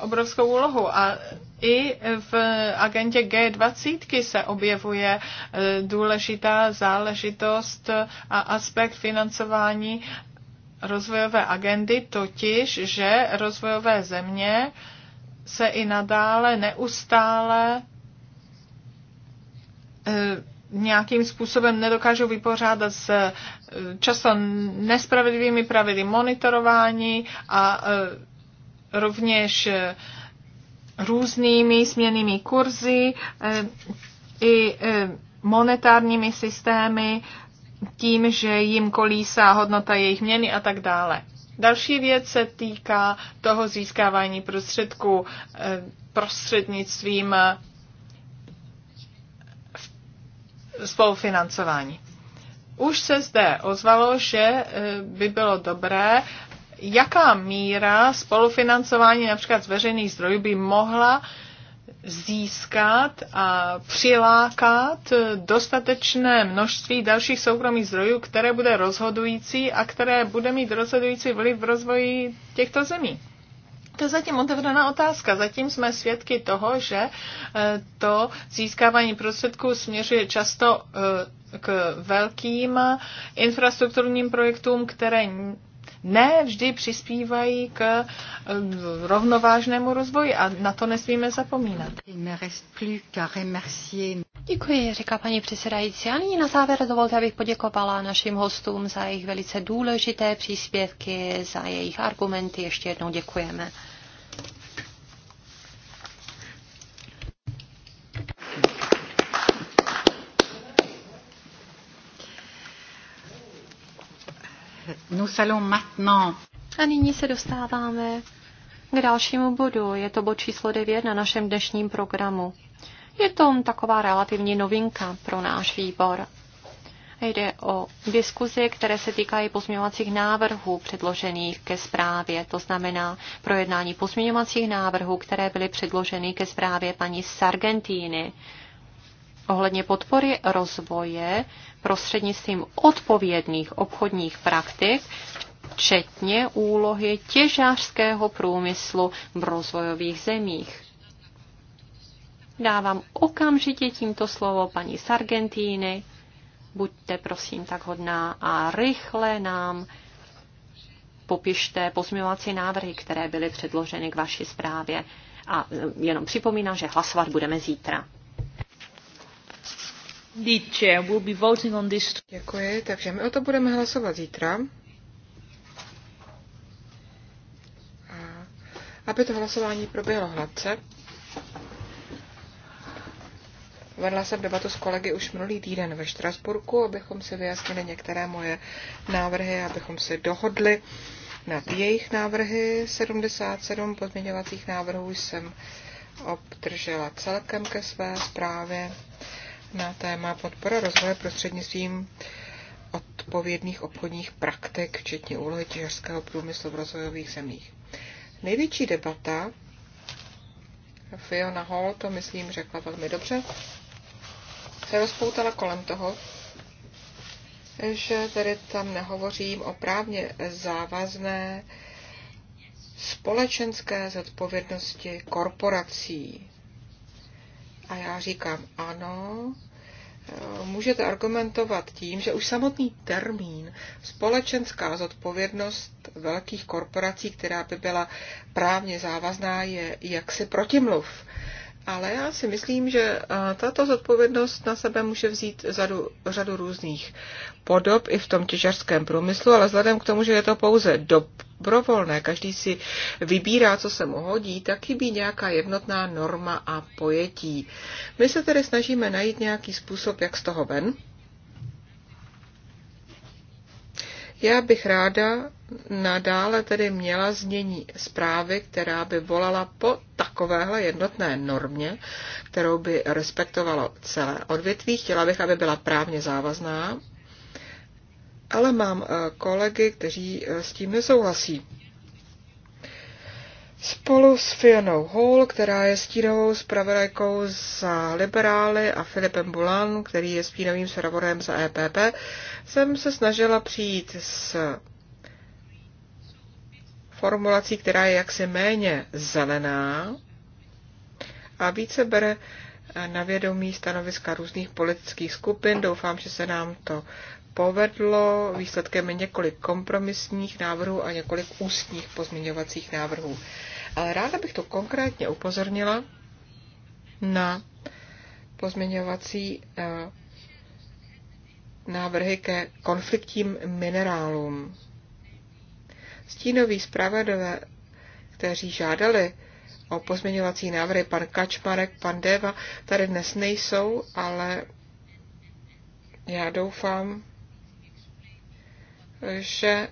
obrovskou úlohu. A i v agentě G20 se objevuje důležitá záležitost a aspekt financování rozvojové agendy, totiž, že rozvojové země se i nadále neustále eh, nějakým způsobem nedokážou vypořádat s eh, často nespravedlivými pravidly monitorování a eh, rovněž různými směnými kurzy i monetárními systémy, tím, že jim kolísá hodnota jejich měny a tak dále. Další věc se týká toho získávání prostředků eh, prostřednictvím eh, spolufinancování. Už se zde ozvalo, že eh, by bylo dobré, jaká míra spolufinancování například z veřejných zdrojů by mohla získat a přilákat dostatečné množství dalších soukromých zdrojů, které bude rozhodující a které bude mít rozhodující vliv v rozvoji těchto zemí. To je zatím otevřená otázka. Zatím jsme svědky toho, že eh, to získávání prostředků směřuje často eh, k velkým eh, infrastrukturním projektům, které ne vždy přispívají k eh, rovnovážnému rozvoji a na to nesmíme zapomínat. Děkuji, říká paní předsedající. A nyní na závěr dovolte, abych poděkovala našim hostům za jejich velice důležité příspěvky, za jejich argumenty. Ještě jednou děkujeme. Nous allons maintenant. A nyní se dostáváme k dalšímu bodu. Je to bod číslo 9 na našem dnešním programu. Je to taková relativní novinka pro náš výbor. Jde o diskuzi, které se týkají pozměňovacích návrhů předložených ke zprávě, to znamená projednání pozměňovacích návrhů, které byly předloženy ke zprávě paní Sargentíny ohledně podpory rozvoje prostřednictvím odpovědných obchodních praktik, včetně úlohy těžářského průmyslu v rozvojových zemích. Dávám okamžitě tímto slovo paní z Argentíny. Buďte prosím tak hodná a rychle nám popište pozměňovací návrhy, které byly předloženy k vaší zprávě. A jenom připomínám, že hlasovat budeme zítra. Děkuji, takže my o to budeme hlasovat zítra. A aby to hlasování proběhlo hladce, Vedla jsem debatu s kolegy už minulý týden ve Štrasburku, abychom si vyjasnili některé moje návrhy, abychom se dohodli nad jejich návrhy. 77 pozměňovacích návrhů jsem obdržela celkem ke své zprávě na téma podpora rozvoje prostřednictvím odpovědných obchodních praktik, včetně úlohy těžařského průmyslu v rozvojových zemích. Největší debata, Fiona Hall to myslím řekla velmi dobře, se rozpoutala kolem toho, že tedy tam nehovořím o právně závazné společenské zodpovědnosti korporací. A já říkám ano, Eh, můžete argumentovat tím, že už samotný termín společenská zodpovědnost velkých korporací, která by byla právně závazná, je jaksi protimluv. Ale já si myslím, že eh, tato zodpovědnost na sebe může vzít zadu řadu různých podob i v tom těžařském průmyslu, ale vzhledem k tomu, že je to pouze do, dobrovolné, každý si vybírá, co se mu hodí, tak chybí nějaká jednotná norma a pojetí. My se tedy snažíme najít nějaký způsob, jak z toho ven. Já bych ráda nadále tedy měla znění zprávy, která by volala po takovéhle jednotné normě, kterou by respektovalo celé odvětví. Chtěla bych, aby byla právně závazná, ale mám eh, kolegy, kteří eh, s tím nesouhlasí. Spolu s Fionou Hall, která je stínovou zpravodajkou za liberály a Filipem Bulan, který je stínovým zpravodajem za EPP, jsem se snažila přijít s formulací, která je jaksi méně zelená a více bere na vědomí stanoviska různých politických skupin. Doufám, že se nám to povedlo. Výsledkem je několik kompromisních návrhů a několik ústních pozměňovacích návrhů. Ale ráda bych to konkrétně upozornila na pozměňovací eh, návrhy ke konfliktním minerálům. Stínoví zpravodové, kteří žádali o pozměňovací návrhy. Pan Kačmarek, pan Deva tady dnes nejsou, ale já doufám, že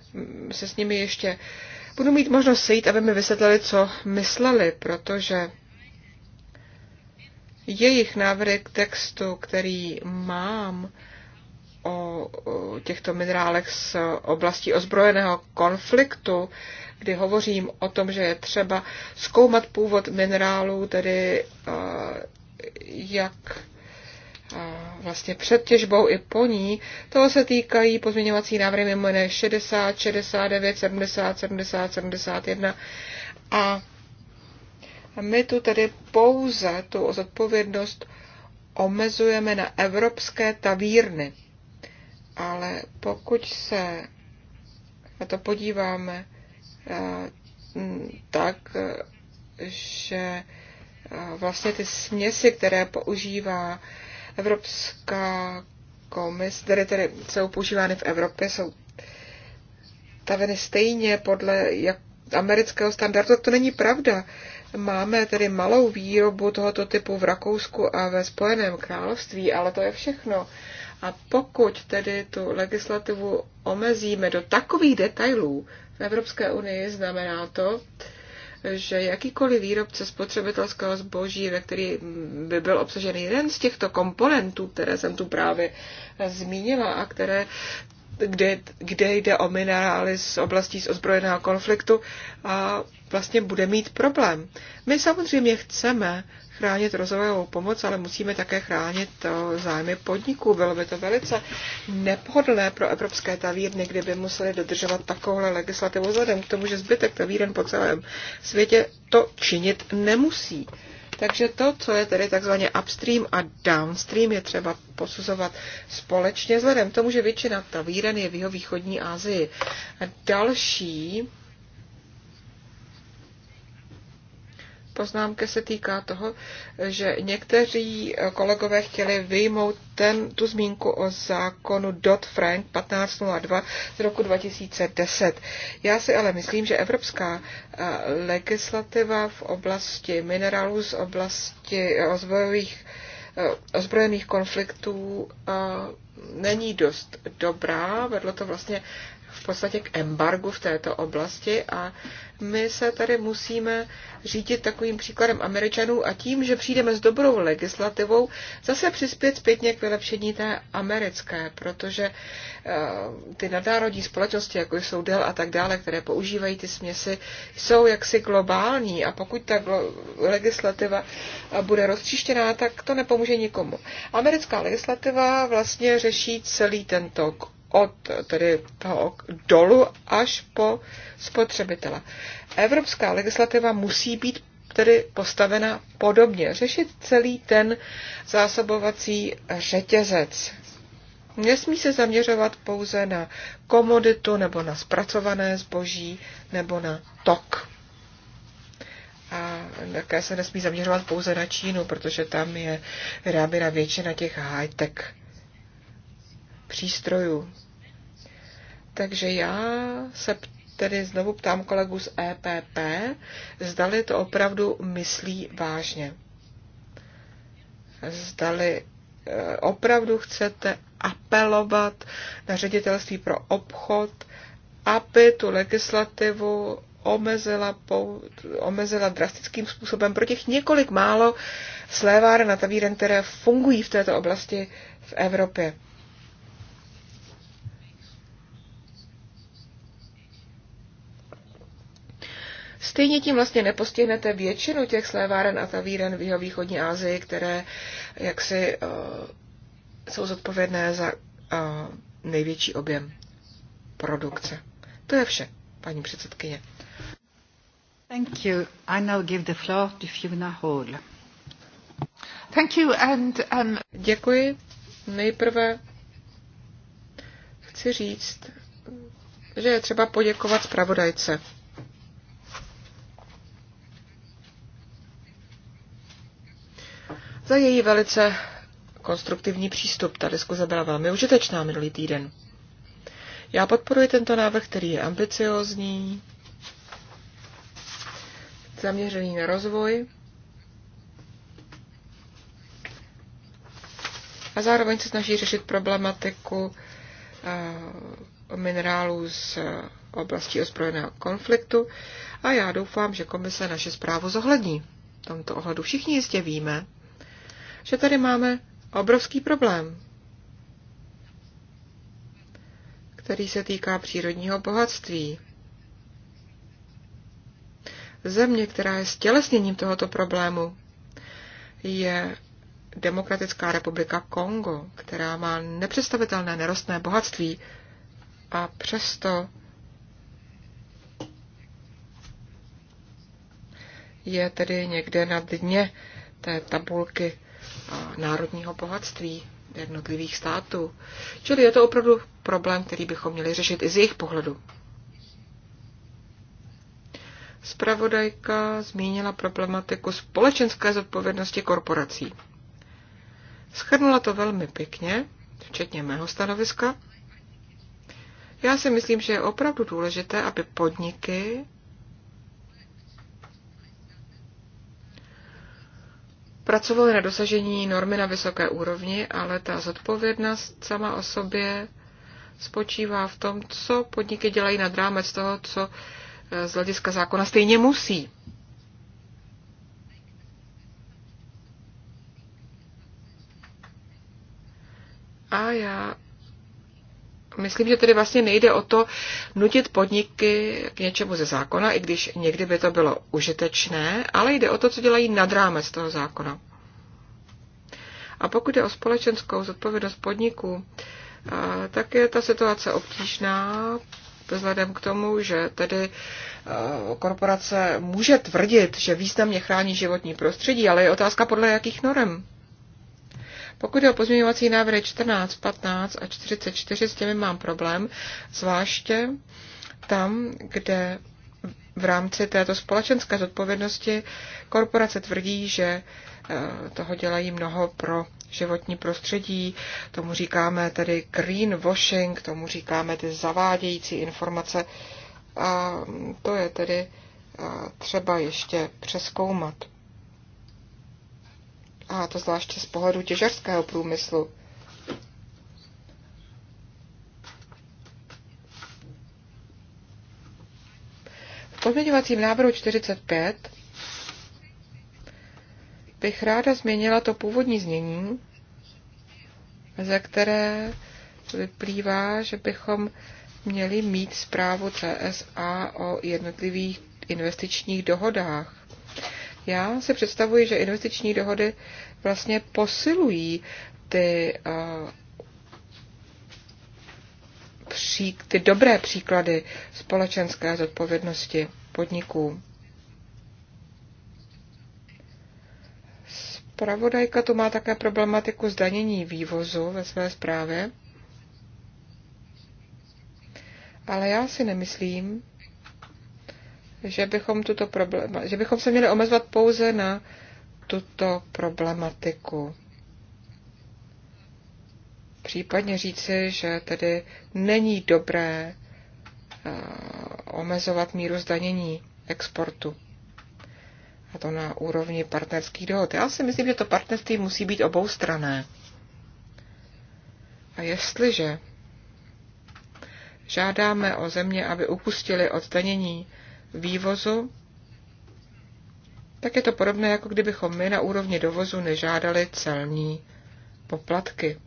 se s nimi ještě budu mít možnost sejít, aby mi vysvětlili, co mysleli, protože jejich návrhy k textu, který mám o těchto minerálech z oblasti ozbrojeného konfliktu, kdy hovořím o tom, že je třeba zkoumat původ minerálů, tedy eh, jak eh, vlastně před těžbou i po ní. Toho se týkají pozměňovací návrhy mimo jiné 60, 69, 70, 70, 71 a my tu tedy pouze tu zodpovědnost omezujeme na evropské tavírny. Ale pokud se na to podíváme tak, že eh, vlastně ty směsi, které používá Evropská komis, které tedy jsou používány v Evropě, jsou taveny stejně podle jak amerického standardu, to není pravda. Máme tedy malou výrobu tohoto typu v Rakousku a ve Spojeném království, ale to je všechno. A pokud tedy tu legislativu omezíme do takových detailů, v Evropské unii znamená to, že jakýkoliv výrobce spotřebitelského zboží, ve který by byl obsažen jeden z těchto komponentů, které jsem tu právě zmínila a které kde, kde jde o minerály z oblastí z ozbrojeného konfliktu a vlastně bude mít problém. My samozřejmě chceme chránit rozvojovou pomoc, ale musíme také chránit eh, zájmy podniků. Bylo by to velice nepohodlné pro evropské tavírny, kdyby museli dodržovat takovouhle legislativu, vzhledem k tomu, že zbytek tavíren po celém světě to činit nemusí. Takže to, co je tedy takzvaně upstream a downstream, je třeba posuzovat společně, vzhledem k tomu, že většina tavíren je v jeho východní Asii. Další poznámka se týká toho, že někteří kolegové chtěli vyjmout ten, tu zmínku o zákonu Dodd-Frank 1502 z roku 2010. Já si ale myslím, že evropská legislativa v oblasti minerálů, z oblasti e, rozvojových e, ozbrojených konfliktů není dost dobrá. Vedlo to vlastně podstatě k embargu v této oblasti a my se tady musíme řídit takovým příkladem Američanů a tím, že přijdeme s dobrou legislativou, zase přispět zpětně k vylepšení té americké, protože eh, ty nadárodní společnosti, jako jsou Dell a tak dále, které používají ty směsi, jsou jaksi globální a pokud ta legislativa bude roztříštěná, tak to nepomůže nikomu. Americká legislativa vlastně řeší celý tento od tedy toho dolu až po spotřebitele. Evropská legislativa musí být tedy postavena podobně. Řešit celý ten zásobovací řetězec. Nesmí se zaměřovat pouze na komoditu nebo na zpracované zboží nebo na tok. A také se nesmí zaměřovat pouze na Čínu, protože tam je vyráběna většina těch high-tech přístrojů. Takže já se tedy znovu ptám kolegu z EPP, zdali to opravdu myslí vážně. Zdali e, opravdu chcete apelovat na ředitelství pro obchod, aby tu legislativu omezila, omezila drastickým způsobem pro těch několik málo sléváren a tavíren, které fungují v této oblasti v Evropě. Stejně tím vlastně nepostihnete většinu těch sléváren a tavíren v jihovýchodní Asii, které jaksi uh, jsou zodpovědné za uh, největší objem produkce. To je vše, paní předsedkyně. Thank you. I now give the floor to Fiona Hall. Thank you and, um... Děkuji. Nejprve chci říct, že je třeba poděkovat zpravodajce. za její velice konstruktivní přístup. Ta diskuze byla velmi užitečná minulý týden. Já podporuji tento návrh, který je ambiciozní, zaměřený na rozvoj a zároveň se snaží řešit problematiku minerálů z oblasti ozbrojeného konfliktu a já doufám, že komise naše zprávu zohlední. V tomto ohledu všichni jistě víme, že tady máme obrovský problém, který se týká přírodního bohatství. Země, která je stělesněním tohoto problému, je Demokratická republika Kongo, která má nepředstavitelné nerostné bohatství a přesto je tedy někde na dně té tabulky národního bohatství jednotlivých států. Čili je to opravdu problém, který bychom měli řešit i z jejich pohledu. Spravodajka zmínila problematiku společenské zodpovědnosti korporací. Schrnula to velmi pěkně, včetně mého stanoviska. Já si myslím, že je opravdu důležité, aby podniky pracovali na dosažení normy na vysoké úrovni, ale ta zodpovědnost sama o sobě spočívá v tom, co podniky dělají nad rámec toho, co e, z hlediska zákona stejně musí. A já myslím, že tedy vlastně nejde o to nutit podniky k něčemu ze zákona, i když někdy by to bylo užitečné, ale jde o to, co dělají nad rámec toho zákona. A pokud je o společenskou zodpovědnost podniků, tak je ta situace obtížná, vzhledem k tomu, že tedy korporace může tvrdit, že významně chrání životní prostředí, ale je otázka podle jakých norem. Pokud je o pozměňovací návrhy 14, 15 a 44, s těmi mám problém, zvláště tam, kde v rámci této společenské zodpovědnosti korporace tvrdí, že eh, toho dělají mnoho pro životní prostředí, tomu říkáme tedy greenwashing, tomu říkáme ty zavádějící informace a to je tedy eh, třeba ještě přeskoumat a to zvláště z pohledu těžarského průmyslu. V pozměňovacím návrhu 45 bych ráda změnila to původní znění, ze které vyplývá, že bychom měli mít zprávu CSA o jednotlivých investičních dohodách. Já si představuji, že investiční dohody vlastně posilují ty, eh, pří, ty dobré příklady společenské zodpovědnosti podniků. Pravodajka tu má také problematiku zdanění vývozu ve své zprávě. Ale já si nemyslím, že bychom, tuto problém, že bychom se měli omezovat pouze na tuto problematiku. Případně říci, že tedy není dobré eh, omezovat míru zdanění exportu. A to na úrovni partnerských dohod. Já si myslím, že to partnerství musí být oboustrané. A jestliže žádáme o země, aby upustili od zdanění vývozu, tak je to podobné, jako kdybychom my na úrovni dovozu nežádali celní poplatky.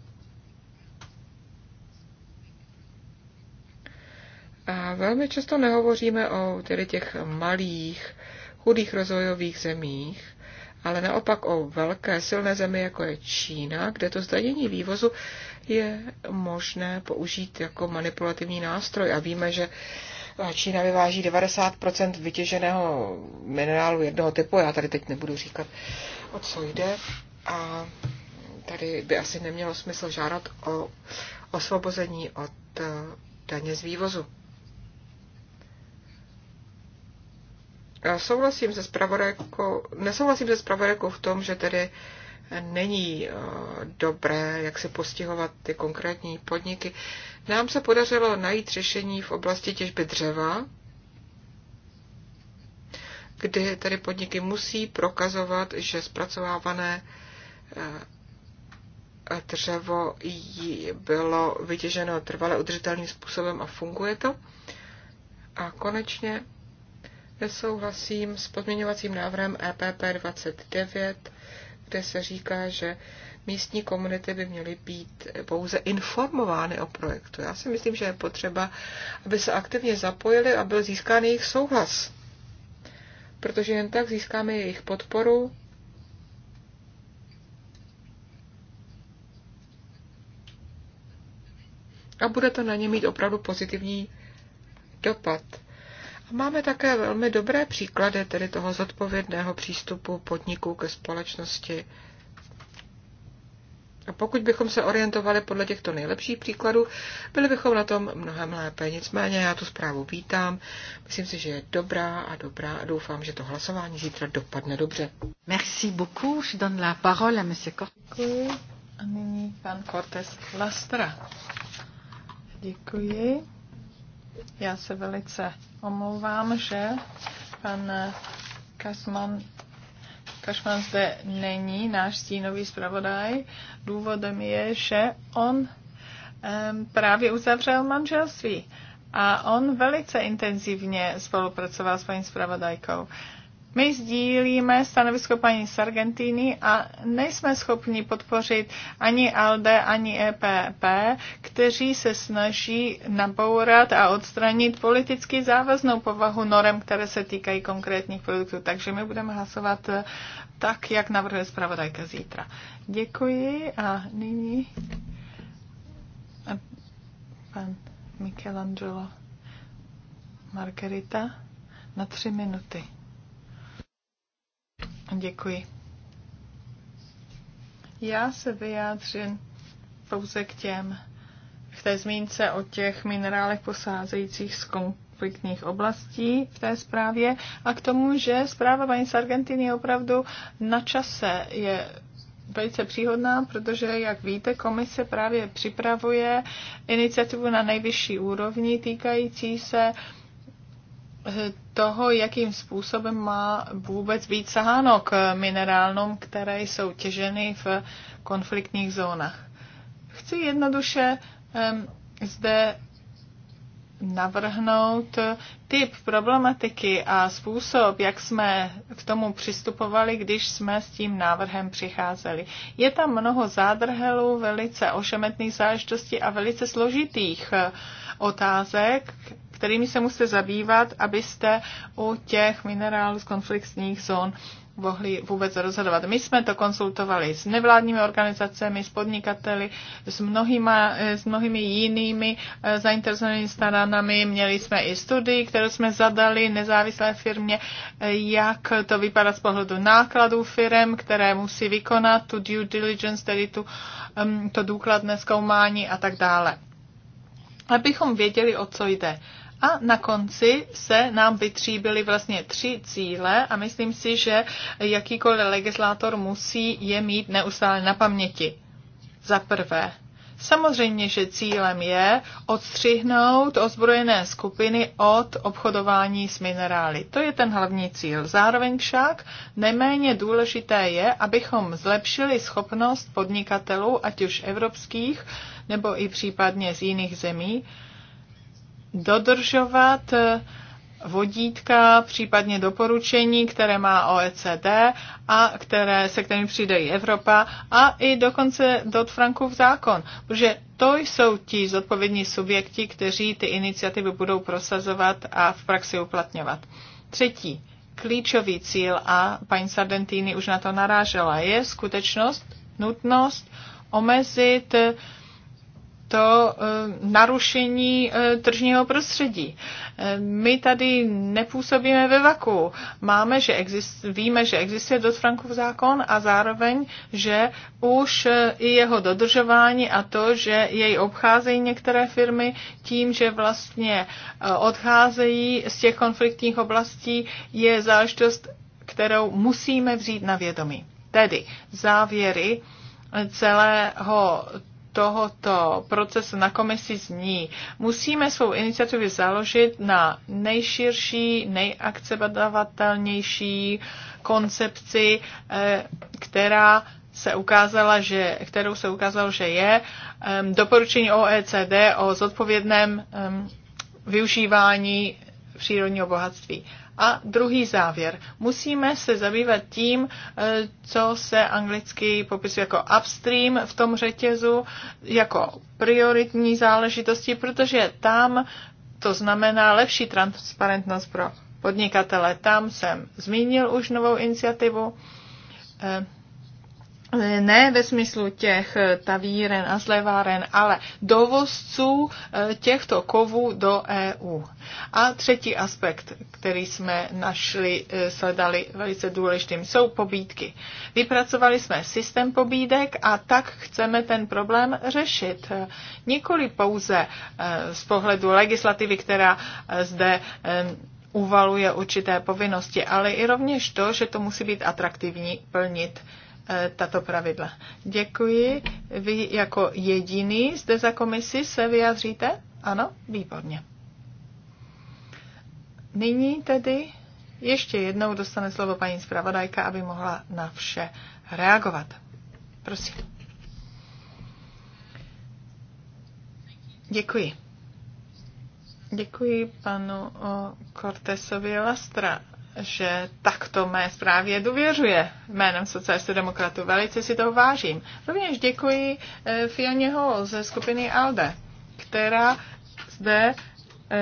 A velmi často nehovoříme o tedy těch malých, chudých rozvojových zemích, ale naopak o velké silné zemi, jako je Čína, kde to zdanění vývozu je možné použít jako manipulativní nástroj. A víme, že Čína vyváží 90% vytěženého minerálu jednoho typu, já tady teď nebudu říkat, o co jde. A tady by asi nemělo smysl žádat o osvobození od eh, daně z vývozu. Souhlasím se zpravodajkou, nesouhlasím se zpravodajkou v tom, že tedy není eh, dobré, jak se postihovat ty konkrétní podniky. Nám se podařilo najít řešení v oblasti těžby dřeva, kdy tedy podniky musí prokazovat, že zpracovávané eh, dřevo bylo vytěženo trvale udržitelným způsobem a funguje to. A konečně nesouhlasím s pozměňovacím návrhem EPP 29, kde se říká, že místní komunity by měly být pouze informovány o projektu. Já si myslím, že je potřeba, aby se aktivně zapojili a byl získán jejich souhlas. Protože jen tak získáme jejich podporu a bude to na ně mít opravdu pozitivní dopad. Máme také velmi dobré příklady tedy toho zodpovědného přístupu podniků ke společnosti. A pokud bychom se orientovali podle těchto nejlepších příkladů, byli bychom na tom mnohem lépe. Nicméně já tu zprávu vítám. Myslím si, že je dobrá a dobrá a doufám, že to hlasování zítra dopadne dobře. Merci beaucoup. Je donne la parole à monsieur Cortés. A nyní pan Cortes Lastra. Děkuji. Já se velice omlouvám, že pan Kasman, Kašman zde není, náš stínový zpravodaj. Důvodem je, že on um, právě uzavřel manželství a on velice intenzivně spolupracoval s paní zpravodajkou. My sdílíme stanovisko paní Sargentini a nejsme schopni podpořit ani ALDE, ani EPP, kteří se snaží nabourat a odstranit politicky závaznou povahu norem, které se týkají konkrétních produktů. Takže my budeme hlasovat eh, tak, jak navrhuje zpravodajka zítra. Děkuji a nyní eh, pan Michelangelo Margarita na tři minuty. Děkuji. Já se vyjádřím pouze k těm, k té zmínce o těch minerálech posázejících z konfliktních oblastí v té zprávě a k tomu, že zpráva paní z Argentiny je opravdu na čase, je velice příhodná, protože, jak víte, komise právě připravuje iniciativu na nejvyšší úrovni týkající se toho, jakým způsobem má vůbec být saháno k minerálům, které jsou těženy v konfliktních zónách. Chci jednoduše um, zde navrhnout typ problematiky a způsob, jak jsme k tomu přistupovali, když jsme s tím návrhem přicházeli. Je tam mnoho zádrhelů, velice ošemetných záležitostí a velice složitých eh, otázek, kterými se musíte zabývat, abyste u těch minerálů z konfliktních zón mohli vůbec rozhodovat. My jsme to konsultovali s nevládními organizacemi, s podnikateli, s, mnohýma, s mnohými jinými eh, zainteresovanými stranami. Měli jsme i studii, kterou jsme zadali nezávislé firmě, eh, jak to vypadá z pohledu nákladů firm, které musí vykonat tu due diligence, tedy tu, to důkladné zkoumání a tak dále. Abychom věděli, o co jde. A na konci se nám vytříbily vlastně tři cíle a myslím si, že jakýkoliv legislátor musí je mít neustále na paměti. Za prvé, Samozřejmě, že cílem je odstřihnout ozbrojené skupiny od obchodování s minerály. To je ten hlavní cíl. Zároveň však neméně důležité je, abychom zlepšili schopnost podnikatelů, ať už evropských nebo i případně z jiných zemí, dodržovat eh, vodítka, případně doporučení, které má OECD a které, se kterými přijde i Evropa a i dokonce dot Frankův zákon, protože to jsou ti zodpovědní subjekti, kteří ty iniciativy budou prosazovat a v praxi uplatňovat. Třetí, klíčový cíl, a paní Sardentini už na to narážela, je skutečnost, nutnost omezit uh, to eh, narušení eh, tržního prostředí. Eh, my tady nepůsobíme ve vaku. Máme, že exist, víme, že existuje dost frankův zákon a zároveň, že už i jeho dodržování a to, že jej obcházejí některé firmy tím, že vlastně odcházejí z těch konfliktních oblastí, je záležitost, kterou musíme vzít na vědomí. Tedy závěry celého tohoto procesu na komisi zní, musíme svou iniciativu založit na nejširší, nejakceptovatelnější koncepci, eh, která se ukázala, že, kterou se ukázalo, že je ehm, doporučení OECD o zodpovědném ehm, využívání přírodního bohatství. A druhý závěr. Musíme se zabývat tím, eh, co se anglicky popisuje jako upstream v tom řetězu, jako prioritní záležitosti, protože tam to znamená lepší transparentnost pro podnikatele. Tam jsem zmínil už novou iniciativu eh, ne ve smyslu těch eh, tavíren a zleváren, ale dovozců eh, těchto kovů do EU. A třetí aspekt, který jsme našli, eh, sledali velice důležitým, jsou pobídky. Vypracovali jsme systém pobídek a tak chceme ten problém řešit. Nikoli pouze z pohledu legislativy, která zde uvaluje určité povinnosti, ale i rovněž to, že to musí být atraktivní plnit E, tato pravidla. Děkuji. Vy jako jediný zde za komisi se vyjádříte? Ano, výborně. Nyní tedy ještě jednou dostane slovo paní zpravodajka, aby mohla na vše reagovat. Prosím. Děkuji. Děkuji panu Cortesovi Lastra že takto mé zprávě důvěřuje jménem socialistů demokratů. Velice si toho vážím. Rovněž děkuji eh, Fianěho ze skupiny ALDE, která zde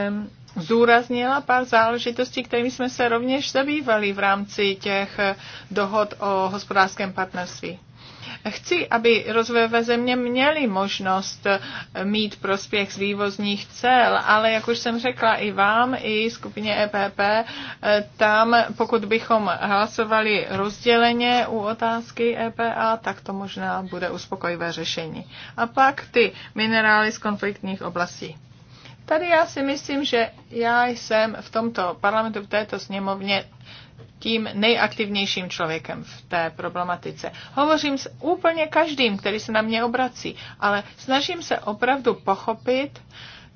um, zúraznila pár záležitostí, kterými jsme se rovněž zabývali v rámci těch eh, dohod o hospodářském partnerství. Chci, aby rozvojové země měly možnost eh, mít prospěch z vývozních cel, ale jak už jsem řekla i vám, i skupině EPP, eh, tam pokud bychom hlasovali rozděleně u otázky EPA, tak to možná bude uspokojivé řešení. A pak ty minerály z konfliktních oblastí. Tady já si myslím, že já jsem v tomto parlamentu, v této sněmovně tím nejaktivnějším člověkem v té problematice. Hovořím s úplně každým, který se na mě obrací, ale snažím se opravdu pochopit,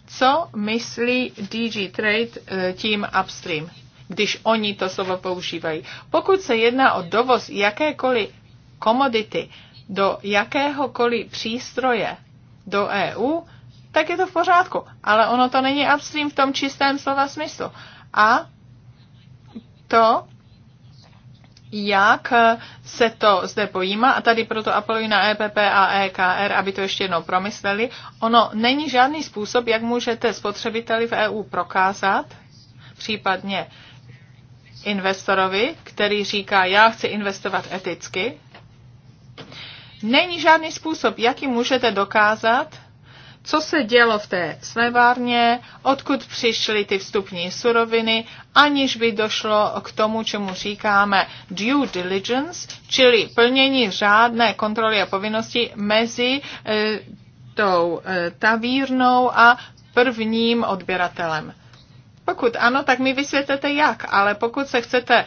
co myslí DG Trade eh, tím upstream, když oni to slovo používají. Pokud se jedná o dovoz jakékoliv komodity do jakéhokoliv přístroje do EU, tak je to v pořádku. Ale ono to není upstream v tom čistém slova smyslu. A to jak eh, se to zde pojíme a tady proto apeluji na EPP a EKR, aby to ještě jednou promysleli. Ono není žádný způsob, jak můžete spotřebiteli v EU prokázat, případně investorovi, který říká, já chci investovat eticky. Není žádný způsob, jaký můžete dokázat, co se dělo v té slevárně, odkud přišly ty vstupní suroviny, aniž by došlo k tomu, čemu říkáme due diligence, čili plnění řádné kontroly a povinnosti mezi e, tou e, tavírnou a prvním odběratelem. Pokud ano, tak mi vysvětlete jak, ale pokud se chcete eh,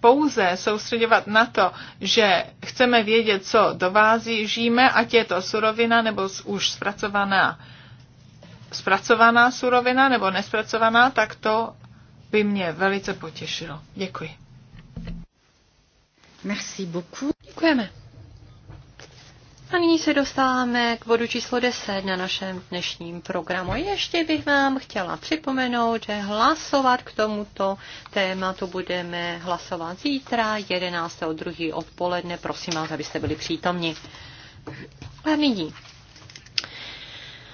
pouze soustředovat na to, že chceme vědět, co do dovázíme, ať je to surovina nebo už zpracovaná, zpracovaná surovina nebo nespracovaná, tak to by mě velice potěšilo. Děkuji. Merci beaucoup. Děkujeme. A nyní se dostáváme k bodu číslo 10 na našem dnešním programu. Ještě bych vám chtěla připomenout, že hlasovat k tomuto tématu budeme hlasovat zítra 11.2. odpoledne. Prosím vás, abyste byli přítomni. A nyní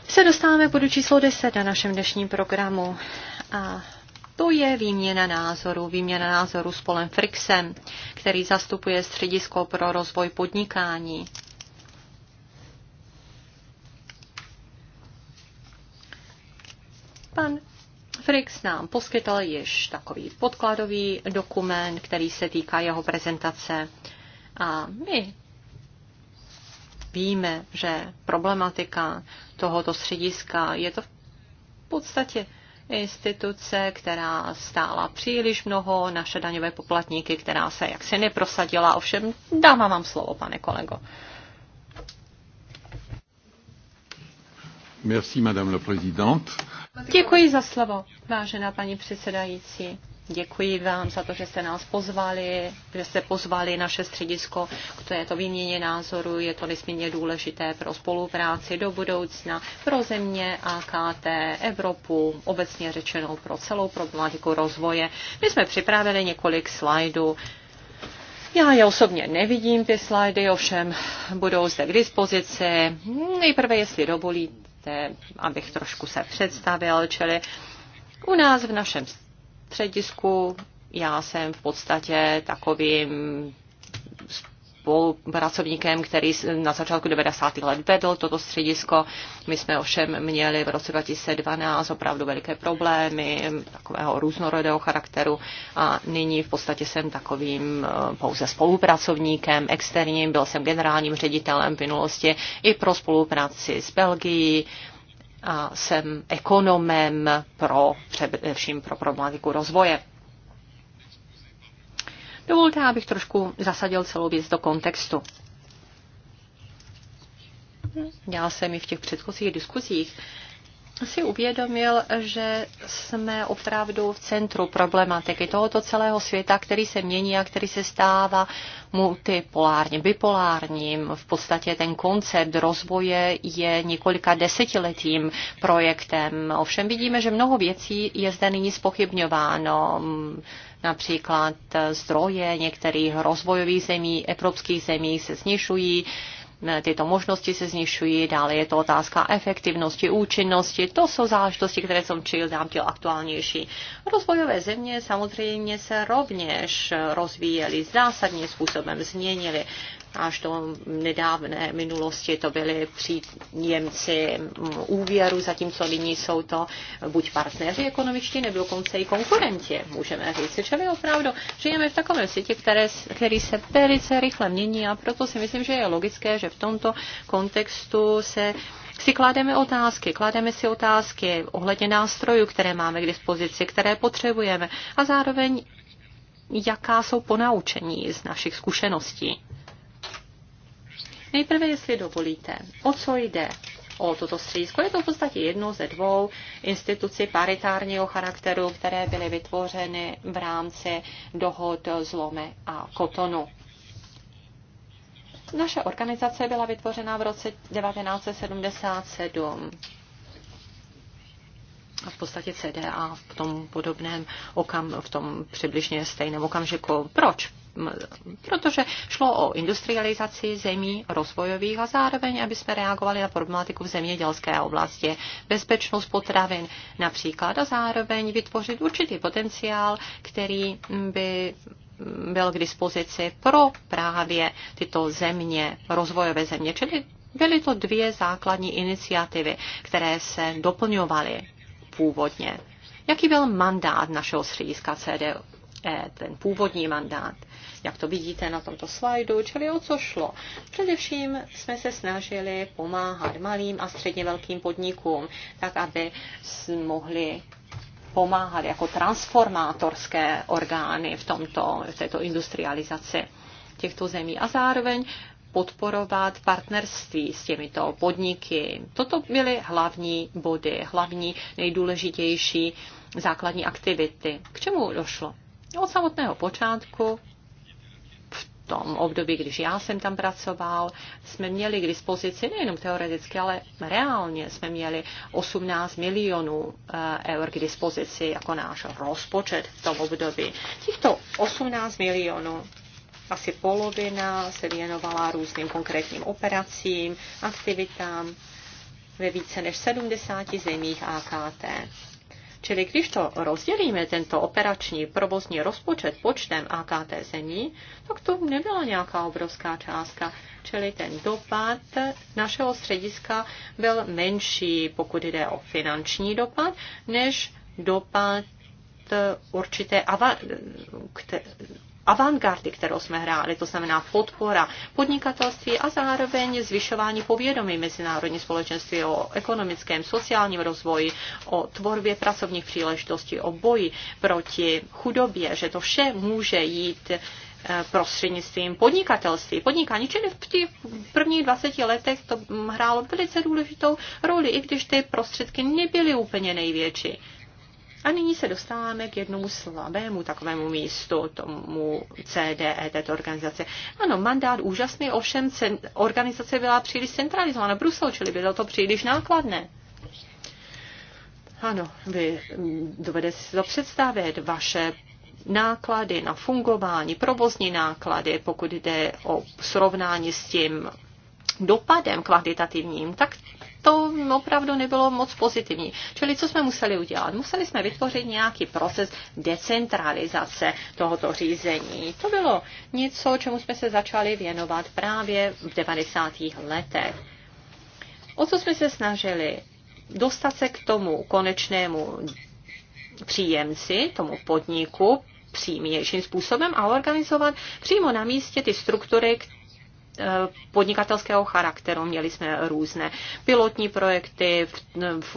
se dostáváme k bodu číslo 10 na našem dnešním programu. A to je výměna názoru, výměna názoru s Polem Frixem, který zastupuje Středisko pro rozvoj podnikání Pan Frix nám poskytl již takový podkladový dokument, který se týká jeho prezentace. A my víme, že problematika tohoto střediska je to v podstatě instituce, která stála příliš mnoho, naše daňové poplatníky, která se jaksi neprosadila. Ovšem, dávám vám slovo, pane kolego. Merci, madame la présidente. Děkuji za slovo, vážená paní předsedající. Děkuji vám za to, že jste nás pozvali, že jste pozvali naše středisko k této výměně názoru. Je to nesmírně důležité pro spolupráci do budoucna, pro země AKT, Evropu, obecně řečeno pro celou problematiku rozvoje. My jsme připravili několik slajdů. Já je osobně nevidím, ty slajdy, ovšem budou zde k dispozici. Nejprve, jestli dovolíte dovolte, abych trošku se představil, čili u nás v našem středisku já jsem v podstatě takovým spolupracovníkem, který na začátku 90. let vedl toto středisko. My jsme ovšem měli v roce 2012 opravdu veliké problémy takového různorodého charakteru a nyní v podstatě jsem takovým eh, pouze spolupracovníkem externím, byl jsem generálním ředitelem v minulosti i pro spolupráci s Belgií a jsem ekonomem pro, především pro problematiku rozvoje. Dovolte, abych trošku zasadil celou věc do kontextu. Já jsem i v těch předchozích diskuzích si uvědomil, že jsme opravdu v centru problematiky tohoto celého světa, který se mění a který se stává multipolárním, bipolárním. V podstatě ten koncept rozvoje je několika desetiletým projektem. Ovšem vidíme, že mnoho věcí je zde nyní spochybňováno. Například zdroje některých rozvojových zemí, evropských zemí se snižují, tyto možnosti se znišují, dále je to otázka efektivnosti, účinnosti, to jsou záležitosti, které jsou čil dám těl aktuálnější. Rozvojové země samozřejmě se rovněž rozvíjely zásadním způsobem, změnily Až do nedávné minulosti to byli příjemci úvěru, zatímco nyní jsou to buď partneři ekonomičtí, nebo dokonce i konkurenti, můžeme říct. Čili opravdu žijeme v takovém světě, které, který se velice rychle mění a proto si myslím, že je logické, že v tomto kontextu se si klademe otázky, klademe si otázky ohledně nástrojů, které máme k dispozici, které potřebujeme a zároveň jaká jsou ponaučení z našich zkušeností. Nejprve, jestli dovolíte, o co jde o toto středisko. Je to v podstatě jedno ze dvou institucí paritárního charakteru, které byly vytvořeny v rámci dohod zlome a kotonu. Naše organizace byla vytvořena v roce 1977 a v podstatě CDA v tom podobném okam, v tom přibližně stejném okamžiku. Proč? protože šlo o industrializaci zemí rozvojových a zároveň, aby jsme reagovali na problematiku v zemědělské oblasti, bezpečnost potravin například a zároveň vytvořit určitý potenciál, který by byl k dispozici pro právě tyto země, rozvojové země. Čili byly to dvě základní iniciativy, které se doplňovaly původně. Jaký byl mandát našeho střediska CDU? Eh, ten původní mandát, jak to vidíte na tomto slajdu, čili o co šlo. Především jsme se snažili pomáhat malým a středně velkým podnikům, tak aby mohli pomáhat jako transformátorské orgány v, tomto, v této industrializaci těchto zemí a zároveň podporovat partnerství s těmito podniky. Toto byly hlavní body, hlavní nejdůležitější základní aktivity. K čemu došlo? Od samotného počátku v tom období, když já jsem tam pracoval, jsme měli k dispozici nejenom teoreticky, ale reálně jsme měli 18 milionů eh, eur k dispozici jako náš rozpočet v tom období. Těchto 18 milionů asi polovina se věnovala různým konkrétním operacím, aktivitám ve více než 70 zemích AKT. Čili když to rozdělíme, tento operační provozní rozpočet počtem AKT zemí, tak to nebyla nějaká obrovská částka. Čili ten dopad našeho střediska byl menší, pokud jde o finanční dopad, než dopad určité, avantgardy, kterou jsme hráli, to znamená podpora podnikatelství a zároveň zvyšování povědomí mezinárodní společenství o ekonomickém, sociálním rozvoji, o tvorbě pracovních příležitostí, o boji proti chudobě, že to vše může jít eh, prostřednictvím podnikatelství, podnikání. Čili v těch prvních 20 letech to hrálo velice důležitou roli, i když ty prostředky nebyly úplně největší. A nyní se dostáváme k jednomu slabému takovému místu, tomu CDE, této organizace. Ano, mandát úžasný, ovšem organizace byla příliš centralizována v Bruselu, čili bylo to příliš nákladné. Ano, vy mm, dovedete si to představit, vaše náklady na fungování, provozní náklady, pokud jde o srovnání s tím dopadem kvalitativním, tak to opravdu nebylo moc pozitivní. Čili co jsme museli udělat? Museli jsme vytvořit nějaký proces decentralizace tohoto řízení. To bylo něco, čemu jsme se začali věnovat právě v 90. letech. O co jsme se snažili? Dostat se k tomu konečnému příjemci, tomu podniku, přímějším způsobem a organizovat přímo na místě ty struktury, Eh, podnikatelského charakteru. Měli jsme různé pilotní projekty v, v,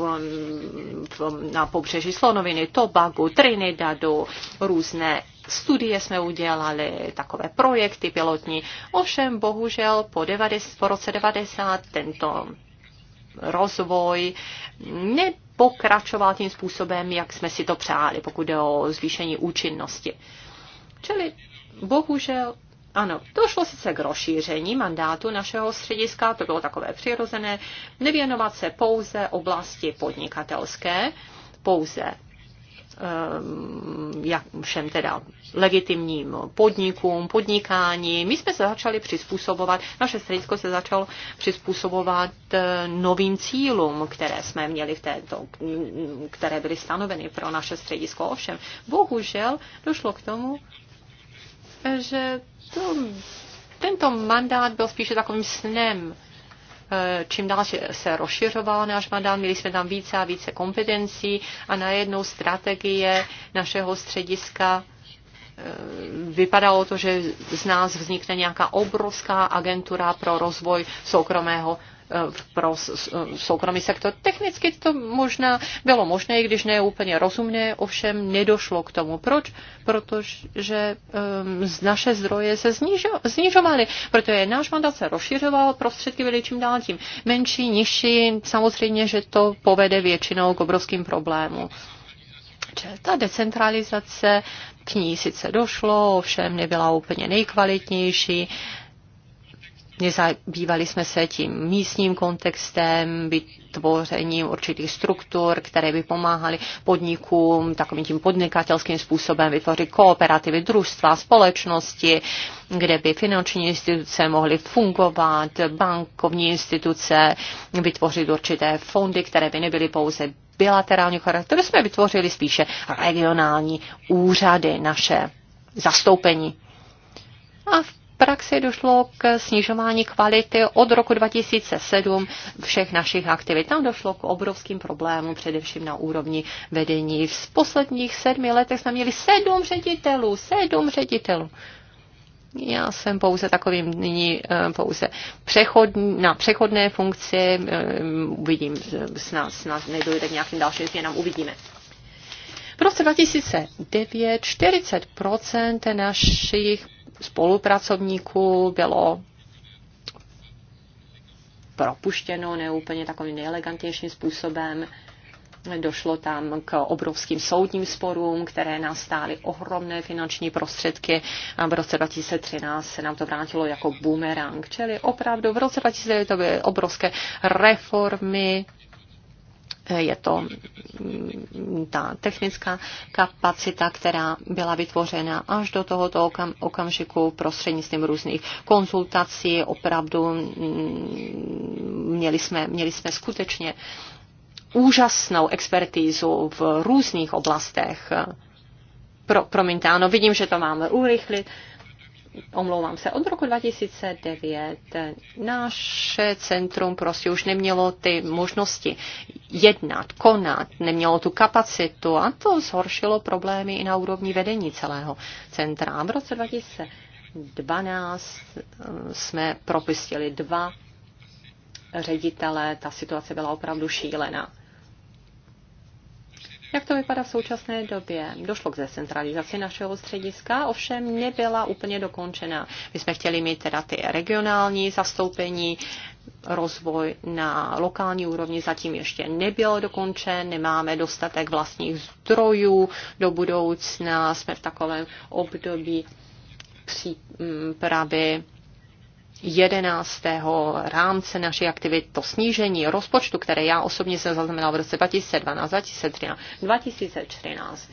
v, na pobřeží Slonoviny, Tobagu, Trinidadu, různé studie jsme udělali, takové projekty pilotní. Ovšem, bohužel po, 90, po roce 90 tento rozvoj nepokračoval tím způsobem, jak jsme si to přáli, pokud jde o zvýšení účinnosti. Čili bohužel ano, došlo sice k rozšíření mandátu našeho střediska, to bylo takové přirozené, nevěnovat se pouze oblasti podnikatelské, pouze ehm, jak všem teda legitimním podnikům, podnikání. My jsme se začali přizpůsobovat, naše středisko se začalo přizpůsobovat e, novým cílům, které jsme měli v této, které byly stanoveny pro naše středisko. Ovšem, bohužel došlo k tomu, že to, tento mandát byl spíše takovým snem. E, čím dál se rozšiřoval náš mandát, měli jsme tam více a více kompetencí a najednou strategie našeho střediska e, vypadalo to, že z nás vznikne nějaká obrovská agentura pro rozvoj soukromého pro soukromý sektor. Technicky to možná bylo možné, i když ne úplně rozumné, ovšem nedošlo k tomu. Proč? Protože ehm, z naše zdroje se snižovaly, protože náš mandát se rozšiřoval, prostředky byly čím dál tím menší, nižší. Samozřejmě, že to povede většinou k obrovským problémům. Ta decentralizace k ní sice došlo, ovšem nebyla úplně nejkvalitnější. Nezabývali jsme se tím místním kontextem, vytvořením určitých struktur, které by pomáhaly podnikům takovým tím podnikatelským způsobem vytvořit kooperativy, družstva, společnosti, kde by finanční instituce mohly fungovat, bankovní instituce, vytvořit určité fondy, které by nebyly pouze bilaterální charakteru, jsme vytvořili spíše regionální úřady, naše zastoupení. A v praxi došlo k snižování kvality od roku 2007 všech našich aktivit. Tam došlo k obrovským problémům, především na úrovni vedení. V posledních sedmi letech jsme měli sedm ředitelů, sedm ředitelů. Já jsem pouze takovým nyní eh, pouze přechod, na přechodné funkci. Eh, uvidím, snad, snad nedojde k nějakým dalším změnám, uvidíme. V roce 2009 40 našich spolupracovníků bylo propuštěno neúplně takovým nejelegantnějším způsobem. Došlo tam k obrovským soudním sporům, které nastály ohromné finanční prostředky a v roce 2013 se nám to vrátilo jako boomerang. Čili opravdu v roce 2013 to byly obrovské reformy, je to ta technická kapacita, která byla vytvořena až do tohoto okam, okamžiku prostřednictvím různých konzultací. Opravdu mm, měli jsme, měli jsme skutečně úžasnou expertízu v různých oblastech. Pro, promiňte, ano, vidím, že to máme urychlit. Uh, omlouvám se, od roku 2009 naše centrum prostě už nemělo ty možnosti jednat, konat, nemělo tu kapacitu a to zhoršilo problémy i na úrovni vedení celého centra. A v roce 2012 eh, jsme propustili dva ředitele, ta situace byla opravdu šílená. Jak to vypadá v současné době? Došlo k decentralizaci našeho střediska, ovšem nebyla úplně dokončena. My jsme chtěli mít teda ty regionální zastoupení, rozvoj na lokální úrovni zatím ještě nebyl dokončen, nemáme dostatek vlastních zdrojů do budoucna, jsme v takovém období přípravy 11. rámce naší aktivit, to snížení rozpočtu, které já osobně jsem zaznamenal v roce 2012, 2013, 2013.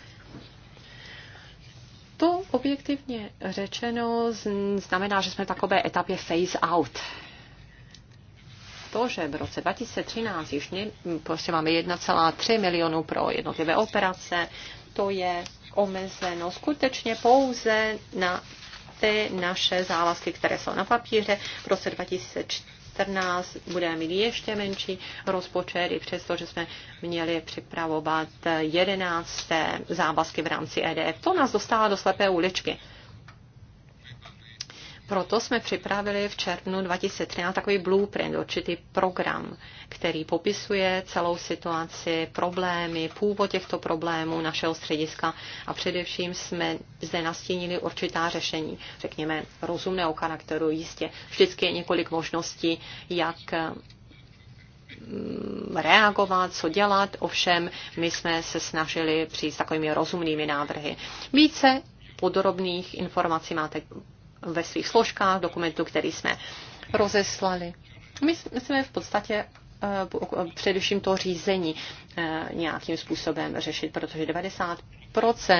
To objektivně řečeno znamená, že jsme v takové etapě phase out to, že v roce 2013 již ne, prostě máme 1,3 milionu pro jednotlivé operace, to je omezeno skutečně pouze na ty naše závazky, které jsou na papíře. V roce 2014 budeme mít ještě menší rozpočet, i přesto, že jsme měli připravovat 11. závazky v rámci EDF. To nás dostává do slepé uličky. Proto jsme připravili v červnu 2013 takový blueprint, určitý program, který popisuje celou situaci, problémy, původ těchto problémů našeho střediska a především jsme zde nastínili určitá řešení, řekněme, rozumného charakteru jistě. Vždycky je několik možností, jak mm, reagovat, co dělat, ovšem my jsme se snažili přijít s takovými rozumnými návrhy. Více podrobných informací máte ve svých složkách dokumentu, který jsme rozeslali. My jsme v podstatě eh, eh, především to řízení eh, nějakým způsobem řešit, protože 90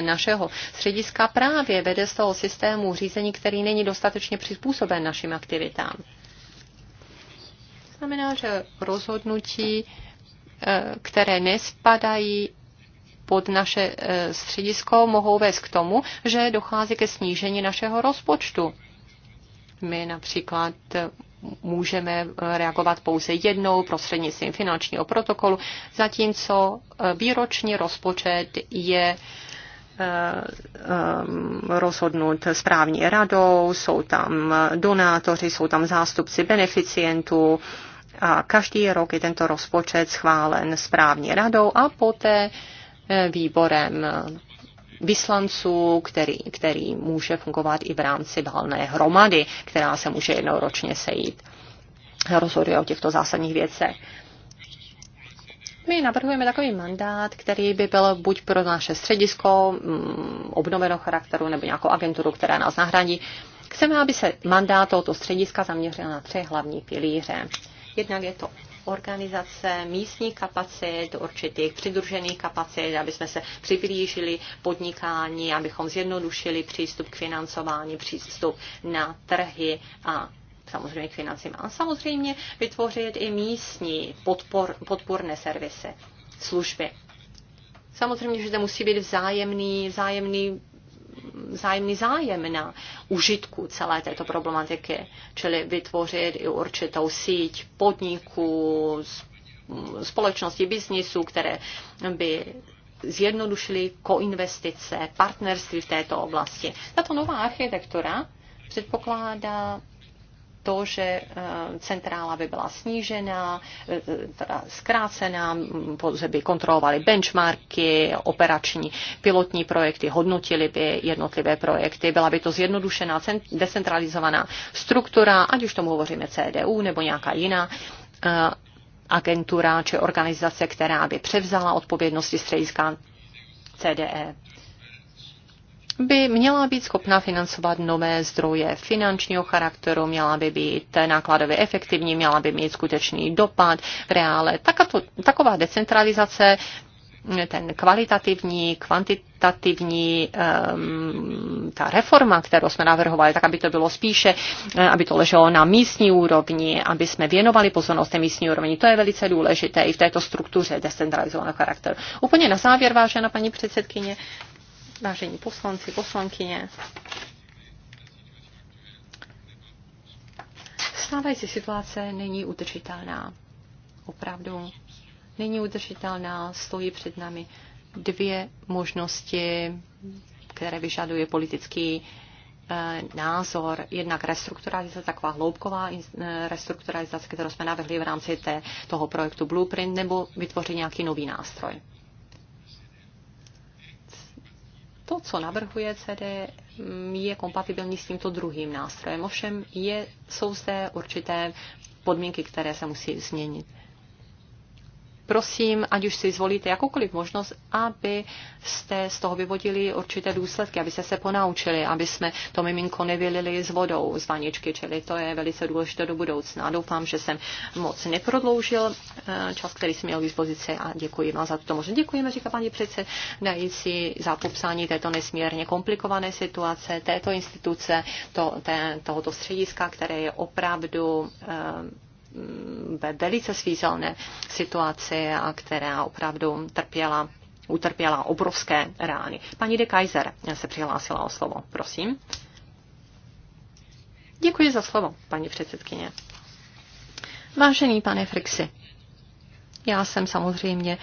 našeho střediska právě vede z toho systému řízení, který není dostatečně přizpůsoben našim aktivitám. Znamená, že rozhodnutí, které nespadají pod naše eh, středisko mohou vést k tomu, že dochází ke snížení našeho rozpočtu. My například eh, můžeme eh, reagovat pouze jednou prostřednictvím finančního protokolu, zatímco výroční rozpočet je rozhodnut správní radou, jsou tam donátoři, jsou tam zástupci beneficientů a každý rok je tento rozpočet schválen správní radou a poté E, výborem vyslanců, který, který může fungovat i v rámci valné hromady, která se může jednou ročně sejít. Rozhoduje o těchto zásadních věcech. My navrhujeme takový mandát, který by byl buď pro naše středisko mm, obnoveného charakteru nebo nějakou agenturu, která nás nahradí. Chceme, aby se mandát tohoto střediska zaměřil na tři hlavní pilíře. Jednak je to organizace místních kapacit, určitých přidružených kapacit, aby jsme se přiblížili podnikání, abychom zjednodušili přístup k financování, přístup na trhy a samozřejmě k financím. A samozřejmě vytvořit i místní podpor, podporné servisy, služby. Samozřejmě, že to musí být vzájemný, vzájemný vzájemný zájem na užitku celé této problematiky, čili vytvořit i určitou síť podniků, společností biznisu, které by zjednodušily koinvestice, partnerství v této oblasti. Tato nová architektura předpokládá to, že eh, centrála by byla snížená, eh, eh, zkrácená, pouze by kontrolovali benchmarky, operační pilotní projekty, hodnotili by jednotlivé projekty, byla by to zjednodušená, decentralizovaná struktura, ať už tomu hovoříme CDU nebo nějaká jiná agentura či organizace, která by převzala odpovědnosti střediska CDE by měla být schopna financovat nové zdroje finančního charakteru, měla by být nákladově efektivní, měla by mít skutečný dopad v reále. taková decentralizace ten kvalitativní, kvantitativní, ehm, ta reforma, kterou jsme navrhovali, tak aby to bylo spíše, eh, aby to leželo na místní úrovni, aby jsme věnovali pozornost té místní úrovni. To je velice důležité i v této struktuře decentralizovaného charakteru. Úplně na závěr, vážená paní předsedkyně, vážení poslanci, poslankyně. Stávající situace není udržitelná. Opravdu není udržitelná, stojí před námi dvě možnosti, které vyžaduje politický eh, názor, jednak restrukturalizace, taková hloubková eh, restrukturalizace, kterou jsme navrhli v rámci té, toho projektu Blueprint, nebo vytvořit nějaký nový nástroj. to, co navrhuje CD, mm, je kompatibilní s tímto druhým nástrojem. Ovšem je, jsou zde určité podmínky, které se musí změnit prosím, ať už si zvolíte jakoukoliv možnost, aby jste z toho vyvodili určité důsledky, aby jste se ponaučili, aby jsme to miminko nevylili s vodou z vaničky, čili to je velice důležité do budoucna. Doufám, že jsem moc neprodloužil eh, čas, který jsem měl k dispozici a děkuji vám za to. Možná děkujeme, říká paní předsedající, za popsání této nesmírně komplikované situace, této instituce, to, té, tohoto střediska, které je opravdu eh, ve velice svízelné situaci a která opravdu trpěla, utrpěla obrovské rány. Paní de Kaiser se přihlásila o slovo, prosím. Děkuji za slovo, paní předsedkyně. Vážený pane Frixi, já jsem samozřejmě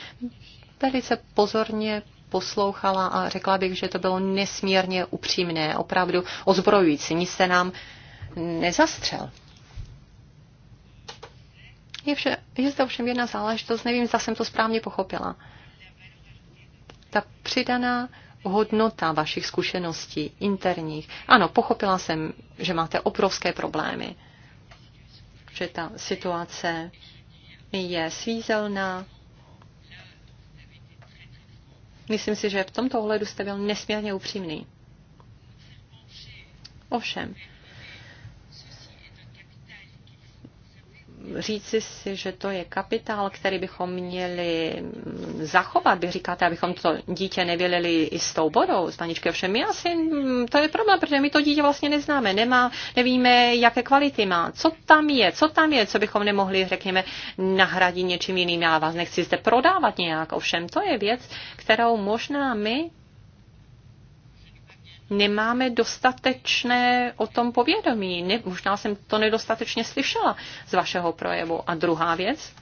velice pozorně poslouchala a řekla bych, že to bylo nesmírně upřímné, opravdu ozbrojující. Nic se nám nezastřel. Je, vše, je zde ovšem jedna záležitost, nevím, zda jsem to správně pochopila. Ta přidaná hodnota vašich zkušeností interních. Ano, pochopila jsem, že máte obrovské problémy, že ta situace je svízelná. Myslím si, že v tomto ohledu jste byl nesmírně upřímný. Ovšem, říci si, že to je kapitál, který bychom měli zachovat, vy říkáte, abychom to dítě nevělili i s tou bodou, s paničkou všem. My asi, mm, to je problém, protože my to dítě vlastně neznáme, nemá, nevíme, jaké kvality má, co tam je, co tam je, co bychom nemohli, řekněme, nahradit něčím jiným. Já vás nechci zde prodávat nějak, ovšem to je věc, kterou možná my nemáme dostatečné o tom povědomí. Ne, možná jsem to nedostatečně slyšela z vašeho projevu. A druhá věc,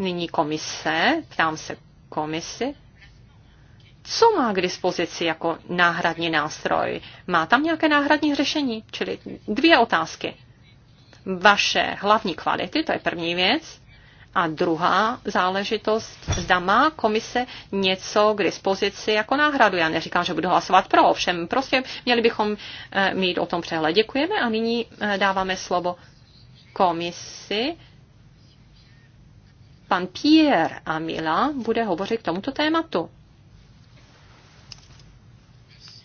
Nyní komise, ptám se komisi, co má k dispozici jako náhradní nástroj? Má tam nějaké náhradní řešení? Čili dvě otázky. Vaše hlavní kvality, to je první věc. A druhá záležitost, zda má komise něco k dispozici jako náhradu. Já neříkám, že budu hlasovat pro, ovšem prostě měli bychom eh, mít o tom přehled. Děkujeme a nyní eh, dáváme slovo komisi. Pan Pierre Amila bude hovořit k tomuto tématu.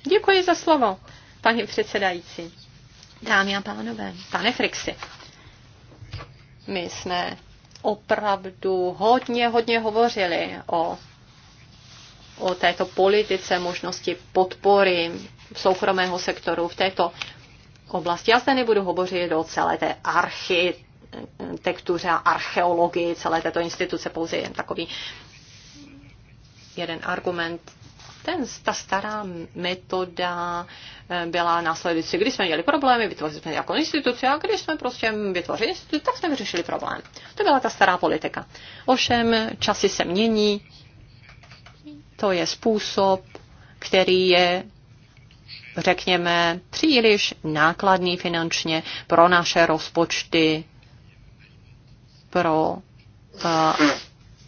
Děkuji za slovo, paní předsedající. Dámy a pánové, pane Frixi, my jsme opravdu hodně, hodně hovořili o, o této politice možnosti podpory soukromého sektoru v této oblasti. Já zde nebudu hovořit o celé té architektuře a archeologii celé této instituce, pouze jen takový jeden argument ten, ta stará metoda eh, byla následující. Když jsme měli problémy, vytvořili jsme nějakou instituci a když jsme prostě vytvořili instituci, tak jsme vyřešili problém. To byla ta stará politika. Ovšem, časy se mění, to je způsob, který je řekněme, příliš nákladný finančně pro naše rozpočty, pro uh,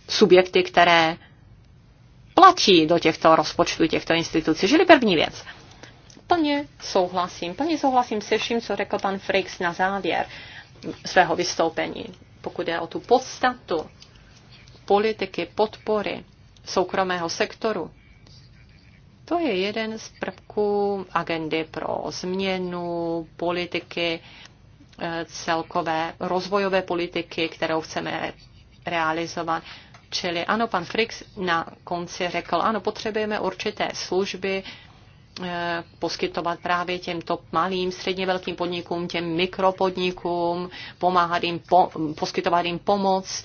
subjekty, které platí do těchto rozpočtů těchto institucí. Čili první věc. Plně souhlasím. Plně souhlasím se vším, co řekl pan Frix na závěr svého vystoupení. Pokud je o tu podstatu politiky podpory soukromého sektoru, to je jeden z prvků agendy pro změnu politiky, eh, celkové rozvojové politiky, kterou chceme realizovat. Čili ano, pan Frix na konci řekl, ano, potřebujeme určité služby, eh, poskytovat právě těmto malým, středně velkým podnikům, těm mikropodnikům, pomáhat jim, po, poskytovat jim pomoc,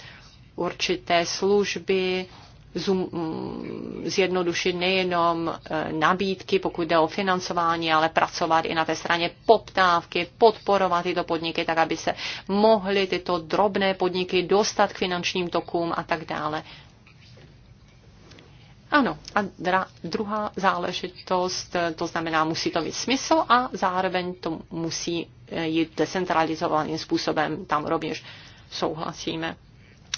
určité služby, Mm, zjednodušit nejenom e, nabídky, pokud jde o financování, ale pracovat i na té straně poptávky, podporovat tyto podniky, tak aby se mohly tyto drobné podniky dostat k finančním tokům a tak dále. Ano, a dra, druhá záležitost, e, to znamená, musí to mít smysl a zároveň to musí e, jít decentralizovaným způsobem, tam rovněž souhlasíme.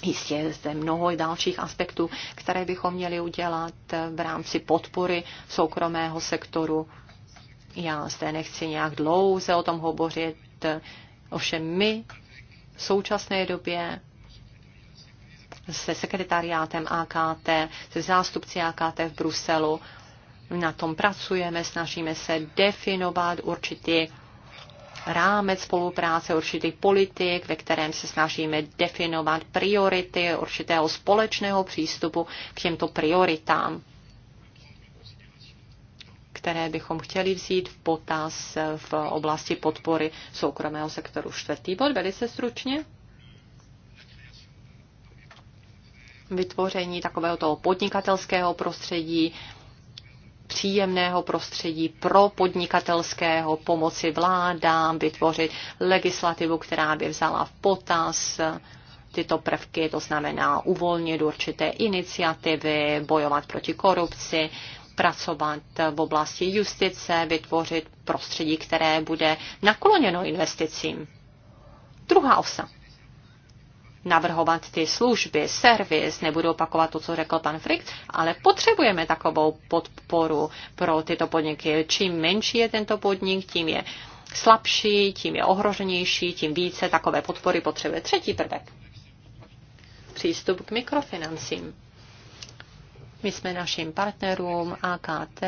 Jistě je zde mnoho dalších aspektů, které bychom měli udělat v rámci podpory soukromého sektoru. Já zde nechci nějak dlouze o tom hovořit, ovšem my v současné době se sekretariátem AKT, se zástupci AKT v Bruselu na tom pracujeme, snažíme se definovat určitý rámec spolupráce určitých politik, ve kterém se snažíme definovat priority určitého společného přístupu k těmto prioritám které bychom chtěli vzít v potaz v oblasti podpory soukromého sektoru. Čtvrtý bod, velice stručně. Vytvoření takového toho podnikatelského prostředí příjemného prostředí pro podnikatelského, pomoci vládám, vytvořit legislativu, která by vzala v potaz tyto prvky, to znamená uvolnit určité iniciativy, bojovat proti korupci, pracovat v oblasti justice, vytvořit prostředí, které bude nakloněno investicím. Druhá osa navrhovat ty služby, servis, nebudu opakovat to, co řekl pan Frick, ale potřebujeme takovou podporu pro tyto podniky. Čím menší je tento podnik, tím je slabší, tím je ohroženější, tím více takové podpory potřebuje. Třetí prvek. Přístup k mikrofinancím. My jsme našim partnerům AKT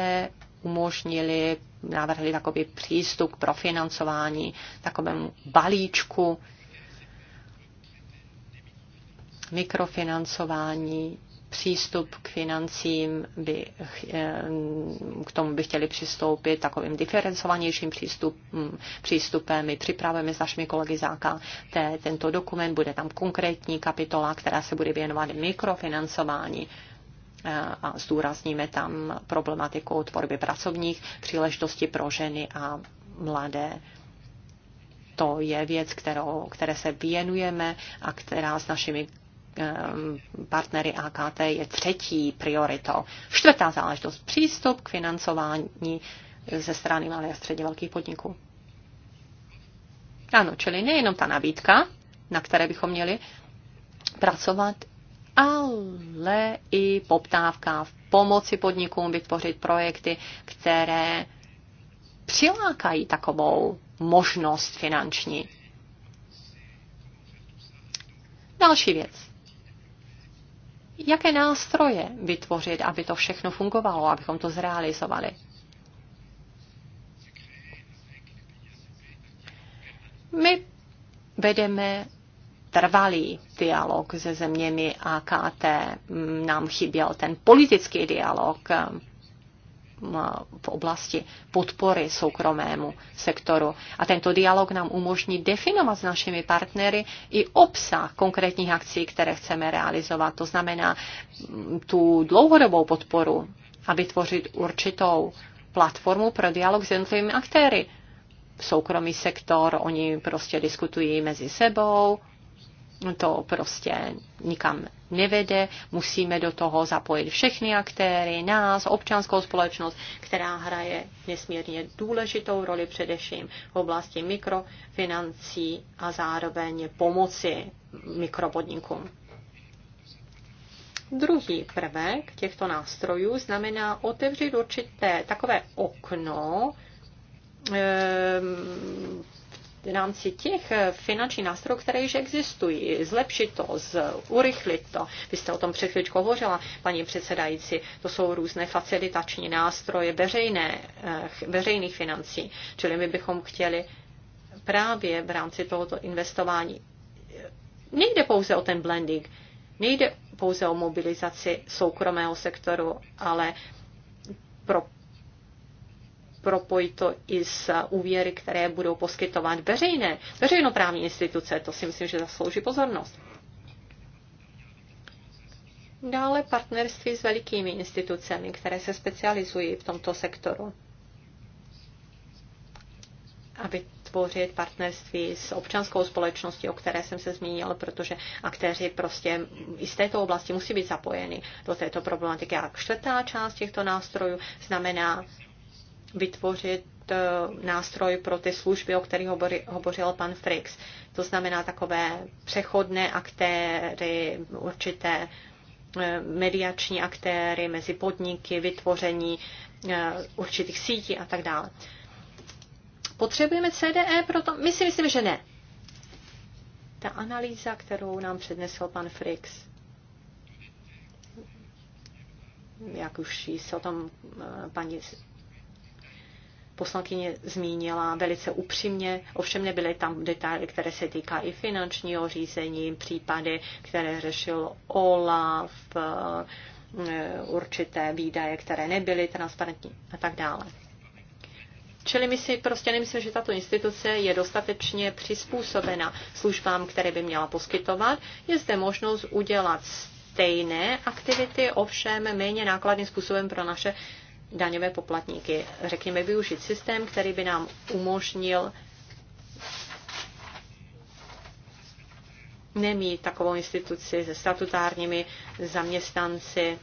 umožnili, navrhli takový přístup pro financování takovému balíčku mikrofinancování, přístup k financím, by, eh, k tomu by chtěli přistoupit takovým diferencovanějším přístup, hm, přístupem. My připravujeme s našimi kolegy záka tento dokument, bude tam konkrétní kapitola, která se bude věnovat mikrofinancování eh, a zdůrazníme tam problematiku tvorby pracovních příležitostí pro ženy a mladé to je věc, kterou, které se věnujeme a která s našimi Ehm, partnery AKT je třetí prioritou. Čtvrtá záležitost, přístup k financování ze strany malých a středně velkých podniků. Ano, čili nejenom ta nabídka, na které bychom měli pracovat, ale i poptávka v pomoci podnikům vytvořit projekty, které přilákají takovou možnost finanční. Další věc jaké nástroje vytvořit, aby to všechno fungovalo, abychom to zrealizovali. My vedeme trvalý dialog se zeměmi AKT. Nám chyběl ten politický dialog v oblasti podpory soukromému sektoru. A tento dialog nám umožní definovat s našimi partnery i obsah konkrétních akcí, které chceme realizovat. To znamená tu dlouhodobou podporu a vytvořit určitou platformu pro dialog s jednotlivými aktéry. Soukromý sektor, oni prostě diskutují mezi sebou, to prostě nikam nevede. Musíme do toho zapojit všechny aktéry, nás, občanskou společnost, která hraje nesmírně důležitou roli především v oblasti mikrofinancí a zároveň pomoci mikropodnikům. Druhý prvek těchto nástrojů znamená otevřít určité takové okno ehm, v rámci těch eh, finančních nástrojů, které již existují, zlepšit to, z, urychlit to. Vy jste o tom před chvíličkou hovořila, paní předsedající. To jsou různé facilitační nástroje veřejné, eh, veřejných financí. Čili my bychom chtěli právě v rámci tohoto investování. Eh, nejde pouze o ten blending, nejde pouze o mobilizaci soukromého sektoru, ale pro propojit to i s úvěry, které budou poskytovat veřejné, veřejnoprávní instituce. To si myslím, že zaslouží pozornost. Dále partnerství s velikými institucemi, které se specializují v tomto sektoru. A vytvořit partnerství s občanskou společností, o které jsem se zmínil, protože aktéři prostě i z této oblasti musí být zapojeni do této problematiky. A čtvrtá část těchto nástrojů znamená vytvořit e, nástroj pro ty služby, o kterých hovořil pan Frix. To znamená takové přechodné aktéry, určité e, mediační aktéry mezi podniky, vytvoření e, určitých sítí a tak dále. Potřebujeme CDE, proto my si myslím, že ne. Ta analýza, kterou nám přednesl pan Frix, jak už se o tom paní poslankyně zmínila velice upřímně, ovšem nebyly tam detaily, které se týká i finančního řízení, případy, které řešil OLAF, eh, určité výdaje, které nebyly transparentní a tak dále. Čili my si prostě nemyslím, že tato instituce je dostatečně přizpůsobena službám, které by měla poskytovat. Je zde možnost udělat stejné aktivity, ovšem méně nákladným způsobem pro naše daňové poplatníky. Řekněme, využít systém, který by nám umožnil nemít takovou instituci se statutárními zaměstnanci,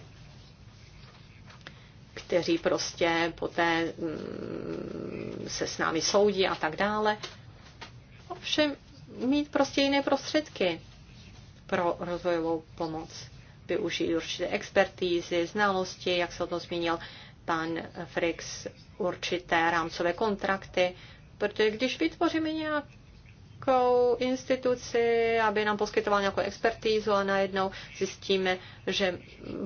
kteří prostě poté mm, se s námi soudí a tak dále. Ovšem mít prostě jiné prostředky pro rozvojovou pomoc. Využít určité expertízy, znalosti, jak se o tom zmínil pan Frix určité rámcové kontrakty, protože když vytvoříme nějakou instituci, aby nám poskytoval nějakou expertízu a najednou zjistíme, že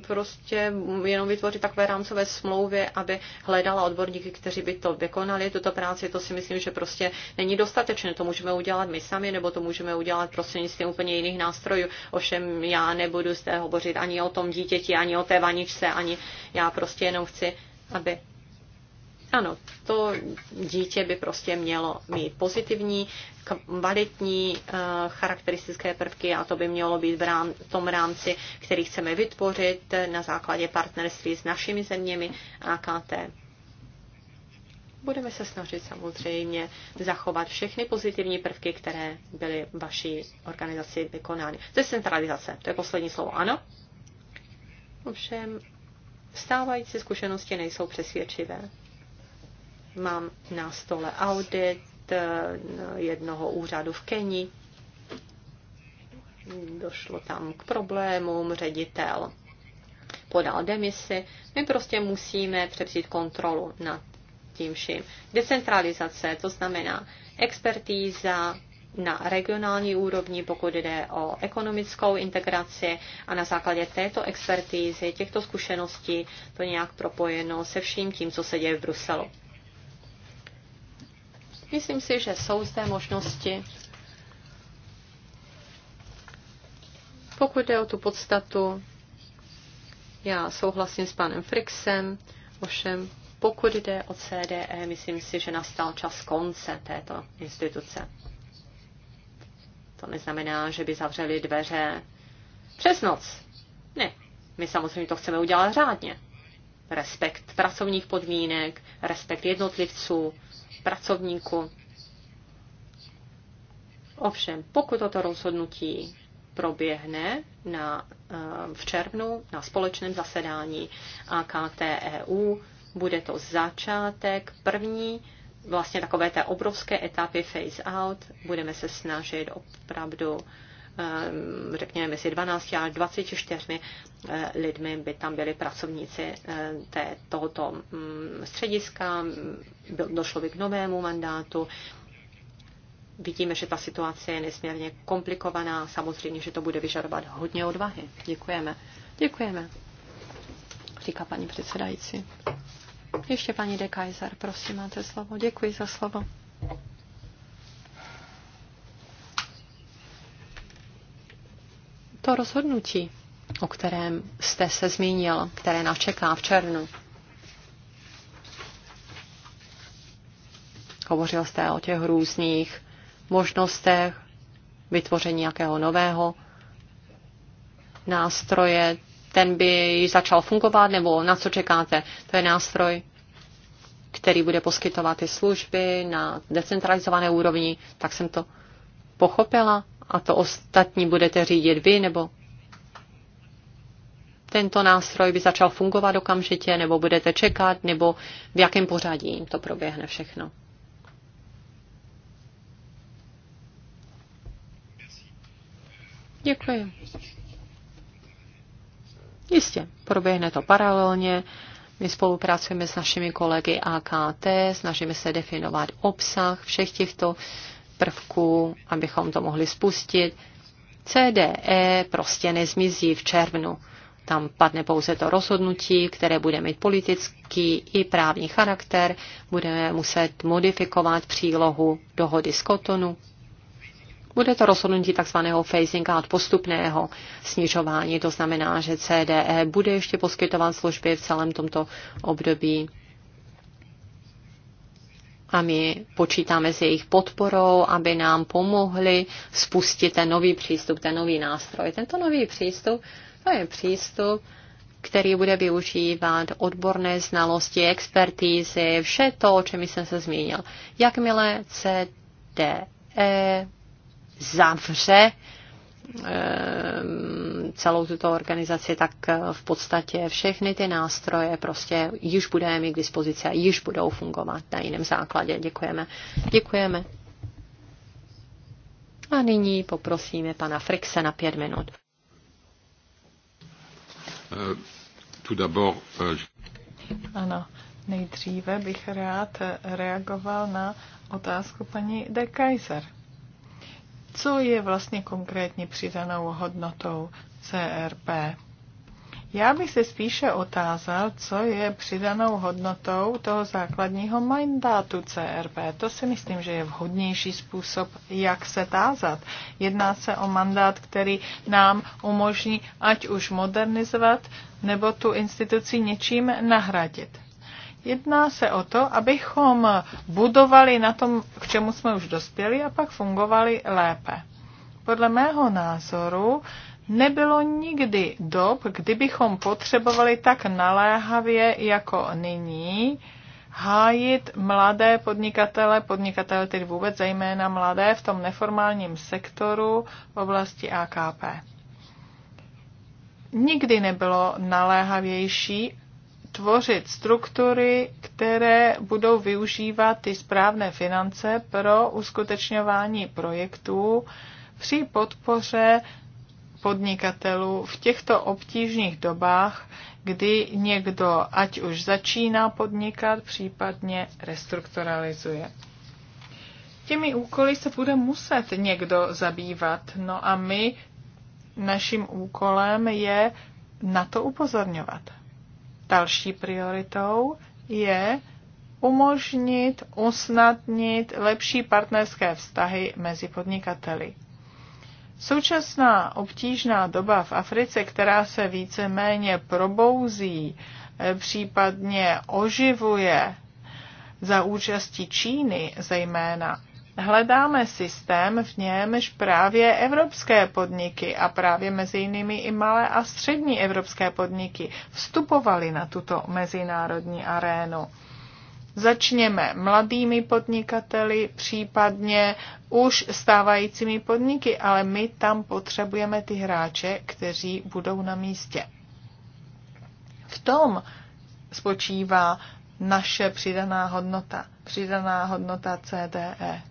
prostě jenom vytvořit takové rámcové smlouvy, aby hledala odborníky, kteří by to vykonali, tuto práci, to si myslím, že prostě není dostatečné. To můžeme udělat my sami, nebo to můžeme udělat prostřednictvím úplně jiných nástrojů. Ovšem já nebudu zde hovořit ani o tom dítěti, ani o té vaničce, ani já prostě jenom chci aby ano, to dítě by prostě mělo mít pozitivní, kvalitní eh, charakteristické prvky a to by mělo být v rám, tom rámci, který chceme vytvořit eh, na základě partnerství s našimi zeměmi AKT. Budeme se snažit samozřejmě zachovat všechny pozitivní prvky, které byly vaší organizaci vykonány. Decentralizace, to je poslední slovo, ano? Ovšem, Stávající zkušenosti nejsou přesvědčivé. Mám na stole audit eh, jednoho úřadu v Keni. Došlo tam k problémům, ředitel podal demisi. My prostě musíme přepřít kontrolu nad tím vším. Decentralizace, to znamená expertíza, na regionální úrovni, pokud jde o ekonomickou integraci a na základě této expertízy, těchto zkušeností, to nějak propojeno se vším tím, co se děje v Bruselu. Myslím si, že jsou zde možnosti. Pokud jde o tu podstatu, já souhlasím s panem Frixem, ovšem pokud jde o CDE, myslím si, že nastal čas konce této instituce. To neznamená, že by zavřeli dveře přes noc. Ne, my samozřejmě to chceme udělat řádně. Respekt pracovních podmínek, respekt jednotlivců, pracovníků. Ovšem, pokud toto rozhodnutí proběhne na, eh, v červnu na společném zasedání AKT EU, bude to začátek první vlastně takové té obrovské etapy phase out. Budeme se snažit opravdu ehm, řekněme mezi 12 a 24 lidmi by tam byli pracovníci eh, té, tohoto mm, střediska, došlo by k novému mandátu. Vidíme, že ta situace je nesmírně komplikovaná, samozřejmě, že to bude vyžadovat hodně odvahy. Děkujeme. Děkujeme, říká paní předsedající. Ještě paní de Kaiser, prosím, máte slovo. Děkuji za slovo. To rozhodnutí, o kterém jste se zmínil, které nás čeká v červnu, Hovořil jste o těch různých možnostech vytvoření nějakého nového nástroje, ten by začal fungovat, nebo na co čekáte? To je nástroj, který bude poskytovat ty služby na decentralizované úrovni, tak jsem to pochopila a to ostatní budete řídit vy, nebo tento nástroj by začal fungovat okamžitě, nebo budete čekat, nebo v jakém pořadí to proběhne všechno. Děkuji. Jistě, proběhne to paralelně. My spolupracujeme s našimi kolegy AKT, snažíme se definovat obsah všech těchto prvků, abychom to mohli spustit. CDE prostě nezmizí v červnu. Tam padne pouze to rozhodnutí, které bude mít politický i právní charakter. Budeme muset modifikovat přílohu dohody z Kotonu, bude to rozhodnutí takzvaného phasing out postupného snižování, to znamená, že CDE bude ještě poskytovat služby v celém tomto období a my počítáme s jejich podporou, aby nám pomohli spustit ten nový přístup, ten nový nástroj. Tento nový přístup, to je přístup, který bude využívat odborné znalosti, expertízy, vše to, o čem jsem se zmínil. Jakmile CDE zavře ehm, celou tuto organizaci, tak eh, v podstatě všechny ty nástroje prostě již budeme mít k dispozici a již budou fungovat na jiném základě. Děkujeme. Děkujeme. A nyní poprosíme pana Frixe na pět minut. Eh, eh, ano, nejdříve bych rád reagoval na otázku paní de Kaiser co je vlastně konkrétně přidanou hodnotou CRP. Já bych se spíše otázal, co je přidanou hodnotou toho základního mandátu CRP. To si myslím, že je vhodnější způsob, jak se tázat. Jedná se o mandát, který nám umožní ať už modernizovat, nebo tu instituci něčím nahradit. Jedná se o to, abychom budovali na tom, k čemu jsme už dospěli a pak fungovali lépe. Podle mého názoru nebylo nikdy dob, kdybychom potřebovali tak naléhavě jako nyní hájit mladé podnikatele, podnikatele tedy vůbec zejména mladé v tom neformálním sektoru v oblasti AKP. Nikdy nebylo naléhavější tvořit struktury, které budou využívat ty správné finance pro uskutečňování projektů při podpoře podnikatelů v těchto obtížných dobách, kdy někdo ať už začíná podnikat, případně restrukturalizuje. Těmi úkoly se bude muset někdo zabývat. No a my, naším úkolem je na to upozorňovat. Další prioritou je umožnit, usnadnit lepší partnerské vztahy mezi podnikateli. Současná obtížná doba v Africe, která se více méně probouzí, eh, případně oživuje za účasti Číny zejména, hledáme systém, v němž právě evropské podniky a právě mezi jinými i malé a střední evropské podniky vstupovaly na tuto mezinárodní arénu. Začněme mladými podnikateli, případně už stávajícími podniky, ale my tam potřebujeme ty hráče, kteří budou na místě. V tom spočívá naše přidaná hodnota, přidaná hodnota CDE.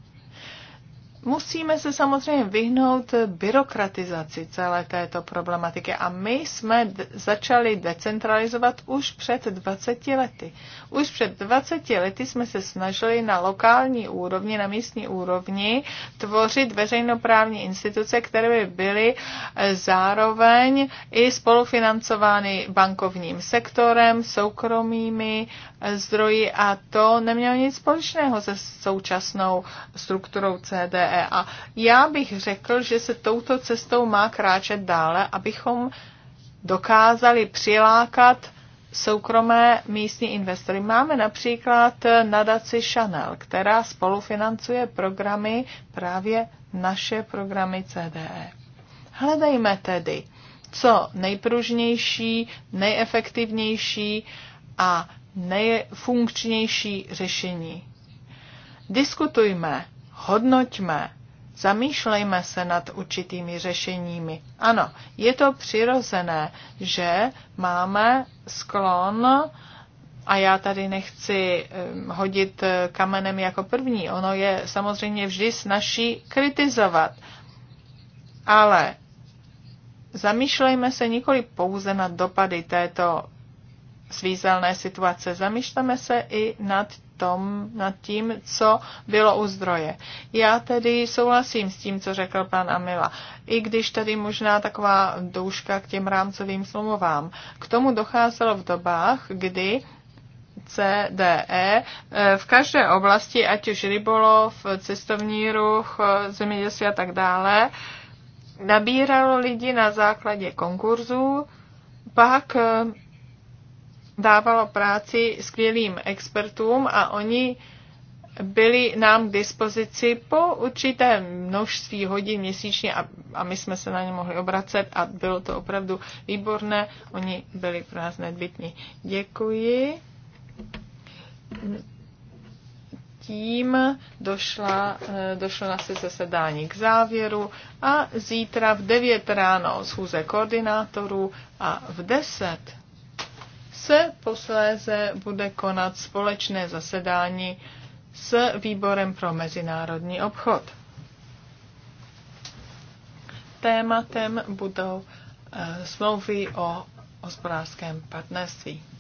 Musíme se samozřejmě vyhnout byrokratizaci celé této problematiky a my jsme začali decentralizovat už před 20 lety. Už před 20 lety jsme se snažili na lokální úrovni, na místní úrovni tvořit veřejnoprávní instituce, které by byly eh, zároveň i spolufinancovány bankovním sektorem, soukromými zdroji a to nemělo nic společného se současnou strukturou CDE. A já bych řekl, že se touto cestou má kráčet dále, abychom dokázali přilákat soukromé místní investory. Máme například nadaci Chanel, která spolufinancuje programy, právě naše programy CDE. Hledejme tedy co nejpružnější, nejefektivnější a nejfunkčnější řešení. Diskutujme, hodnoťme, zamýšlejme se nad určitými řešeními. Ano, je to přirozené, že máme sklon a já tady nechci hodit eh, kamenem jako první. Ono je samozřejmě vždy snaží kritizovat. Ale zamýšlejme se nikoli pouze nad dopady této svízelné situace. Zamýšleme se i nad tom, nad tím, co bylo u zdroje. Já tedy souhlasím s tím, co řekl pan Amila. I když tedy možná taková douška k těm rámcovým slovám. K tomu docházelo v dobách, kdy CDE eh, v každé oblasti, ať už rybolov, cestovní ruch, eh, zemědělství a tak dále, nabíralo lidi na základě konkurzů, pak eh, dávalo práci skvělým expertům a oni byli nám k dispozici po určité množství hodin měsíčně a, a my jsme se na ně mohli obracet a bylo to opravdu výborné. Oni byli pro nás nedbytní. Děkuji. Tím došla, eh, došlo na zasedání k závěru a zítra v 9 ráno schůze koordinátorů a v 10 se posléze bude konat společné zasedání s výborem pro mezinárodní obchod. Tématem budou eh, smlouvy o hospodářském partnerství.